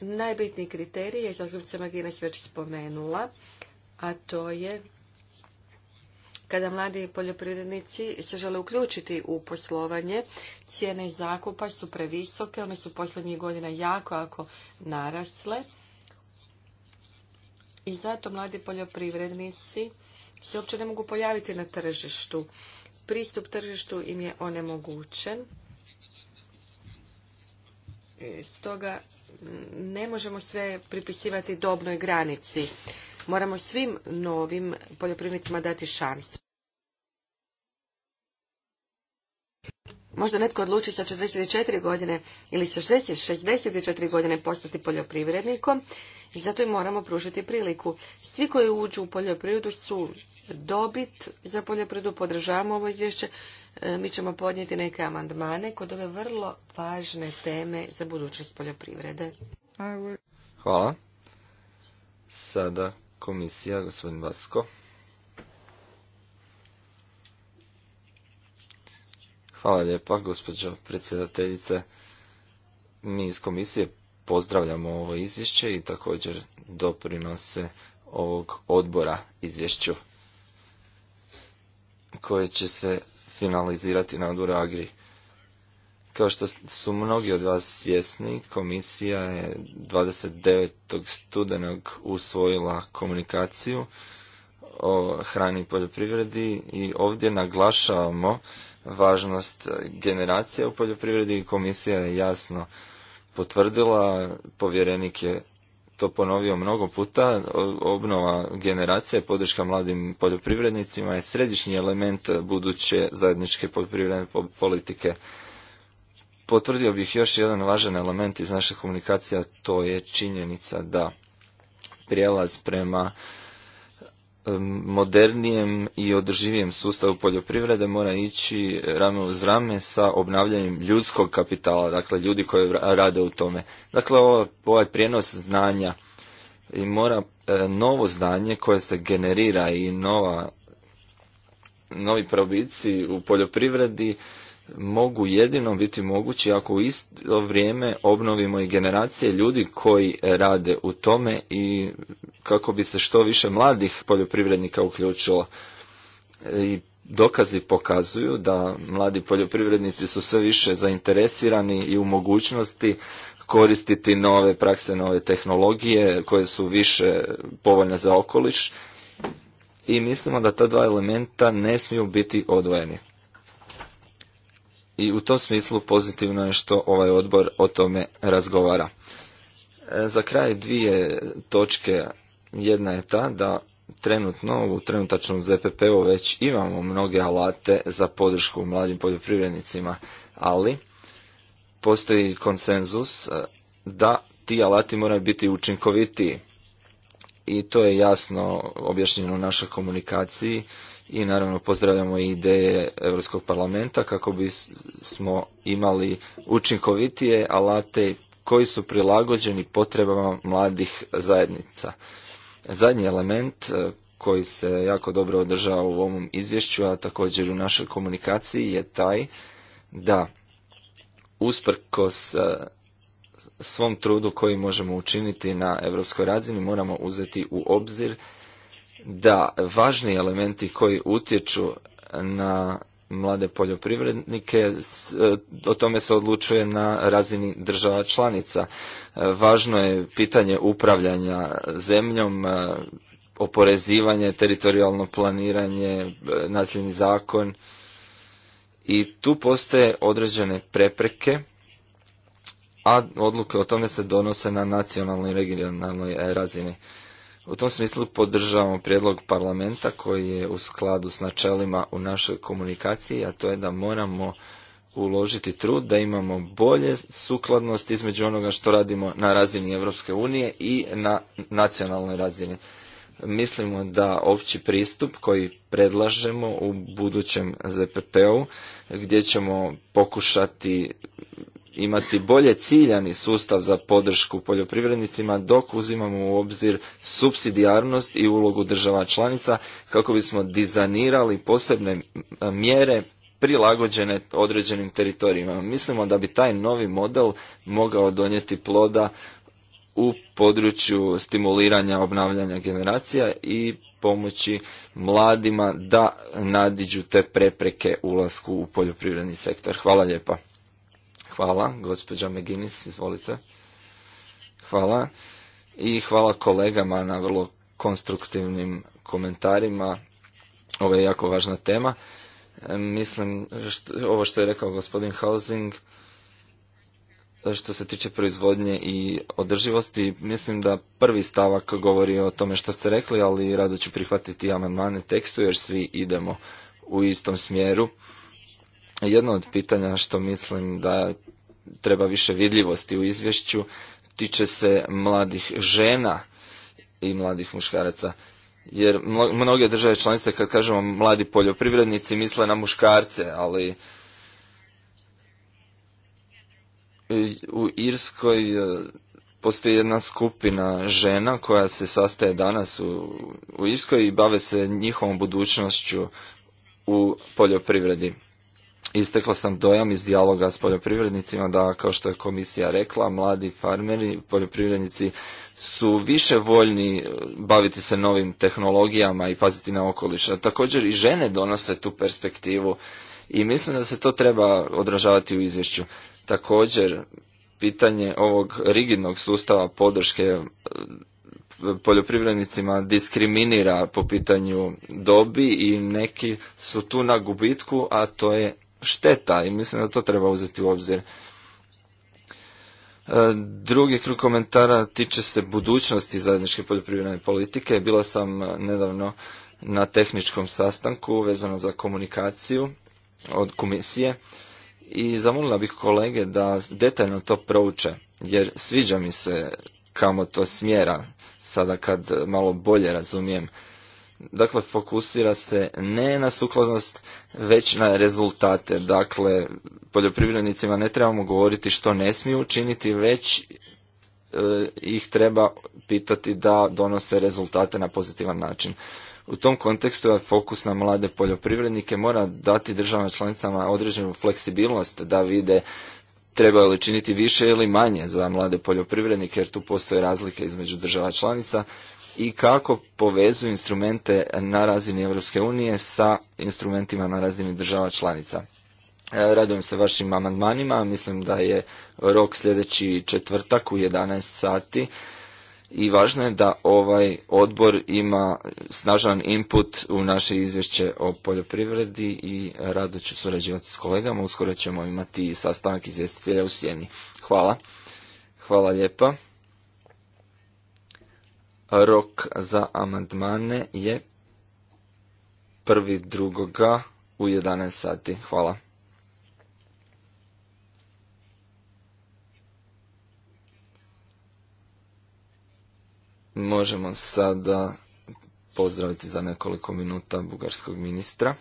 Najbitniji kriterij je, zvuk se već spomenula, a to je kada mladi poljoprivrednici se žele uključiti u poslovanje, cijene zakupa su previsoke, one su posljednjih godina jako, ako narasle. I zato mladi poljoprivrednici se uopće ne mogu pojaviti na tržištu. Pristup tržištu im je onemogućen. E, stoga ne možemo sve pripisivati dobnoj granici. Moramo svim novim poljoprivrednicima dati šansu. Možda netko odluči sa 44 godine ili sa 64 godine postati poljoprivrednikom i zato im moramo pružiti priliku. Svi koji uđu u poljoprivredu su dobit za poljoprivredu, podržavamo ovo izvješće. E, mi ćemo podnijeti neke amandmane kod ove vrlo važne teme za budućnost poljoprivrede. Hvala. Sada Komisija, gospodin Vasko. Hvala lijepa, gospođo predsjedateljice. Mi iz komisije pozdravljamo ovo izvješće i također doprinose ovog odbora izvješću koje će se finalizirati na odboru Agri. Kao što su mnogi od vas svjesni, komisija je 29. studenog usvojila komunikaciju o hrani i poljoprivredi i ovdje naglašavamo važnost generacija u poljoprivredi i komisija je jasno potvrdila, povjerenik je to ponovio mnogo puta, obnova generacija i podrška mladim poljoprivrednicima je središnji element buduće zajedničke poljoprivredne politike potvrdio bih još jedan važan element iz naših komunikacija, to je činjenica da prijelaz prema modernijem i održivijem sustavu poljoprivrede mora ići rame uz rame sa obnavljanjem ljudskog kapitala, dakle ljudi koji rade u tome. Dakle, ovaj prijenos znanja i mora e, novo znanje koje se generira i nova, novi probici u poljoprivredi mogu jedino biti mogući ako u isto vrijeme obnovimo i generacije ljudi koji rade u tome i kako bi se što više mladih poljoprivrednika uključilo. I dokazi pokazuju da mladi poljoprivrednici su sve više zainteresirani i u mogućnosti koristiti nove prakse, nove tehnologije koje su više povoljne za okoliš i mislimo da ta dva elementa ne smiju biti odvojeni i u tom smislu pozitivno je što ovaj odbor o tome razgovara. E, za kraj dvije točke. Jedna je ta da trenutno u trenutačnom ZPP-u već imamo mnoge alate za podršku mladim poljoprivrednicima, ali postoji konsenzus e, da ti alati moraju biti učinkovitiji. I to je jasno objašnjeno u našoj komunikaciji i naravno pozdravljamo i ideje Europskog parlamenta kako bismo imali učinkovitije alate koji su prilagođeni potrebama mladih zajednica. Zadnji element e, koji se jako dobro održava u ovom izvješću, a također u našoj komunikaciji je taj da usprkos e, svom trudu koji možemo učiniti na europskoj razini moramo uzeti u obzir da važni elementi koji utječu na mlade poljoprivrednike, e, o tome se odlučuje na razini država članica. E, važno je pitanje upravljanja zemljom, e, oporezivanje, teritorijalno planiranje, nasljedni zakon i tu postoje određene prepreke, a odluke o tome se donose na nacionalnoj i regionalnoj razini. U tom smislu podržavamo prijedlog parlamenta koji je u skladu s načelima u našoj komunikaciji, a to je da moramo uložiti trud da imamo bolje sukladnost između onoga što radimo na razini Europske unije i na nacionalnoj razini. Mislimo da opći pristup koji predlažemo u budućem ZPP-u, gdje ćemo pokušati imati bolje ciljani sustav za podršku poljoprivrednicima dok uzimamo u obzir subsidijarnost i ulogu država članica kako bismo dizajnirali posebne mjere prilagođene određenim teritorijima. Mislimo da bi taj novi model mogao donijeti ploda u području stimuliranja obnavljanja generacija i pomoći mladima da nadiđu te prepreke ulasku u poljoprivredni sektor. Hvala lijepa. Hvala, gospođa Meginis, izvolite. Hvala. I hvala kolegama na vrlo konstruktivnim komentarima. Ovo je jako važna tema. Mislim, što, ovo što je rekao gospodin Housing, što se tiče proizvodnje i održivosti, mislim da prvi stavak govori o tome što ste rekli, ali rado ću prihvatiti amandmane tekstu jer svi idemo u istom smjeru. Jedno od pitanja što mislim da treba više vidljivosti u izvješću tiče se mladih žena i mladih muškaraca. Jer mnoge države članice, kad kažemo mladi poljoprivrednici, misle na muškarce, ali u Irskoj e, postoji jedna skupina žena koja se sastaje danas u, u Irskoj i bave se njihovom budućnošću u poljoprivredi. Istekla sam dojam iz dijaloga s poljoprivrednicima da, kao što je komisija rekla, mladi farmeri, poljoprivrednici su više voljni e, baviti se novim tehnologijama i paziti na okoliš. također i žene donose tu perspektivu i mislim da se to treba odražavati u izvješću. Također, pitanje ovog rigidnog sustava podrške e, poljoprivrednicima diskriminira po pitanju dobi i neki su tu na gubitku, a to je šteta i mislim da to treba uzeti u obzir. E, drugi krug komentara tiče se budućnosti zajedničke poljoprivredne politike. Bila sam e, nedavno na tehničkom sastanku vezano za komunikaciju od komisije i zamolila bih kolege da detaljno to prouče, jer sviđa mi se kamo to smjera, sada kad malo bolje razumijem Dakle, fokusira se ne na sukladnost, već na rezultate. Dakle, poljoprivrednicima ne trebamo govoriti što ne smiju učiniti, već e, ih treba pitati da donose rezultate na pozitivan način. U tom kontekstu je fokus na mlade poljoprivrednike mora dati državama članicama određenu fleksibilnost da vide trebaju li činiti više ili manje za mlade poljoprivrednike, jer tu postoje razlike između država članica i kako povezuju instrumente na razini Europske unije sa instrumentima na razini država članica. E, radujem se vašim amandmanima, mislim da je rok sljedeći četvrtak u 11 sati i važno je da ovaj odbor ima snažan input u naše izvješće o poljoprivredi i rado ću surađivati s kolegama, uskoro ćemo imati sastanak izvjestitelja u Sjeni. Hvala. Hvala lijepa. Rok za amandmane je prvi drugoga u 11 sati. Hvala. Možemo sada pozdraviti za nekoliko minuta bugarskog ministra.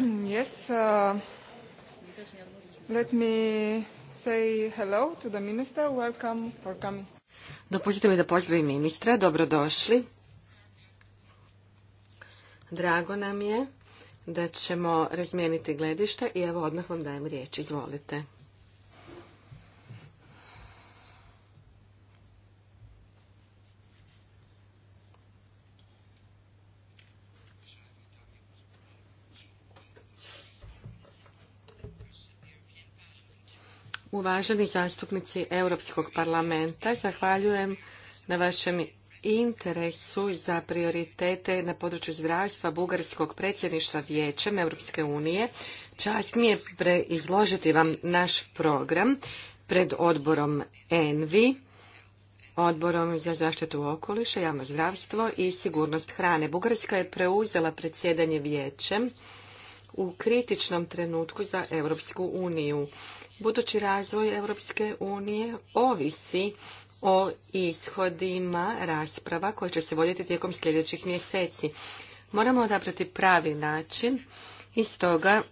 Uh, let me say hello to the minister. Welcome for Dopustite mi da pozdravim ministra. Dobrodošli. Drago nam je da ćemo razmijeniti gledišta i evo odmah vam dajem riječ. Izvolite. Uvaženi zastupnici Europskog parlamenta, zahvaljujem na vašem interesu za prioritete na području zdravstva Bugarskog predsjedništva Vijećem Europske unije. Čast mi je preizložiti vam naš program pred odborom ENVI, odborom za zaštitu okoliša, javno zdravstvo i sigurnost hrane. Bugarska je preuzela predsjedanje Vijećem u kritičnom trenutku za Europsku uniju. Budući razvoj Europske unije ovisi o ishodima rasprava koje će se voditi tijekom sljedećih mjeseci. Moramo odabrati pravi način i stoga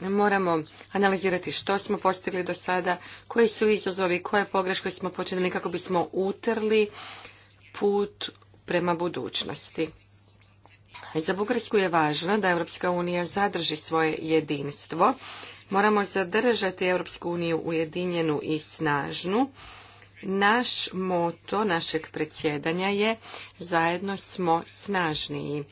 moramo analizirati što smo postigli do sada, koji su izazovi, koje pogreške smo počinili kako bismo utrli put prema budućnosti. Za Bugarsku je važno da Europska unija zadrži svoje jedinstvo. Moramo zadržati Europsku uniju ujedinjenu i snažnu. Naš moto našeg predsjedanja je zajedno smo snažniji.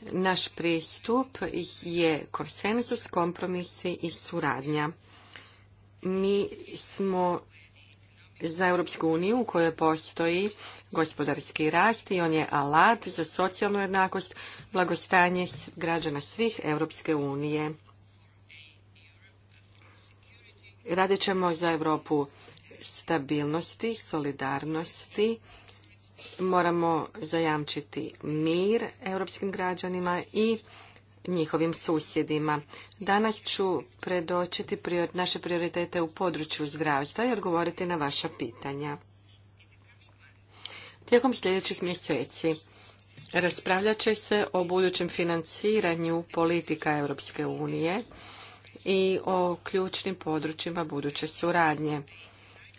Naš pristup je konsenzus, kompromisi i suradnja. Mi smo za Europsku uniju u kojoj postoji gospodarski rast i on je alat za socijalnu jednakost, blagostanje građana svih Europske unije. Radit ćemo za Europu stabilnosti, solidarnosti. Moramo zajamčiti mir europskim građanima i njihovim susjedima. Danas ću predočiti naše prioritete u području zdravstva i odgovoriti na vaša pitanja. Tijekom sljedećih mjeseci raspravljat će se o budućem financiranju politika Europske unije i o ključnim područjima buduće suradnje.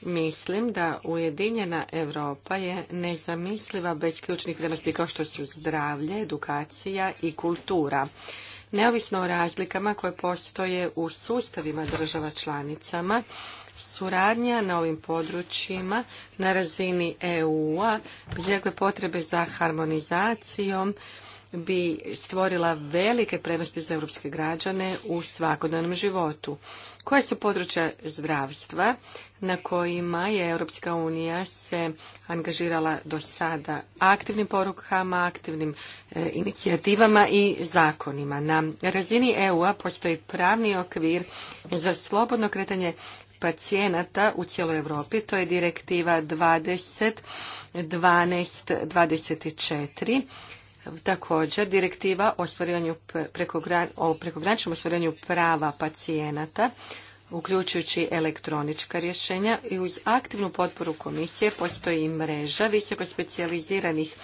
Mislim da Ujedinjena Europa je nezamisliva bez ključnih vrijednosti kao što su zdravlje, edukacija i kultura. Neovisno o razlikama koje postoje u sustavima država članicama, suradnja na ovim područjima na razini EU-a, potrebe za harmonizacijom, bi stvorila velike prednosti za europske građane u svakodnevnom životu. Koje su područja zdravstva na kojima je Europska unija se angažirala do sada aktivnim porukama, aktivnim e, inicijativama i zakonima? Na razini EU-a postoji pravni okvir za slobodno kretanje pacijenata u cijeloj Europi. To je direktiva 20 12 24 Također, direktiva o, o prekograničnom ostvarivanju prava pacijenata, uključujući elektronička rješenja i uz aktivnu potporu komisije postoji mreža visoko specijaliziranih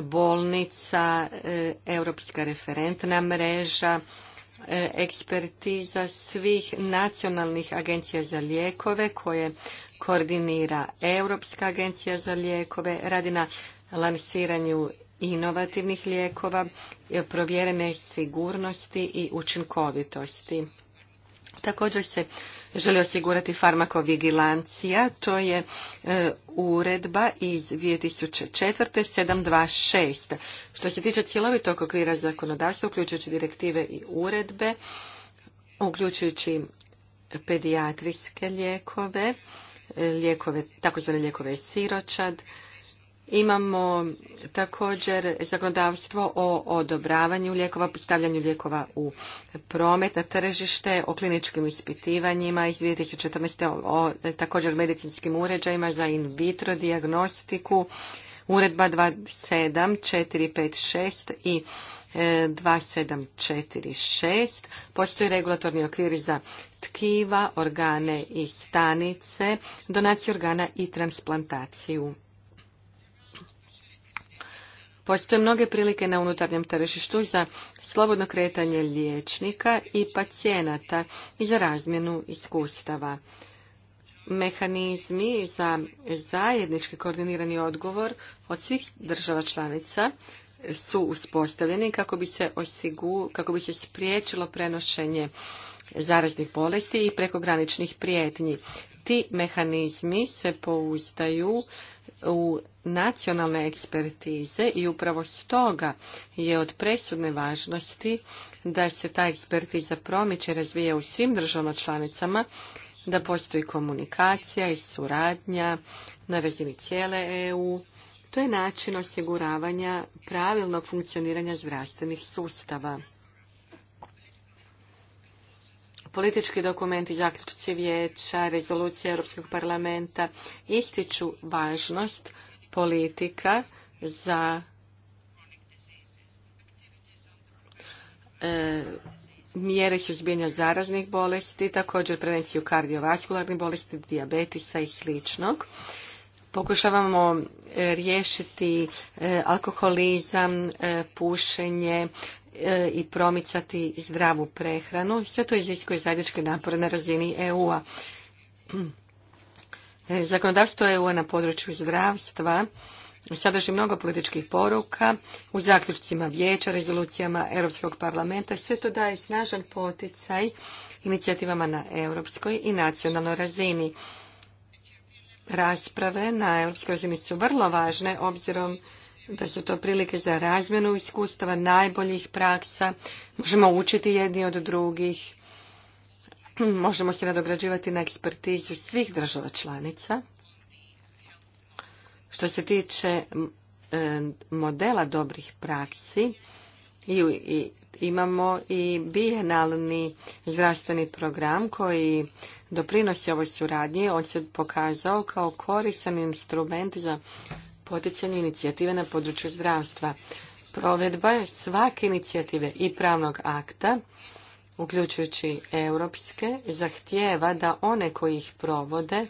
bolnica, e, europska referentna mreža, e, ekspertiza svih nacionalnih agencija za lijekove koje koordinira Europska agencija za lijekove, radi na lansiranju inovativnih lijekova, e, provjerene sigurnosti i učinkovitosti. Također se želi osigurati farmakovigilancija, to je e, uredba iz 2004. 726. Što se tiče cjelovitog okvira zakonodavstva, uključujući direktive i uredbe, uključujući pedijatrijske lijekove, e, lijekove, takozvane lijekove siročad, Imamo također zakonodavstvo o odobravanju lijekova, stavljanju lijekova u promet na tržište, o kliničkim ispitivanjima iz 2014. o također medicinskim uređajima za in vitro diagnostiku, uredba 27456 i 2746. E, Postoji regulatorni okvir za tkiva, organe i stanice, donacije organa i transplantaciju. Postoje mnoge prilike na unutarnjem tržištu za slobodno kretanje liječnika i pacijenata i za razmjenu iskustava. Mehanizmi za zajednički koordinirani odgovor od svih država članica su uspostavljeni kako bi se, kako bi se spriječilo prenošenje zaraznih bolesti i prekograničnih prijetnji. Ti mehanizmi se pouzdaju u nacionalne ekspertize i upravo stoga je od presudne važnosti da se ta ekspertiza promiče razvija u svim državama članicama, da postoji komunikacija i suradnja na razini cijele EU. To je način osiguravanja pravilnog funkcioniranja zdravstvenih sustava politički dokumenti, zaključci vijeća, rezolucije Europskog parlamenta ističu važnost politika za e, mjere suzbijanja zaraznih bolesti, također prevenciju kardiovaskularnih bolesti, dijabetisa i sl. Pokušavamo e, riješiti e, alkoholizam, pušenje, E, i promicati zdravu prehranu. Sve to iziskuje zajedničke napore na razini EU-a. E, zakonodavstvo EU-a na području zdravstva sadrži mnogo političkih poruka u zaključcima vijeća, rezolucijama Europskog parlamenta. Sve to daje snažan poticaj inicijativama na europskoj i nacionalnoj razini. Rasprave na europskoj razini su vrlo važne obzirom da su to prilike za razmjenu iskustava, najboljih praksa. Možemo učiti jedni od drugih. Možemo se nadograđivati na ekspertizu svih država članica. Što se tiče e, modela dobrih praksi, i imamo i bijenalni zdravstveni program koji doprinosi ovoj suradnji. On se pokazao kao koristan instrument za poticanje inicijative na području zdravstva. Provedba je svake inicijative i pravnog akta, uključujući europske, zahtjeva da one koji ih provode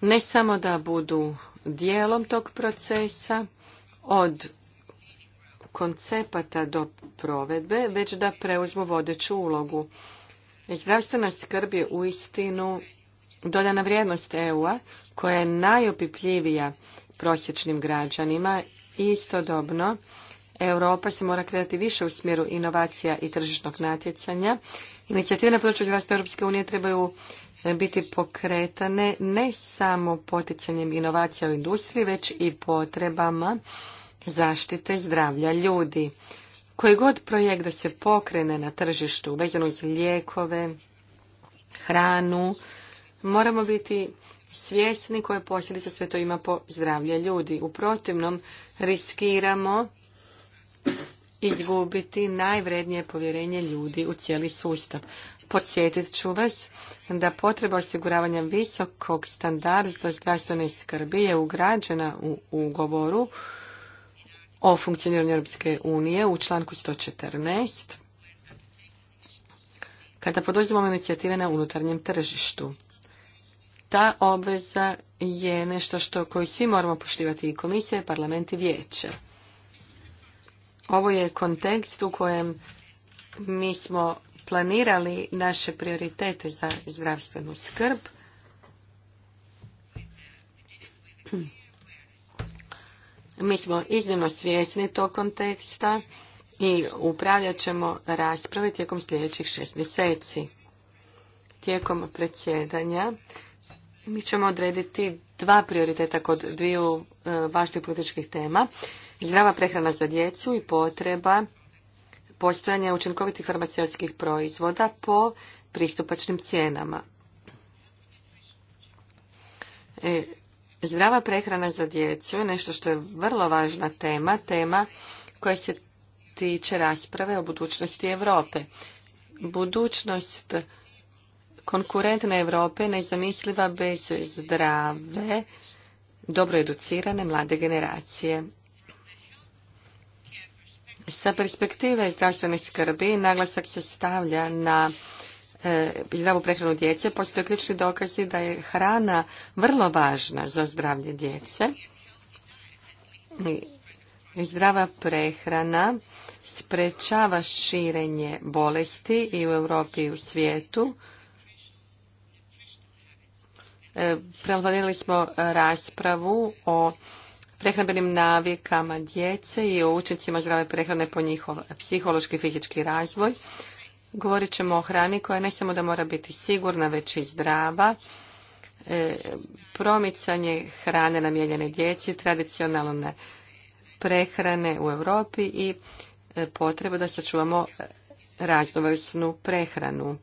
ne samo da budu dijelom tog procesa od koncepata do provedbe, već da preuzmu vodeću ulogu. Zdravstvena skrb je istinu dodana vrijednost EU-a koja je najopipljivija prosječnim građanima istodobno Europa se mora kretati više u smjeru inovacija i tržišnog natjecanja. Inicijative na području zdravstva Europske unije trebaju e, biti pokretane ne samo poticanjem inovacija u industriji, već i potrebama zaštite zdravlja ljudi. Koji god projekt da se pokrene na tržištu vezano uz lijekove, hranu, moramo biti svjesni koje posljedice sve to ima po zdravlje ljudi. U protivnom riskiramo izgubiti najvrednije povjerenje ljudi u cijeli sustav. Podsjetit ću vas da potreba osiguravanja visokog standarda zdravstvene skrbi je ugrađena u ugovoru o funkcioniranju Europske unije u članku 114 kada poduzimamo inicijative na unutarnjem tržištu ta obveza je nešto što koji svi moramo poštivati i komisija, parlament i vijeće. Ovo je kontekst u kojem mi smo planirali naše prioritete za zdravstvenu skrb. Mi smo iznimno svjesni tog konteksta i upravljat ćemo rasprave tijekom sljedećih šest mjeseci. Tijekom predsjedanja mi ćemo odrediti dva prioriteta kod dviju e, važnih političkih tema. Zdrava prehrana za djecu i potreba postojanja učinkovitih farmaceutskih proizvoda po pristupačnim cijenama. E, zdrava prehrana za djecu je nešto što je vrlo važna tema, tema koja se tiče rasprave o budućnosti Europe. Budućnost konkurentne Europe nezamisliva bez zdrave, dobro educirane mlade generacije. Sa perspektive zdravstvene skrbi naglasak se stavlja na e, zdravu prehranu djece. Postoje ključni dokazi da je hrana vrlo važna za zdravlje djece. Zdrava prehrana sprečava širenje bolesti i u Europi i u svijetu. E, Prelvanili smo e, raspravu o prehrambenim navikama djece i o učincima zdrave prehrane po njihov psihološki i fizički razvoj. Govorit ćemo o hrani koja ne samo da mora biti sigurna, već i zdrava. E, promicanje hrane namijenjene djeci, tradicionalne prehrane u Europi i potrebu da sačuvamo raznovrsnu prehranu.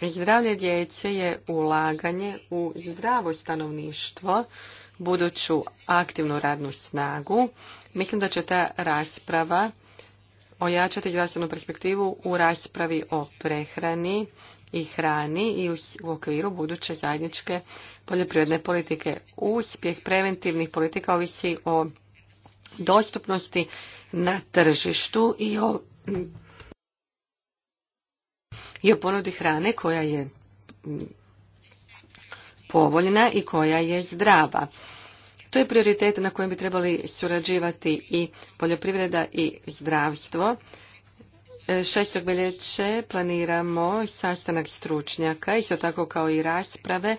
Zdravlje djece je ulaganje u zdravo stanovništvo, buduću aktivnu radnu snagu. Mislim da će ta rasprava ojačati zdravstvenu perspektivu u raspravi o prehrani i hrani i u okviru buduće zajedničke poljoprivredne politike. Uspjeh preventivnih politika ovisi o dostupnosti na tržištu i o i o ponudi hrane koja je povoljna i koja je zdrava. To je prioritet na kojem bi trebali surađivati i poljoprivreda i zdravstvo. E, šestog veljače planiramo sastanak stručnjaka, isto tako kao i rasprave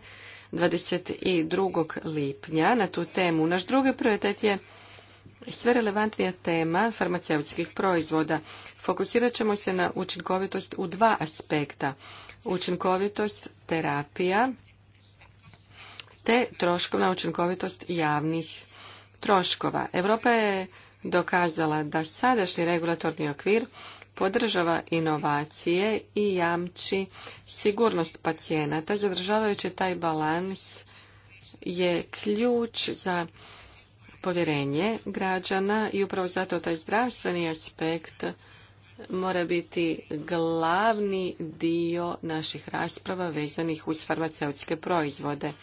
22. lipnja na tu temu. Naš drugi prioritet je sve relevantnija tema farmaceutskih proizvoda. Fokusirat ćemo se na učinkovitost u dva aspekta. Učinkovitost terapija te troškovna učinkovitost javnih troškova. Europa je dokazala da sadašnji regulatorni okvir podržava inovacije i jamči sigurnost pacijenata. Zadržavajući taj balans je ključ za povjerenje građana i upravo zato taj zdravstveni aspekt mora biti glavni dio naših rasprava vezanih uz farmaceutske proizvode.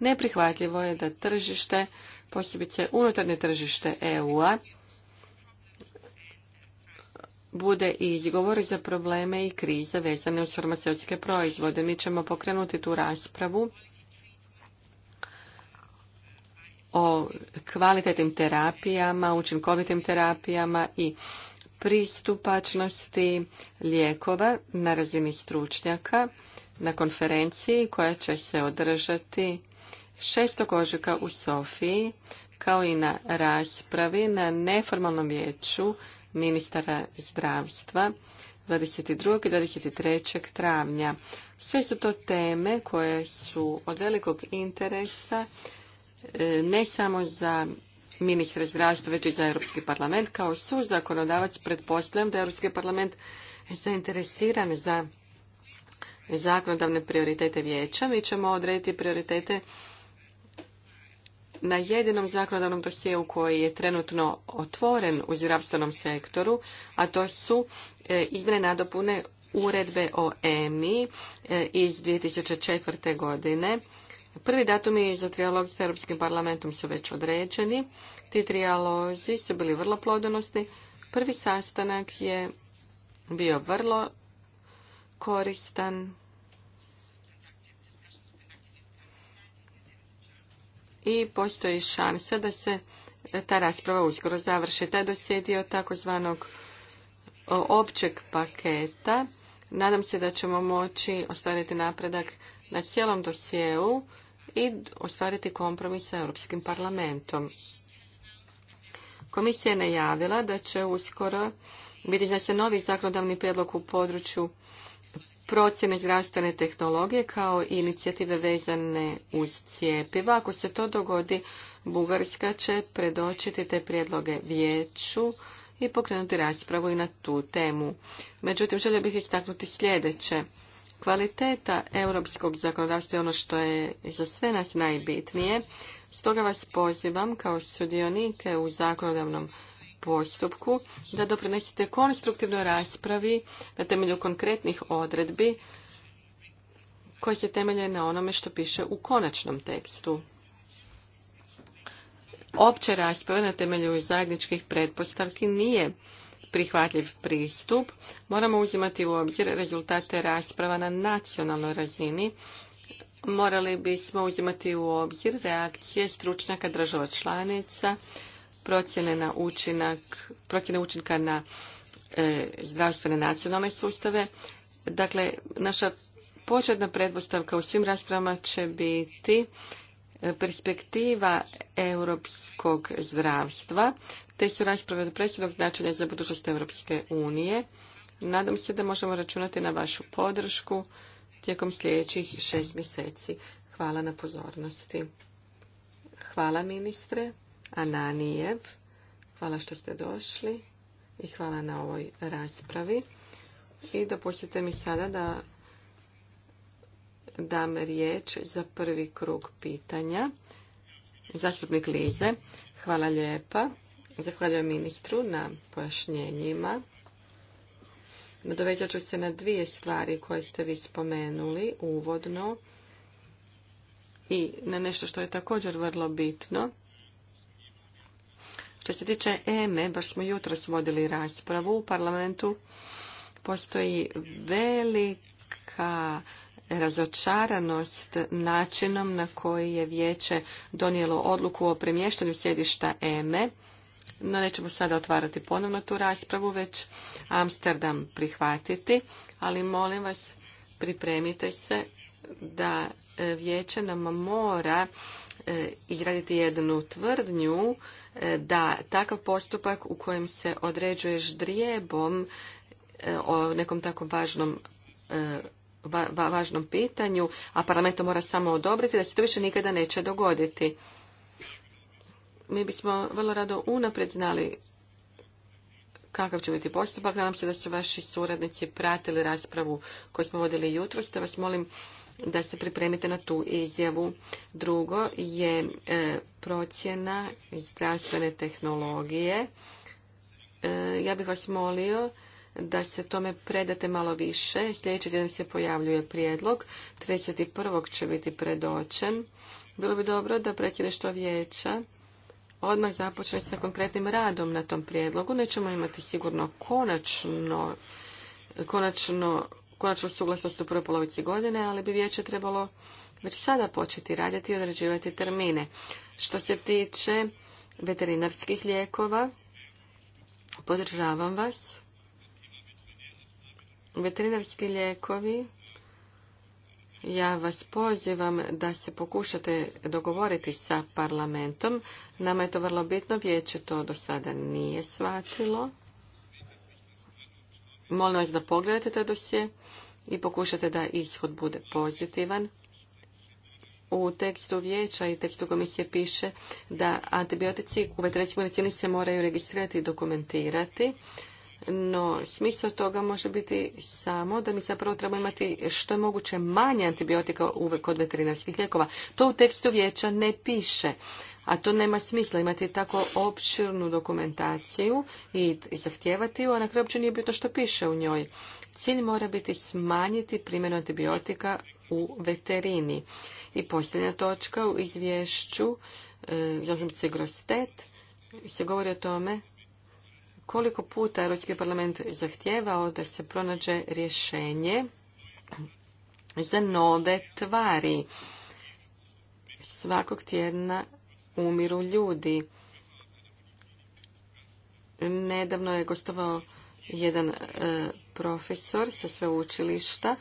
Neprihvatljivo je da tržište, posebice unutarnje tržište EU-a, bude izgovor za probleme i krize vezane uz farmaceutske proizvode. Mi ćemo pokrenuti tu raspravu o kvalitetnim terapijama, učinkovitim terapijama i pristupačnosti lijekova na razini stručnjaka na konferenciji koja će se održati 6. ožujka u Sofiji kao i na raspravi na neformalnom vijeću ministara zdravstva 22. i 23. travnja. Sve su to teme koje su od velikog interesa E, ne samo za ministre zdravstva, već i za Europski parlament. Kao su zakonodavac pretpostavljam da je Europski parlament zainteresiran za zakonodavne prioritete vijeća. Mi ćemo odrediti prioritete na jedinom zakonodavnom dosjeu koji je trenutno otvoren u zdravstvenom sektoru, a to su e, izmjene nadopune uredbe o EMI e, iz 2004. godine Prvi datumi za trijalog s Europskim parlamentom su već određeni. Ti trijalozi su bili vrlo plodonosni. Prvi sastanak je bio vrlo koristan i postoji šansa da se ta rasprava uskoro završi. Taj dosjedio takozvanog općeg paketa. Nadam se da ćemo moći ostvariti napredak na cijelom dosjeu i ostvariti kompromis sa Europskim parlamentom. Komisija je najavila da će uskoro biti da se novi zakonodavni prijedlog u području procjene zdravstvene tehnologije kao i inicijative vezane uz cijepiva. Ako se to dogodi, Bugarska će predočiti te prijedloge vijeću i pokrenuti raspravu i na tu temu. Međutim, želio bih istaknuti sljedeće. Kvaliteta europskog zakonodavstva je ono što je za sve nas najbitnije. Stoga vas pozivam kao sudionike u zakonodavnom postupku da doprinesete konstruktivnoj raspravi na temelju konkretnih odredbi koje se temelje na onome što piše u konačnom tekstu. Opće rasprave na temelju zajedničkih pretpostavki nije prihvatljiv pristup, moramo uzimati u obzir rezultate rasprava na nacionalnoj razini. Morali bismo uzimati u obzir reakcije stručnjaka država članica, procjene na učinak, procjene učinka na e, zdravstvene nacionalne sustave. Dakle, naša početna predpostavka u svim raspravama će biti perspektiva europskog zdravstva, te su rasprave od presudnog značenja za budućnost Europske unije. Nadam se da možemo računati na vašu podršku tijekom sljedećih šest mjeseci. Hvala na pozornosti. Hvala ministre Ananijev. Hvala što ste došli i hvala na ovoj raspravi. I dopustite mi sada da dam riječ za prvi krug pitanja. Zastupnik Lize, hvala lijepa. Zahvaljujem ministru na pojašnjenjima. Nadovezat ću se na dvije stvari koje ste vi spomenuli uvodno i na nešto što je također vrlo bitno. Što se tiče EME, baš smo jutro svodili raspravu u parlamentu, postoji velika razočaranost načinom na koji je vijeće donijelo odluku o premještanju sjedišta EME. E. No nećemo sada otvarati ponovno tu raspravu, već Amsterdam prihvatiti, ali molim vas pripremite se da e, vijeće nam mora e, izraditi jednu tvrdnju da takav postupak u kojem se određuje ždrijebom o nekom tako važnom važnom pitanju, a parlament to mora samo odobriti, da se to više nikada neće dogoditi. Mi bismo vrlo rado unaprijed znali kakav će biti postupak. Nadam se da su vaši suradnici pratili raspravu koju smo vodili jutros, te vas molim da se pripremite na tu izjavu. Drugo je e, procjena zdravstvene tehnologije. E, ja bih vas molio da se tome predate malo više. Sljedeći tjedan se pojavljuje prijedlog. 31. će biti predočen. Bilo bi dobro da predsjedništvo vijeća odmah započne sa konkretnim radom na tom prijedlogu. Nećemo imati sigurno konačno, konačno, konačnu suglasnost u prvoj polovici godine, ali bi vijeće trebalo već sada početi raditi i određivati termine. Što se tiče veterinarskih lijekova, podržavam vas veterinarski lijekovi, ja vas pozivam da se pokušate dogovoriti sa parlamentom. Nama je to vrlo bitno, vijeće to do sada nije shvatilo. Molim vas da pogledate taj dosje i pokušate da ishod bude pozitivan. U tekstu vijeća i tekstu komisije piše da antibiotici u veterinarskoj medicini se moraju registrirati i dokumentirati. No, smisao toga može biti samo da mi zapravo treba imati što je moguće manje antibiotika uvek kod veterinarskih lijekova. To u tekstu vijeća ne piše. A to nema smisla imati tako opširnu dokumentaciju i zahtijevati ju, a na kraju uopće nije bitno što piše u njoj. Cilj mora biti smanjiti primjenu antibiotika u veterini. I posljednja točka u izvješću, e, se Grostet, se govori o tome koliko puta Europski parlament zahtijevao da se pronađe rješenje za nove tvari. Svakog tjedna umiru ljudi. Nedavno je gostovao jedan e, profesor sa sveučilišta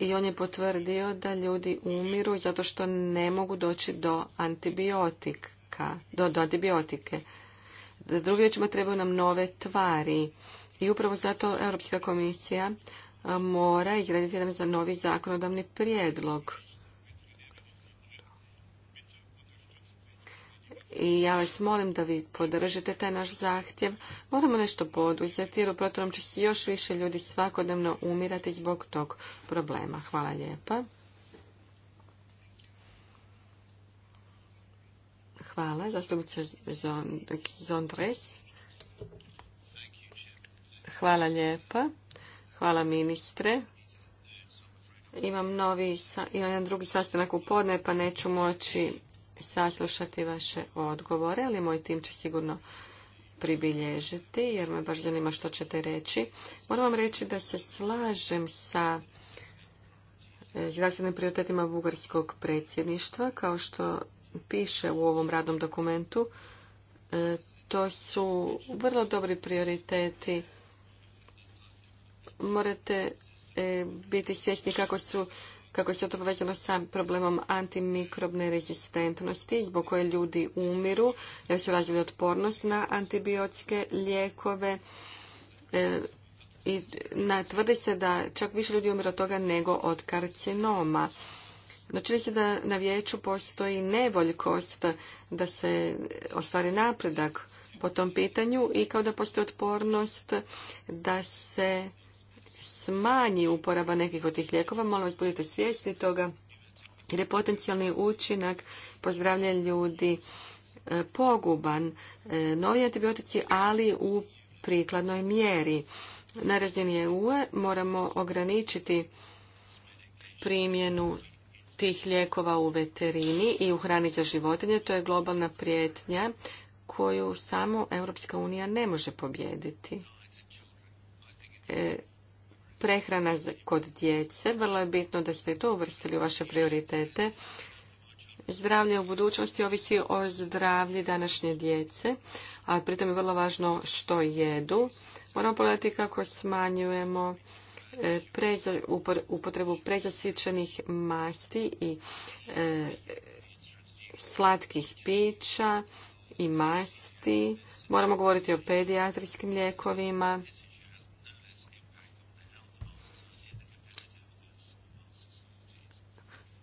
i on je potvrdio da ljudi umiru zato što ne mogu doći do antibiotika, do, do antibiotike. Druge rječima trebaju nam nove tvari. I upravo zato Europska komisija mora izraditi jedan za novi zakonodavni prijedlog. I ja vas molim da vi podržite taj naš zahtjev. Moramo nešto poduzeti jer u protivnom će još više ljudi svakodnevno umirati zbog tog problema. Hvala lijepa. Hvala. zastupnice Zondres. Hvala lijepa. Hvala ministre. Imam novi, imam jedan drugi sastanak u podne, pa neću moći saslušati vaše odgovore, ali moj tim će sigurno pribilježiti, jer me baš zanima što ćete reći. Moram vam reći da se slažem sa eh, zdravstvenim prioritetima bugarskog predsjedništva, kao što piše u ovom radnom dokumentu. E, to su vrlo dobri prioriteti. Morate e, biti svjesni kako su kako se to povezano sa problemom antimikrobne rezistentnosti, zbog koje ljudi umiru, jer su razvili otpornost na antibiotske lijekove. E, I tvrdi se da čak više ljudi umiru od toga nego od karcinoma. No čini se da na vijeću postoji nevoljkost da se ostvari napredak po tom pitanju i kao da postoji otpornost da se smanji uporaba nekih od tih lijekova. Molim vas budite svjesni toga jer je potencijalni učinak pozdravlja ljudi e, poguban. E, novi antibiotici, ali u prikladnoj mjeri. Na razini EU moramo ograničiti primjenu tih lijekova u veterini i u hrani za životinje. To je globalna prijetnja koju samo Europska unija ne može pobijediti. E, prehrana kod djece, vrlo je bitno da ste to uvrstili u vaše prioritete. Zdravlje u budućnosti ovisi o zdravlji današnje djece, a pritom je vrlo važno što jedu. Moramo pogledati kako smanjujemo E, upotrebu prezasičenih masti i e, slatkih pića i masti. Moramo govoriti o pedijatrijskim lijekovima.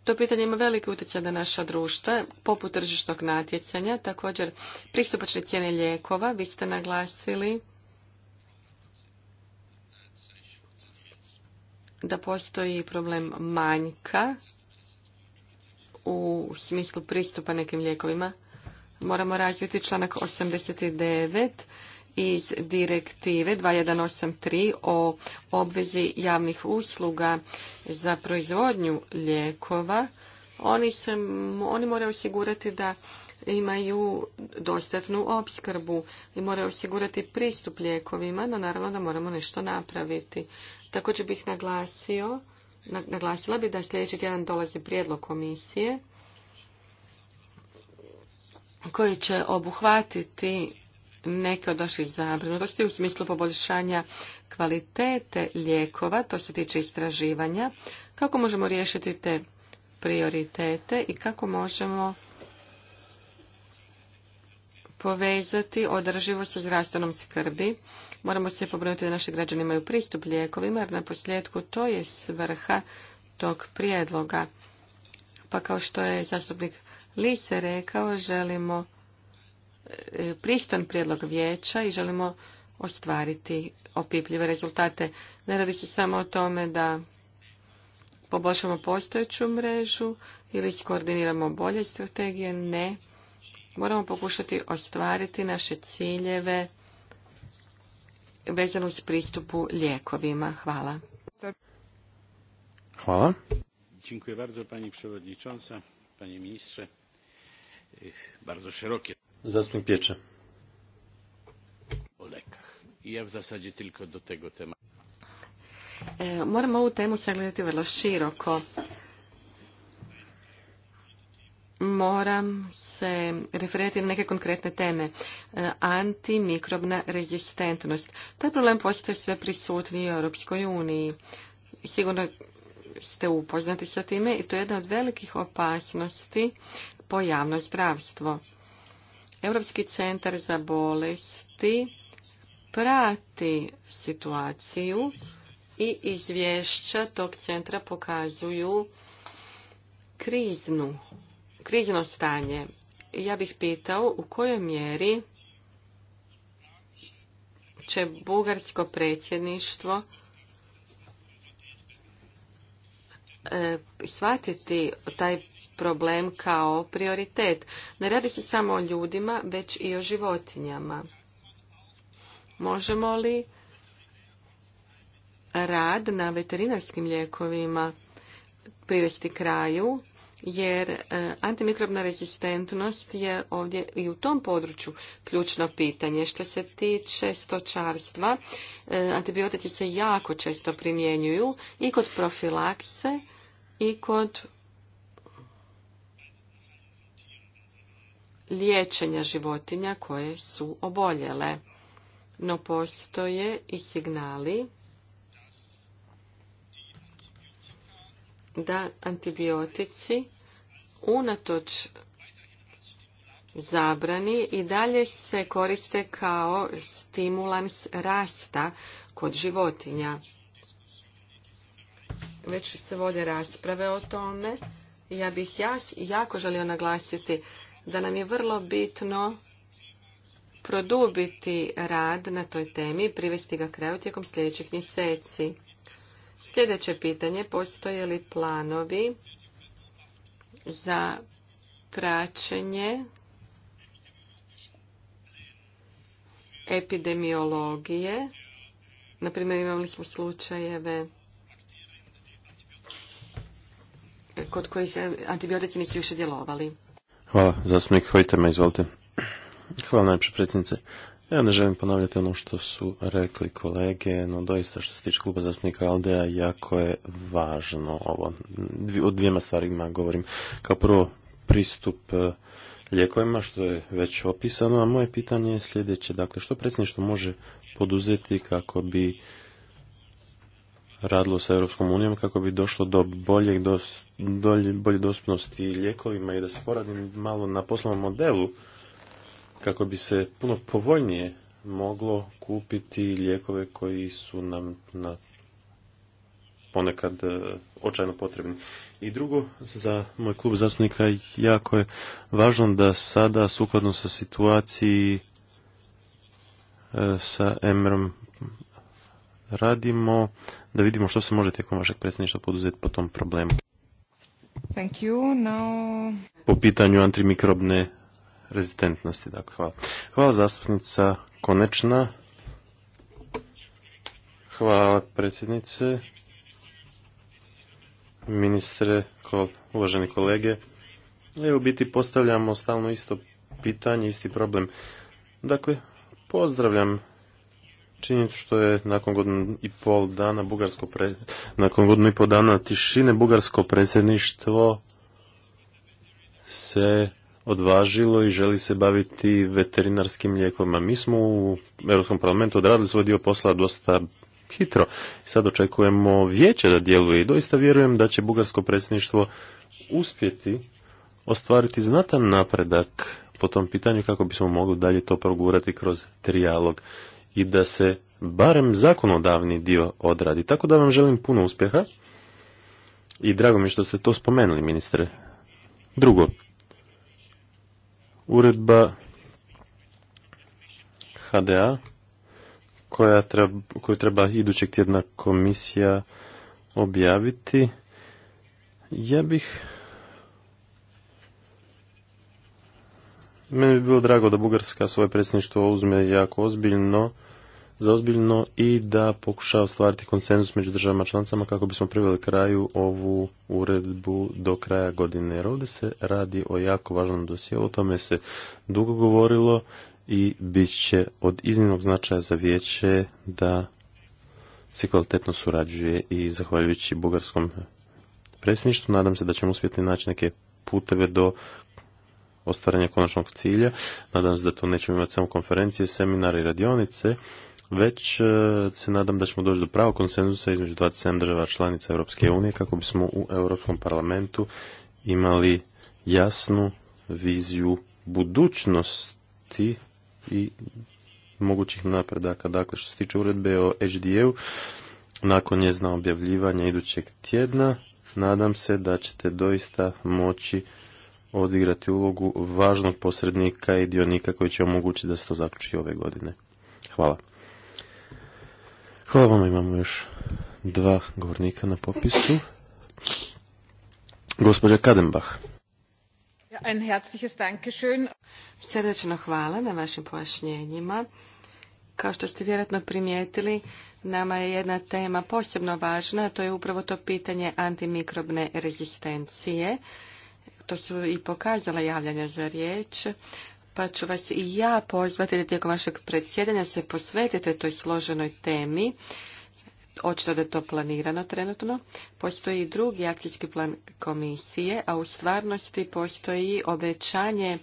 To pitanje ima veliki utjecaj na naša društva, poput tržišnog natjecanja, također pristupačne cijene lijekova, vi ste naglasili da postoji problem manjka u smislu pristupa nekim lijekovima. Moramo razviti članak 89 iz direktive 2183 o obvezi javnih usluga za proizvodnju lijekova. Oni, se, oni moraju osigurati da imaju dostatnu opskrbu i moraju osigurati pristup lijekovima, no naravno da moramo nešto napraviti. Također bih naglasio, naglasila bih da sljedeći tjedan dolazi prijedlog komisije koji će obuhvatiti neke od naših zabrinutosti u smislu poboljšanja kvalitete lijekova, to se tiče istraživanja, kako možemo riješiti te prioritete i kako možemo povezati održivo sa zdravstvenom skrbi Moramo se pobrinuti da naši građani imaju pristup lijekovima, jer na posljedku to je svrha tog prijedloga. Pa kao što je zastupnik Lise rekao, želimo e, pristan prijedlog vijeća i želimo ostvariti opipljive rezultate. Ne radi se samo o tome da poboljšamo postojeću mrežu ili skoordiniramo bolje strategije, ne. Moramo pokušati ostvariti naše ciljeve vezano s pristupu lijekovima. Hvala. Hvala. Dziękuję bardzo pani przewodnicząca, panie ministrze. Eh, bardzo szerokie. Zastęp piecze. O lekach. I ja w zasadzie tylko do tego tematu. E, Moramo ovu temu sagledati vrlo široko moram se referirati na neke konkretne teme. E, antimikrobna rezistentnost. Taj problem postoje sve prisutniji u Europskoj uniji. Sigurno ste upoznati sa time i to je jedna od velikih opasnosti po javno zdravstvo. Europski centar za bolesti prati situaciju i izvješća tog centra pokazuju kriznu krizno stanje. Ja bih pitao u kojoj mjeri će bugarsko predsjedništvo e, shvatiti taj problem kao prioritet. Ne radi se samo o ljudima, već i o životinjama. Možemo li rad na veterinarskim lijekovima privesti kraju jer e, antimikrobna rezistentnost je ovdje i u tom području ključno pitanje. Što se tiče stočarstva, e, antibiotici se jako često primjenjuju i kod profilakse i kod liječenja životinja koje su oboljele. No postoje i signali da antibiotici unatoč zabrani i dalje se koriste kao stimulans rasta kod životinja. Već se vode rasprave o tome. Ja bih jako želio naglasiti da nam je vrlo bitno produbiti rad na toj temi i privesti ga kraju tijekom sljedećih mjeseci. Sljedeće pitanje, postoje li planovi za praćenje epidemiologije? Naprimjer, imali smo slučajeve kod kojih antibiotici nisu više djelovali. Hvala, zastupnik Hojtema, izvolite. Hvala predsjednice. Ja ne želim ponavljati ono što su rekli kolege, no doista što se tiče kluba zastupnika Aldeja jako je važno ovo. O dvijema stvarima govorim. Kao prvo, pristup e, lijekovima, što je već opisano, a moje pitanje je sljedeće. Dakle, što predsjedništvo može poduzeti kako bi radilo sa Europskom unijom, kako bi došlo do boljeg bolje dostupnosti lijekovima i da se poradim malo na poslovnom modelu kako bi se puno povoljnije moglo kupiti lijekove koji su nam na ponekad e, očajno potrebni. I drugo, za moj klub zastupnika jako je važno da sada sukladno sa situaciji e, sa Emrom radimo, da vidimo što se može tijekom vašeg predsjedništva poduzeti po tom problemu. Thank you. Po pitanju antimikrobne rezistentnosti. Dakle, hvala. Hvala zastupnica Konečna. Hvala predsjednice. Ministre, uvaženi kolege. Evo biti postavljamo stalno isto pitanje, isti problem. Dakle, pozdravljam činjenicu što je nakon godinu i pol dana bugarsko pre... nakon godinu i pol dana tišine bugarsko predsjedništvo se odvažilo i želi se baviti veterinarskim lijekovima. Mi smo u Europskom parlamentu odradili svoj dio posla dosta hitro. Sad očekujemo vijeće da djeluje i doista vjerujem da će bugarsko predsjedništvo uspjeti ostvariti znatan napredak po tom pitanju kako bismo mogli dalje to progurati kroz trijalog i da se barem zakonodavni dio odradi. Tako da vam želim puno uspjeha i drago mi što ste to spomenuli, ministre. Drugo, uredba HDA koja treba, koju treba idućeg tjedna komisija objaviti. Ja bih meni bi bilo drago da Bugarska svoje predsjedništvo uzme jako ozbiljno zaozbiljno i da pokuša ostvariti konsenzus među državama članicama kako bismo priveli kraju ovu uredbu do kraja godine. Jer ovdje se radi o jako važnom dosijelu, o tome se dugo govorilo i bit će od iznimnog značaja za vijeće da se kvalitetno surađuje i zahvaljujući bugarskom predsjedništvu nadam se da ćemo uspjeti naći neke puteve do ostvaranja konačnog cilja. Nadam se da to nećemo imati samo konferencije, seminare i radionice, već e, se nadam da ćemo doći do pravog konsenzusa između 27 država članica Europske unije kako bismo u Europskom parlamentu imali jasnu viziju budućnosti i mogućih napredaka. Dakle, što se tiče uredbe o HDU, nakon njezna objavljivanja idućeg tjedna, nadam se da ćete doista moći odigrati ulogu važnog posrednika i dionika koji će omogućiti da se to zaključi ove godine. Hvala. Hvala vam, imamo još dva govornika na popisu. Gospođa Kadenbach. Srdečno hvala na vašim pojašnjenjima. Kao što ste vjerojatno primijetili, nama je jedna tema posebno važna, to je upravo to pitanje antimikrobne rezistencije. To su i pokazala javljanja za riječ, pa ću vas i ja pozvati da tijekom vašeg predsjedanja se posvetite toj složenoj temi. Očito da je to planirano trenutno. Postoji i drugi akcijski plan komisije, a u stvarnosti postoji obećanje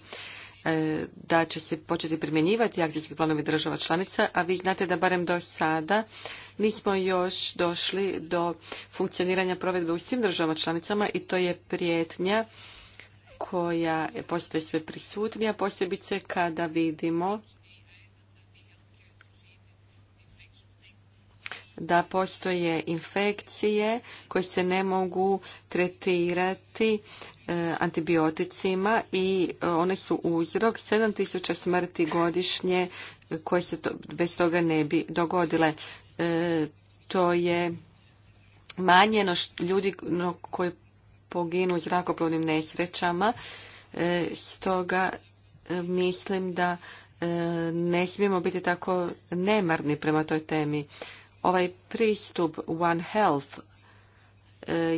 e, da će se početi primjenjivati akcijski planovi država članica, a vi znate da barem do sada nismo još došli do funkcioniranja provedbe u svim državama članicama i to je prijetnja koja postoje sve prisutnija, posebice kada vidimo da postoje infekcije koje se ne mogu tretirati e, antibioticima i e, one su uzrok 7000 smrti godišnje koje se to, bez toga ne bi dogodile. E, to je manje ljudi koji poginu zrakoplovnim nesrećama. E, stoga e, mislim da e, ne smijemo biti tako nemarni prema toj temi. Ovaj pristup One Health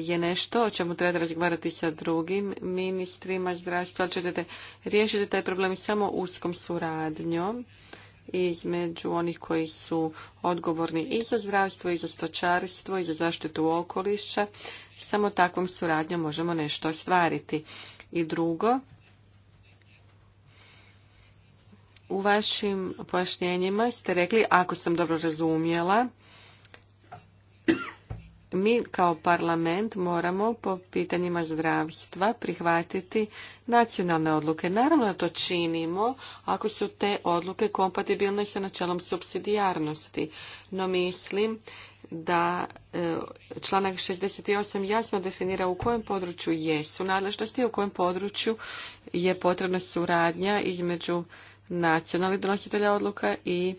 je nešto o čemu treba razgovarati sa drugim ministrima zdravstva, ali ćete riješiti taj problem samo uskom suradnjom između onih koji su odgovorni i za zdravstvo, i za stočarstvo, i za zaštitu okoliša. Samo takvom suradnjom možemo nešto ostvariti. I drugo, u vašim pojašnjenjima ste rekli, ako sam dobro razumjela, mi kao parlament moramo po pitanjima zdravstva prihvatiti nacionalne odluke. Naravno da to činimo ako su te odluke kompatibilne sa načelom subsidijarnosti. No mislim da e, članak 68 jasno definira u kojem području jesu nadležnosti, u kojem području je potrebna suradnja između nacionalnih donositelja odluka i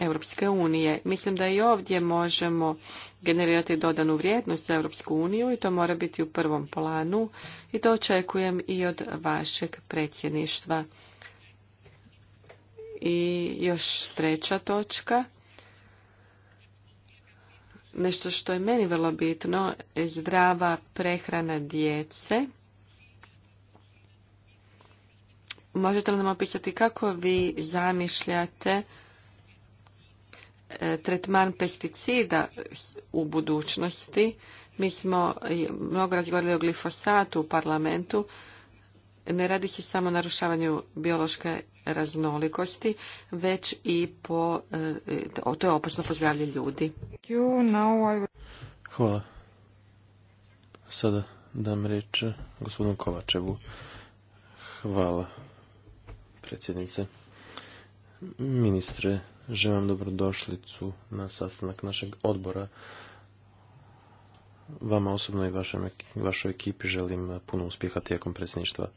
Europske unije. Mislim da i ovdje možemo generirati dodanu vrijednost za Europsku uniju i to mora biti u prvom planu i to očekujem i od vašeg predsjedništva. I još treća točka. Nešto što je meni vrlo bitno je zdrava prehrana djece. Možete li nam opisati kako vi zamišljate E, tretman pesticida u budućnosti. Mi smo mnogo razgovarali o glifosatu u parlamentu. Ne radi se samo o narušavanju biološke raznolikosti, već i po, e, to je opasno po ljudi. Hvala. Sada dam reč gospodinu Kovačevu. Hvala, predsjednice. Ministre, Želim dobrodošlicu na sastanak našeg odbora. Vama osobno i vašoj ekipi želim puno uspjeha tijekom predsjedništva.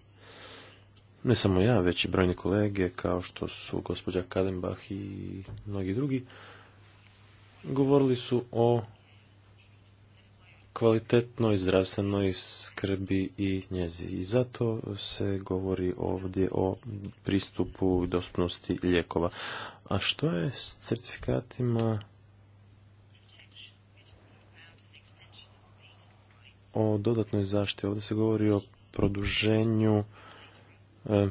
Ne samo ja, već i brojni kolege, kao što su gospođa Kadenbach i mnogi drugi, govorili su o kvalitetnoj zdravstvenoj skrbi i njezi. I zato se govori ovdje o pristupu i dostupnosti lijekova. A što je s certifikatima o dodatnoj zaštiti? Ovdje se govori o produženju e,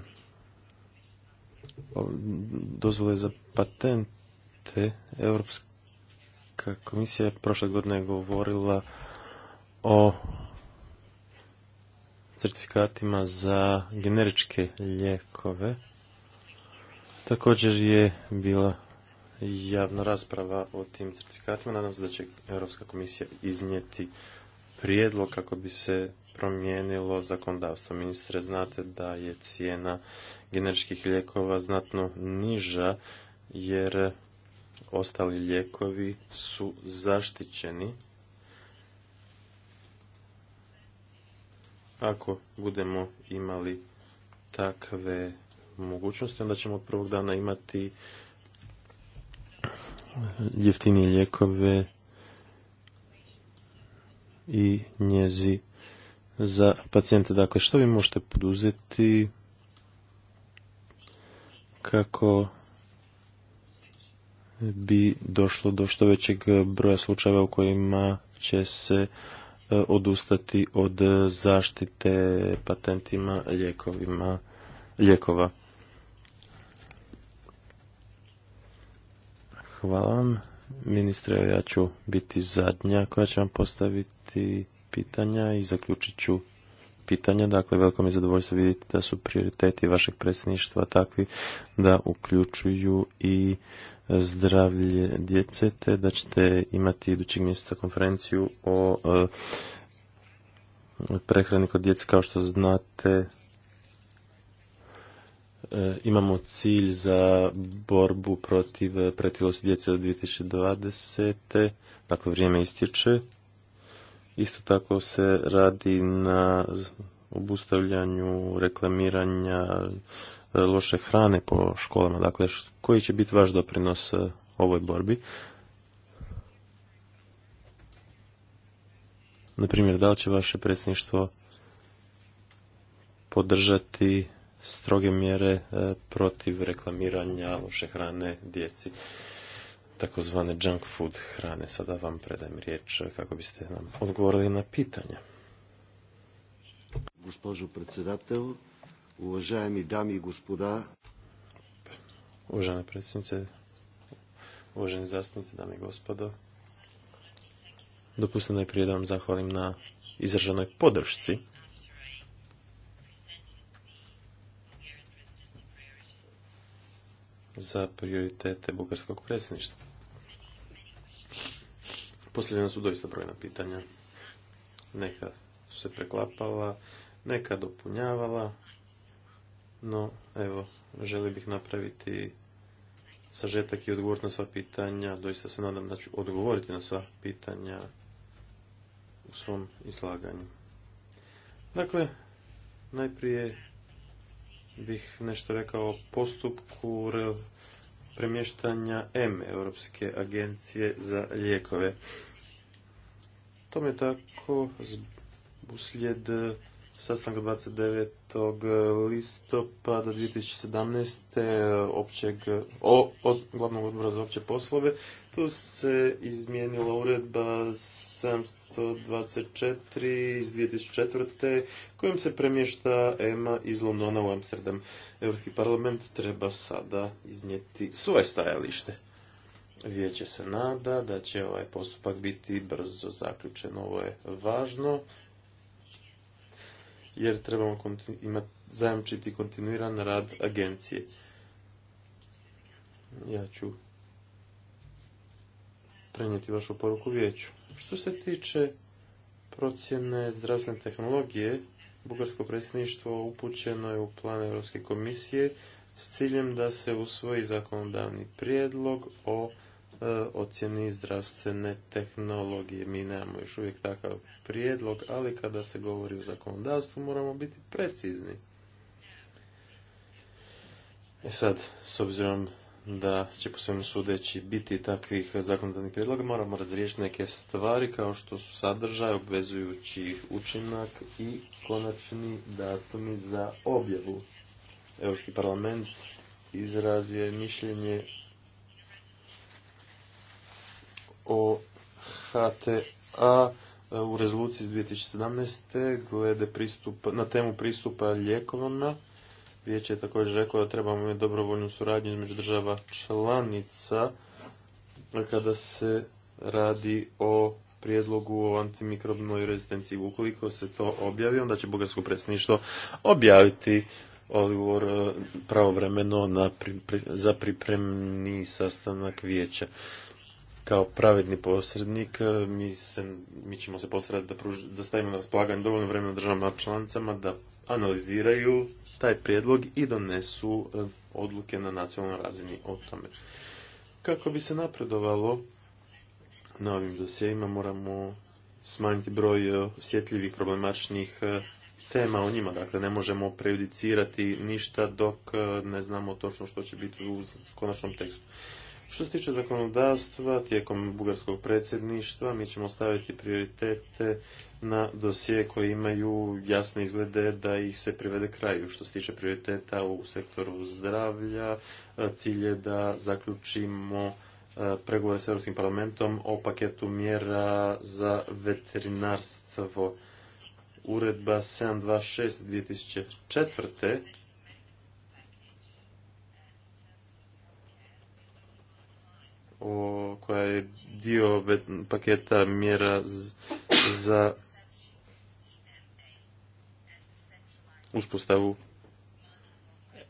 dozvole za patente. Europska komisija je prošle godine govorila o certifikatima za generičke lijekove. Također je bila javna rasprava o tim certifikatima. Nadam se da će Europska komisija iznijeti prijedlog kako bi se promijenilo zakonodavstvo. Ministre, znate da je cijena generičkih lijekova znatno niža jer ostali lijekovi su zaštićeni Ako budemo imali takve mogućnosti, onda ćemo od prvog dana imati jeftinije lijekove i njezi za pacijente. Dakle, što vi možete poduzeti kako bi došlo do što većeg broja slučajeva u kojima će se E, odustati od e, zaštite patentima ljekovima, ljekova. Hvala vam. Ministre, ja ću biti zadnja koja će vam postaviti pitanja i zaključit ću pitanja. Dakle, veliko mi je zadovoljstvo vidjeti da su prioriteti vašeg predsjedništva takvi da uključuju i zdravlje djece, te da ćete imati idućeg mjeseca konferenciju o e, prehrani kod djece. Kao što znate, e, imamo cilj za borbu protiv pretilosti djece od 2020. Dakle, vrijeme istječe. Isto tako se radi na obustavljanju reklamiranja E, loše hrane po školama. Dakle, koji će biti vaš doprinos e, ovoj borbi? Naprimjer, da li će vaše predsjedništvo podržati stroge mjere e, protiv reklamiranja loše hrane djeci, takozvane junk food hrane. Sada vam predajem riječ kako biste nam odgovorili na pitanje. Gospođo predsjedatelju. Уважаеми dami i gospoda Uvažena predsjednice, uvaženi zastupnice, dame i gospodo. Dopustite najprije da vam zahvalim na izražanoj podršci za prioritete bugarskog predsjedništva. Poslije su doista brojna pitanja. Neka su se preklapala, neka dopunjavala, no, evo, želi bih napraviti sažetak i odgovor na sva pitanja. Doista se nadam da ću odgovoriti na sva pitanja u svom izlaganju. Dakle, najprije bih nešto rekao o postupku premještanja M, Europske agencije za lijekove. To je tako uslijed sastanka 29. listopada 2017. Eh, općeg, o, od glavnog odbora za opće poslove. Tu se izmijenila uredba 724 iz 2004. kojom se premješta EMA iz Londona u Amsterdam. Europski parlament treba sada iznijeti svoje stajalište. Vijeće se nada da će ovaj postupak biti brzo zaključen. Ovo je važno jer trebamo imati, zajamčiti kontinuiran rad agencije. Ja ću prenijeti vašu poruku vijeću. Što se tiče procjene zdravstvene tehnologije, Bugarsko predsjedništvo upućeno je u plan Europske komisije s ciljem da se usvoji zakonodavni prijedlog o E, ocjeni zdravstvene tehnologije. Mi nemamo još uvijek takav prijedlog, ali kada se govori o zakonodavstvu moramo biti precizni. E sad, s obzirom da će po svemu sudeći biti takvih zakonodavnih prijedloga, moramo razriješiti neke stvari kao što su sadržaj, obvezujući učinak i konačni datumi za objavu. Europski parlament izrazio je mišljenje o HTA e, u rezoluciji iz 2017. glede pristup, na temu pristupa lijekovima. Vijeće je također reklo da trebamo imati dobrovoljnu suradnju između država članica kada se radi o prijedlogu o antimikrobnoj rezistenciji. Ukoliko se to objavi, onda će bugarsko predsjedništvo objaviti odgovor e, pravovremeno za pripremni sastanak vijeća kao pravedni posrednik, e, mi, mi ćemo se postaviti da, pruž, da stavimo na raspolaganje dovoljno vremena državama članicama da analiziraju taj prijedlog i donesu e, odluke na nacionalnoj razini o tome. Kako bi se napredovalo na ovim dosjeima moramo smanjiti broj e, osjetljivih problematičnih tema o njima. Dakle, ne možemo prejudicirati ništa dok ne znamo točno što će biti u konačnom tekstu. Što se tiče zakonodavstva, tijekom bugarskog predsjedništva mi ćemo staviti prioritete na dosije koji imaju jasne izglede da ih se privede kraju. Što se tiče prioriteta u sektoru zdravlja, e, cilj je da zaključimo e, pregovore s Europskim parlamentom o paketu mjera za veterinarstvo. Uredba 726 2004 koja je dio paketa mjera za uspostavu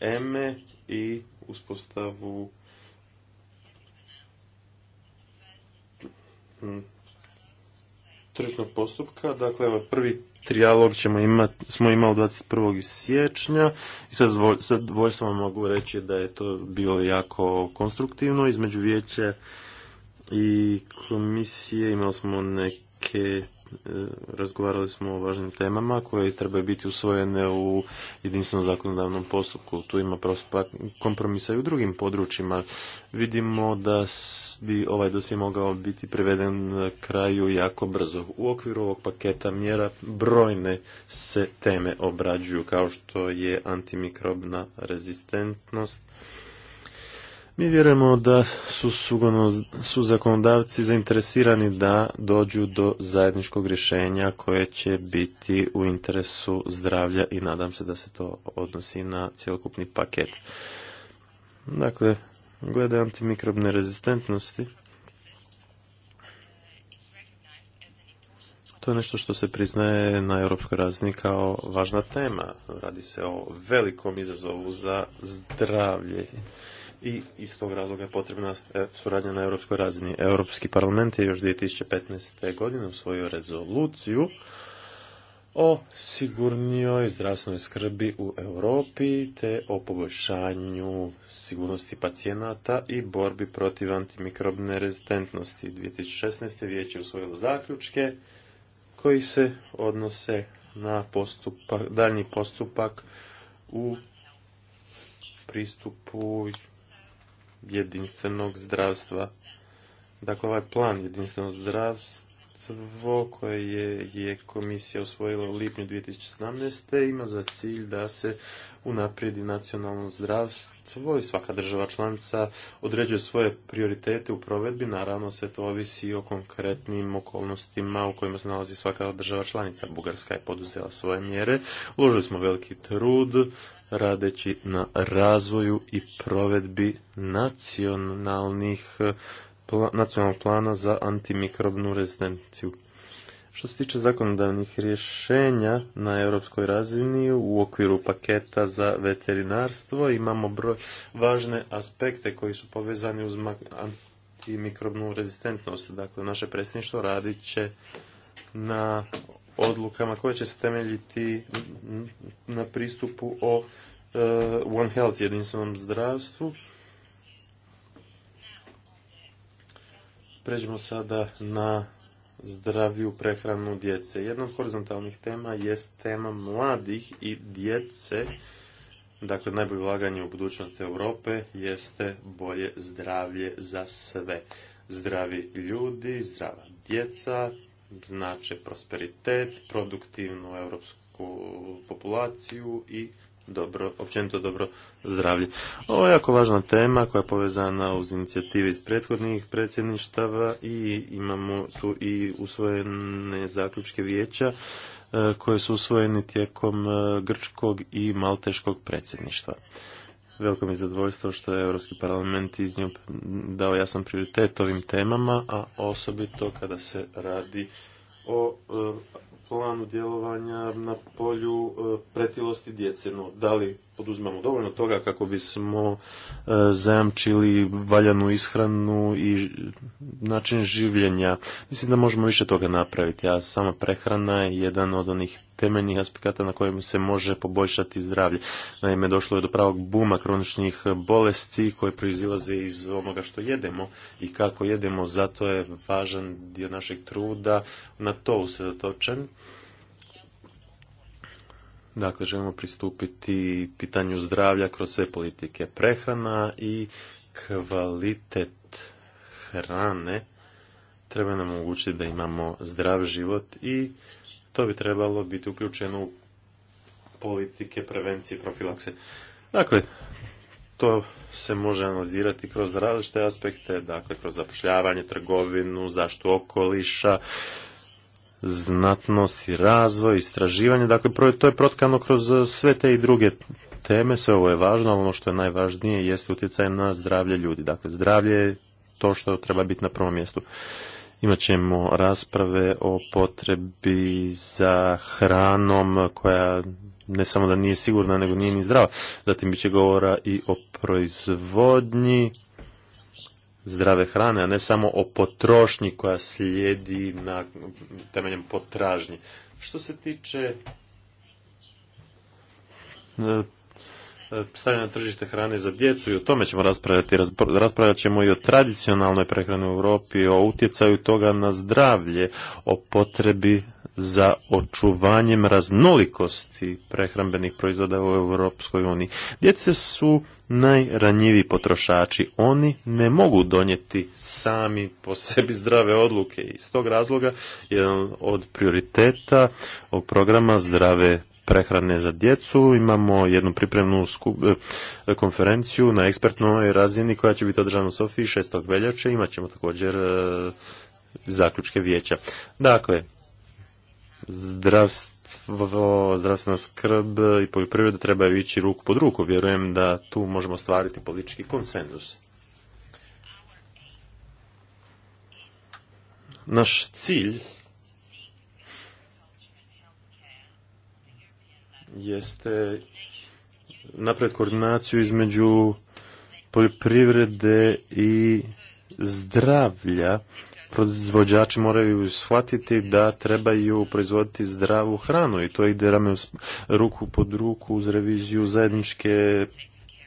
EME e i uspostavu hmm, tržišnog postupka. Dakle, prvi trijalog ćemo imat, smo imali 21. siječnja i sa zadovoljstvom mogu reći da je to bilo jako konstruktivno između vijeća i komisije imali smo neke E, razgovarali smo o važnim temama koje trebaju biti usvojene u jedinstvenom zakonodavnom postupku. Tu ima kompromisa i u drugim područjima. Vidimo da bi ovaj dosje mogao biti priveden kraju jako brzo. U okviru ovog paketa mjera brojne se teme obrađuju kao što je antimikrobna rezistentnost, mi vjerujemo da su, su zakonodavci zainteresirani da dođu do zajedničkog rješenja koje će biti u interesu zdravlja i nadam se da se to odnosi na cjelokupni paket. Dakle, glede antimikrobne rezistentnosti, To je nešto što se priznaje na europskoj razini kao važna tema. Radi se o velikom izazovu za zdravlje i iz tog razloga je potrebna e, suradnja na europskoj razini. Europski parlament je još 2015. godine usvojio rezoluciju o sigurnijoj zdravstvenoj skrbi u Europi te o poboljšanju sigurnosti pacijenata i borbi protiv antimikrobne rezistentnosti. 2016. vijeće usvojilo zaključke koji se odnose na postupak, daljnji postupak u pristupu jedinstvenog zdravstva. Dakle, ovaj plan jedinstvenog zdravstva Zdravstvo koje je komisija usvojila u lipnju 2017. ima za cilj da se unaprijedi nacionalno zdravstvo i svaka država članica određuje svoje prioritete u provedbi. Naravno, sve to ovisi i o konkretnim okolnostima u kojima se nalazi svaka država članica. Bugarska je poduzela svoje mjere. Uložili smo veliki trud radeći na razvoju i provedbi nacionalnih nacionalnog plana za antimikrobnu rezistenciju. Što se tiče zakonodavnih rješenja na europskoj razini u okviru paketa za veterinarstvo imamo broj važne aspekte koji su povezani uz antimikrobnu rezistentnost. Dakle, naše predsjedništvo radit će na odlukama koje će se temeljiti na pristupu o e, One Health jedinstvenom zdravstvu Pređemo sada na zdraviju prehranu djece. Jedna od horizontalnih tema jest tema mladih i djece. Dakle, najbolje ulaganje u budućnosti Europe jeste bolje zdravlje za sve. Zdravi ljudi, zdrava djeca, znače prosperitet, produktivnu europsku populaciju i dobro, općenito dobro zdravlje. Ovo je jako važna tema koja je povezana uz inicijative iz prethodnih predsjedništava i imamo tu i usvojene zaključke vijeća e, koje su usvojeni tijekom e, grčkog i malteškog predsjedništva. Veliko mi je zadovoljstvo što je Europski parlament iznio dao jasan prioritet ovim temama, a osobito kada se radi o e, planu djelovanja na polju e, pretilosti djece. No, da li poduzmamo dovoljno toga kako bismo e, zajamčili valjanu ishranu i način življenja. Mislim da možemo više toga napraviti, a sama prehrana je jedan od onih temeljnih aspekata na kojem se može poboljšati zdravlje. Naime, došlo je do pravog buma kroničnih bolesti koje proizilaze iz onoga što jedemo i kako jedemo, zato je važan dio našeg truda na to usredotočen. Dakle, želimo pristupiti pitanju zdravlja kroz sve politike prehrana i kvalitet hrane treba nam omogućiti da imamo zdrav život i to bi trebalo biti uključeno u politike prevencije i profilakse. Dakle, to se može analizirati kroz različite aspekte, dakle kroz zapošljavanje, trgovinu, zaštitu okoliša, znatnost i razvoj, istraživanje. Dakle, to je protkano kroz eh, sve te i druge teme, sve ovo je važno, ali ono što je najvažnije jeste utjecaj na zdravlje ljudi. Dakle, zdravlje je to što treba biti na prvom mjestu. Imaćemo rasprave o potrebi za hranom koja ne samo da nije sigurna, nego nije ni zdrava. Zatim bit će govora i o proizvodnji zdrave hrane, a ne samo o potrošnji koja slijedi na temeljem potražnje. Što se tiče e, stavljanja na tržište hrane za djecu i o tome ćemo raspravljati. Raspravljat ćemo i o tradicionalnoj prehrani u Europi, o utjecaju toga na zdravlje, o potrebi za očuvanjem raznolikosti prehrambenih proizvoda u Europskoj uniji. Djece su najranjiviji potrošači. Oni ne mogu donijeti sami po sebi zdrave odluke. Iz tog razloga jedan od prioriteta ovog programa zdrave prehrane za djecu. Imamo jednu pripremnu eh, konferenciju na ekspertnoj razini koja će biti održana u Sofiji 6. veljače. Imaćemo također eh, zaključke vijeća. Dakle, zdravstvo zdravstvo, zdravstvena skrb i poljoprivreda trebaju ići ruku pod ruku. Vjerujem da tu možemo stvariti politički konsenzus. Naš cilj jeste napred koordinaciju između poljoprivrede i zdravlja proizvođači moraju shvatiti da trebaju proizvoditi zdravu hranu i to ide rame ruku pod ruku uz reviziju zajedničke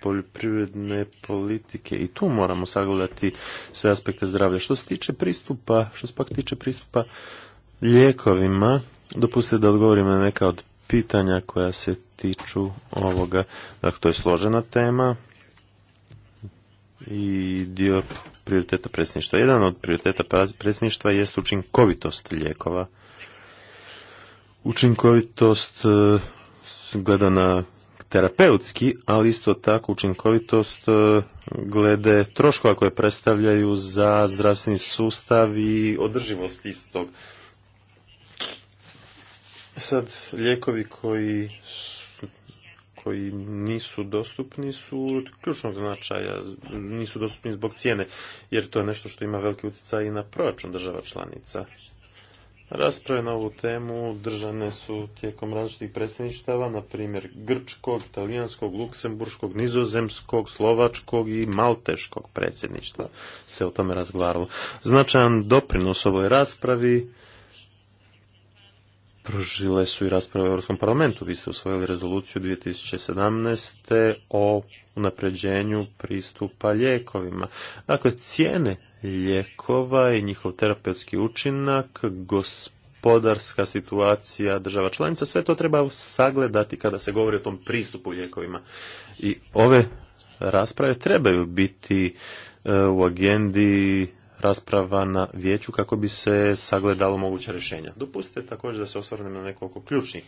poljoprivredne politike i tu moramo sagledati sve aspekte zdravlja. Što se tiče pristupa, što se pak tiče pristupa lijekovima, dopustite da odgovorim na neka od pitanja koja se tiču ovoga. Dakle, to je složena tema i dio prioriteta predsjedništva. Jedan od prioriteta predsjedništva jest učinkovitost lijekova. Učinkovitost e, gleda na terapeutski, ali isto tako učinkovitost e, glede troškova koje predstavljaju za zdravstveni sustav i održivost istog. Sad, lijekovi koji su koji nisu dostupni su od ključnog značaja, nisu dostupni zbog cijene, jer to je nešto što ima veliki utjecaj i na proračun država članica. Rasprave na ovu temu držane su tijekom različitih predsjedništava, na primjer grčkog, talijanskog, luksemburškog, nizozemskog, slovačkog i malteškog predsjedništva se o tome razgovaralo. Značajan doprinos ovoj raspravi pružile su i rasprave u Europskom parlamentu. Vi ste usvojili rezoluciju 2017. o unapređenju pristupa ljekovima. Dakle, cijene lijekova i njihov terapeutski učinak, gospodarska situacija država članica, sve to treba sagledati kada se govori o tom pristupu lijekovima. I ove rasprave trebaju biti e, u agendi rasprava na vijeću kako bi se sagledalo moguće rješenja. Dopustite također da se osvrnem na nekoliko ključnih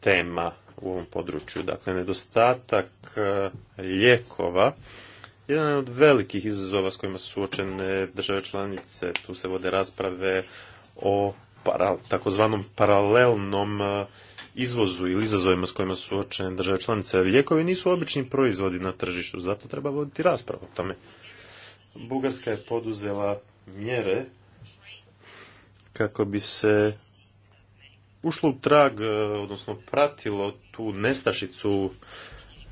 tema u ovom području. Dakle, nedostatak e, lijekova jedan od velikih izazova s kojima su suočene države članice. Tu se vode rasprave o takozvanom paralelnom e, izvozu ili izazovima s kojima su suočene države članice. Lijekovi nisu obični proizvodi na tržištu, zato treba voditi raspravu o tome. Bugarska je poduzela mjere kako bi se ušlo u trag, e, odnosno pratilo tu nestašicu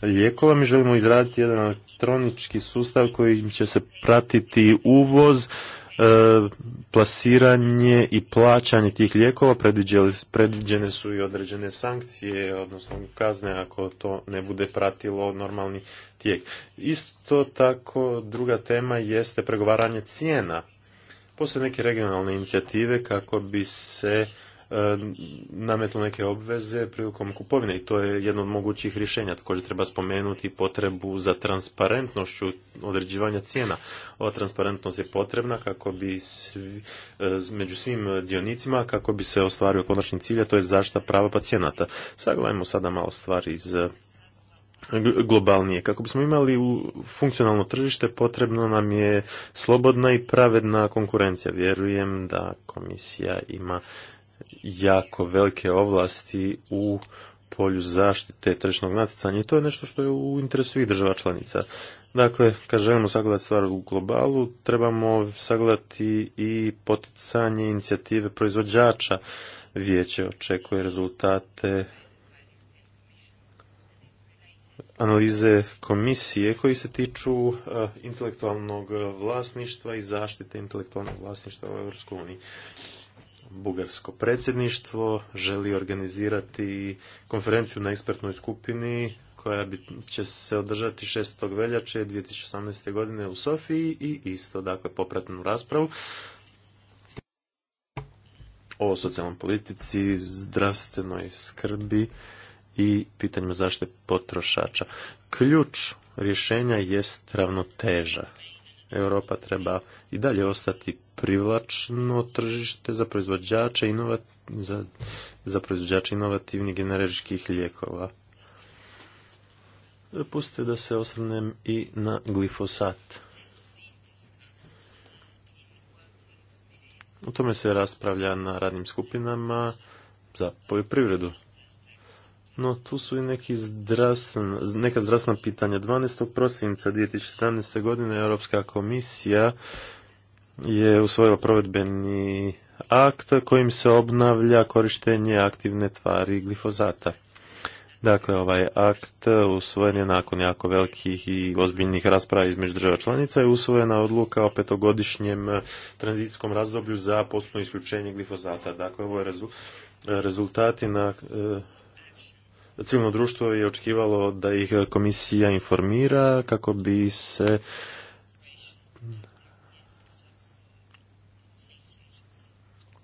lijekova. Mi želimo izraditi jedan elektronički sustav kojim će se pratiti uvoz, E, plasiranje i plaćanje tih lijekova, predviđene su i određene sankcije, odnosno kazne ako to ne bude pratilo normalni tijek. Isto tako druga tema jeste pregovaranje cijena. Postoje neke regionalne inicijative kako bi se E, nametnu neke obveze prilikom kupovine i to je jedno od mogućih rješenja. Također treba spomenuti potrebu za transparentnošću određivanja cijena. Ova transparentnost je potrebna kako bi svi, e, među svim dionicima kako bi se ostvario konačni cilj, a to je zaštita prava pacijenata. Sagledajmo sada malo stvari iz e, globalnije. Kako bismo imali u funkcionalno tržište potrebno nam je slobodna i pravedna konkurencija. Vjerujem da komisija ima jako velike ovlasti u polju zaštite tržišnog natjecanja i to je nešto što je u interesu svih država članica. Dakle, kad želimo sagledati stvar u globalu, trebamo sagledati i poticanje inicijative proizvođača. Vijeće očekuje rezultate analize komisije koji se tiču e, intelektualnog vlasništva i zaštite intelektualnog vlasništva u EU bugarsko predsjedništvo želi organizirati konferenciju na ekspertnoj skupini koja će se održati 6. veljače 2018. godine u Sofiji i isto, dakle, popratnu raspravu o socijalnoj politici, zdravstvenoj skrbi i pitanjima zaštite potrošača. Ključ rješenja jest ravnoteža. Europa treba i dalje ostati privlačno tržište za proizvođače inovat, za, za proizvođače inovativnih generičkih lijekova. Dopustite da se osvrnem i na glifosat. O tome se raspravlja na radnim skupinama za poljoprivredu. No, tu su i neki zdravstven, neka zdravstvena pitanja. 12. prosinca 2017. godine Europska komisija je usvojila provedbeni akt kojim se obnavlja korištenje aktivne tvari glifozata. Dakle, ovaj akt usvojen je nakon jako velikih i ozbiljnih rasprava između država članica i usvojena odluka o petogodišnjem eh, tranzicijskom razdoblju za postupno isključenje glifozata. Dakle, ovo je rezultati na eh, civilno društvo je očekivalo da ih komisija informira kako bi se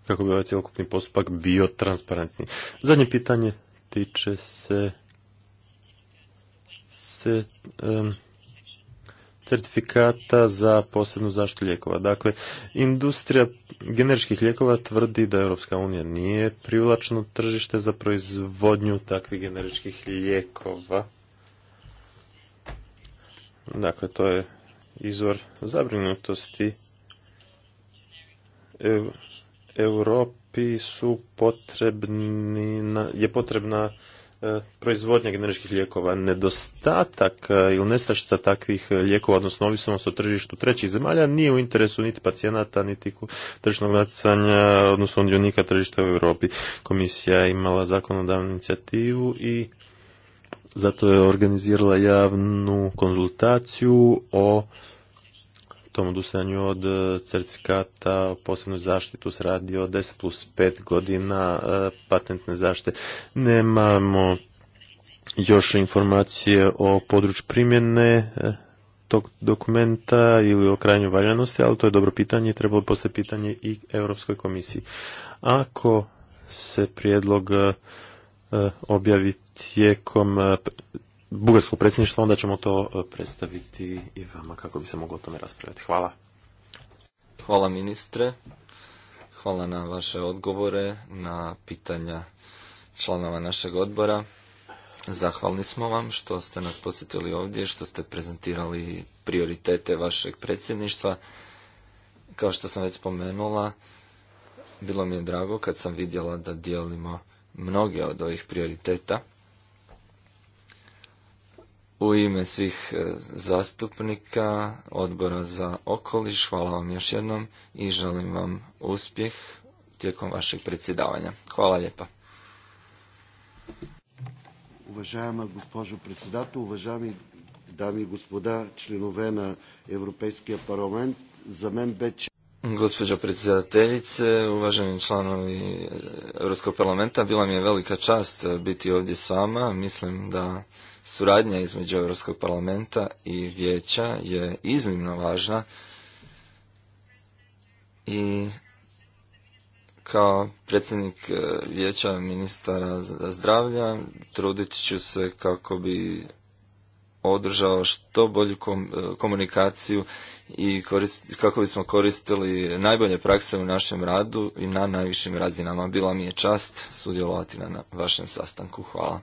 kako bi ovaj cijelokupni postupak bio transparentni. Zadnje pitanje tiče se certifikata za posebnu zaštitu lijekova. Dakle, industrija generičkih lijekova tvrdi da Europska unija nije privlačno tržište za proizvodnju takvih generičkih lijekova. Dakle, to je izvor zabrinutosti Europi su potrebni, je potrebna e, proizvodnja generičkih lijekova. Nedostatak e, ili nestašica takvih lijekova, odnosno ovisnost o tržištu trećih zemalja, nije u interesu niti pacijenata, niti tržišnog natjecanja, odnosno dionika tržišta u Europi. Komisija je imala zakonodavnu inicijativu i zato je organizirala javnu konzultaciju o tom odustajanju od e, certifikata o posebnu zaštitu se radi 10 plus 5 godina e, patentne zaštite. Nemamo još informacije o području primjene e, tog dokumenta ili o krajnjoj valjanosti, ali to je dobro pitanje i trebalo postati pitanje i Europskoj komisiji. Ako se prijedlog objavi tijekom bugarsko predsjedništvo, onda ćemo to e, predstaviti i vama kako bi se moglo o tome raspravljati. Hvala. Hvala ministre. Hvala na vaše odgovore, na pitanja članova našeg odbora. Zahvalni smo vam što ste nas posjetili ovdje, što ste prezentirali prioritete vašeg predsjedništva. Kao što sam već spomenula, bilo mi je drago kad sam vidjela da dijelimo mnoge od ovih prioriteta. U ime svih e, zastupnika odbora za okoliš, hvala vam još jednom i želim vam uspjeh tijekom vašeg predsjedavanja. Hvala lijepa. Uvažajama gospođo predsjedatu, уважаеми dami i gospoda членове na Европейския parlament, za Gospođo predsjedateljice, uvaženi članovi Europskog parlamenta, bila mi je velika čast e, biti ovdje sama. Mislim da Suradnja između Europskog parlamenta i vijeća je iznimno važna i kao predsjednik e, vijeća ministara zdravlja trudit ću se kako bi održao što bolju e, komunikaciju i kako bismo koristili najbolje prakse u našem radu i na najvišim razinama. Bila mi je čast sudjelovati na vašem sastanku. Hvala.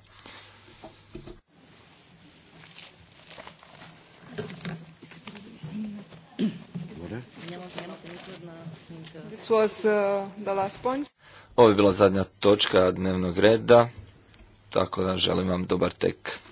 Uh, Ovo je bila zadnja točka dnevnog reda, tako da želim vam dobar tek.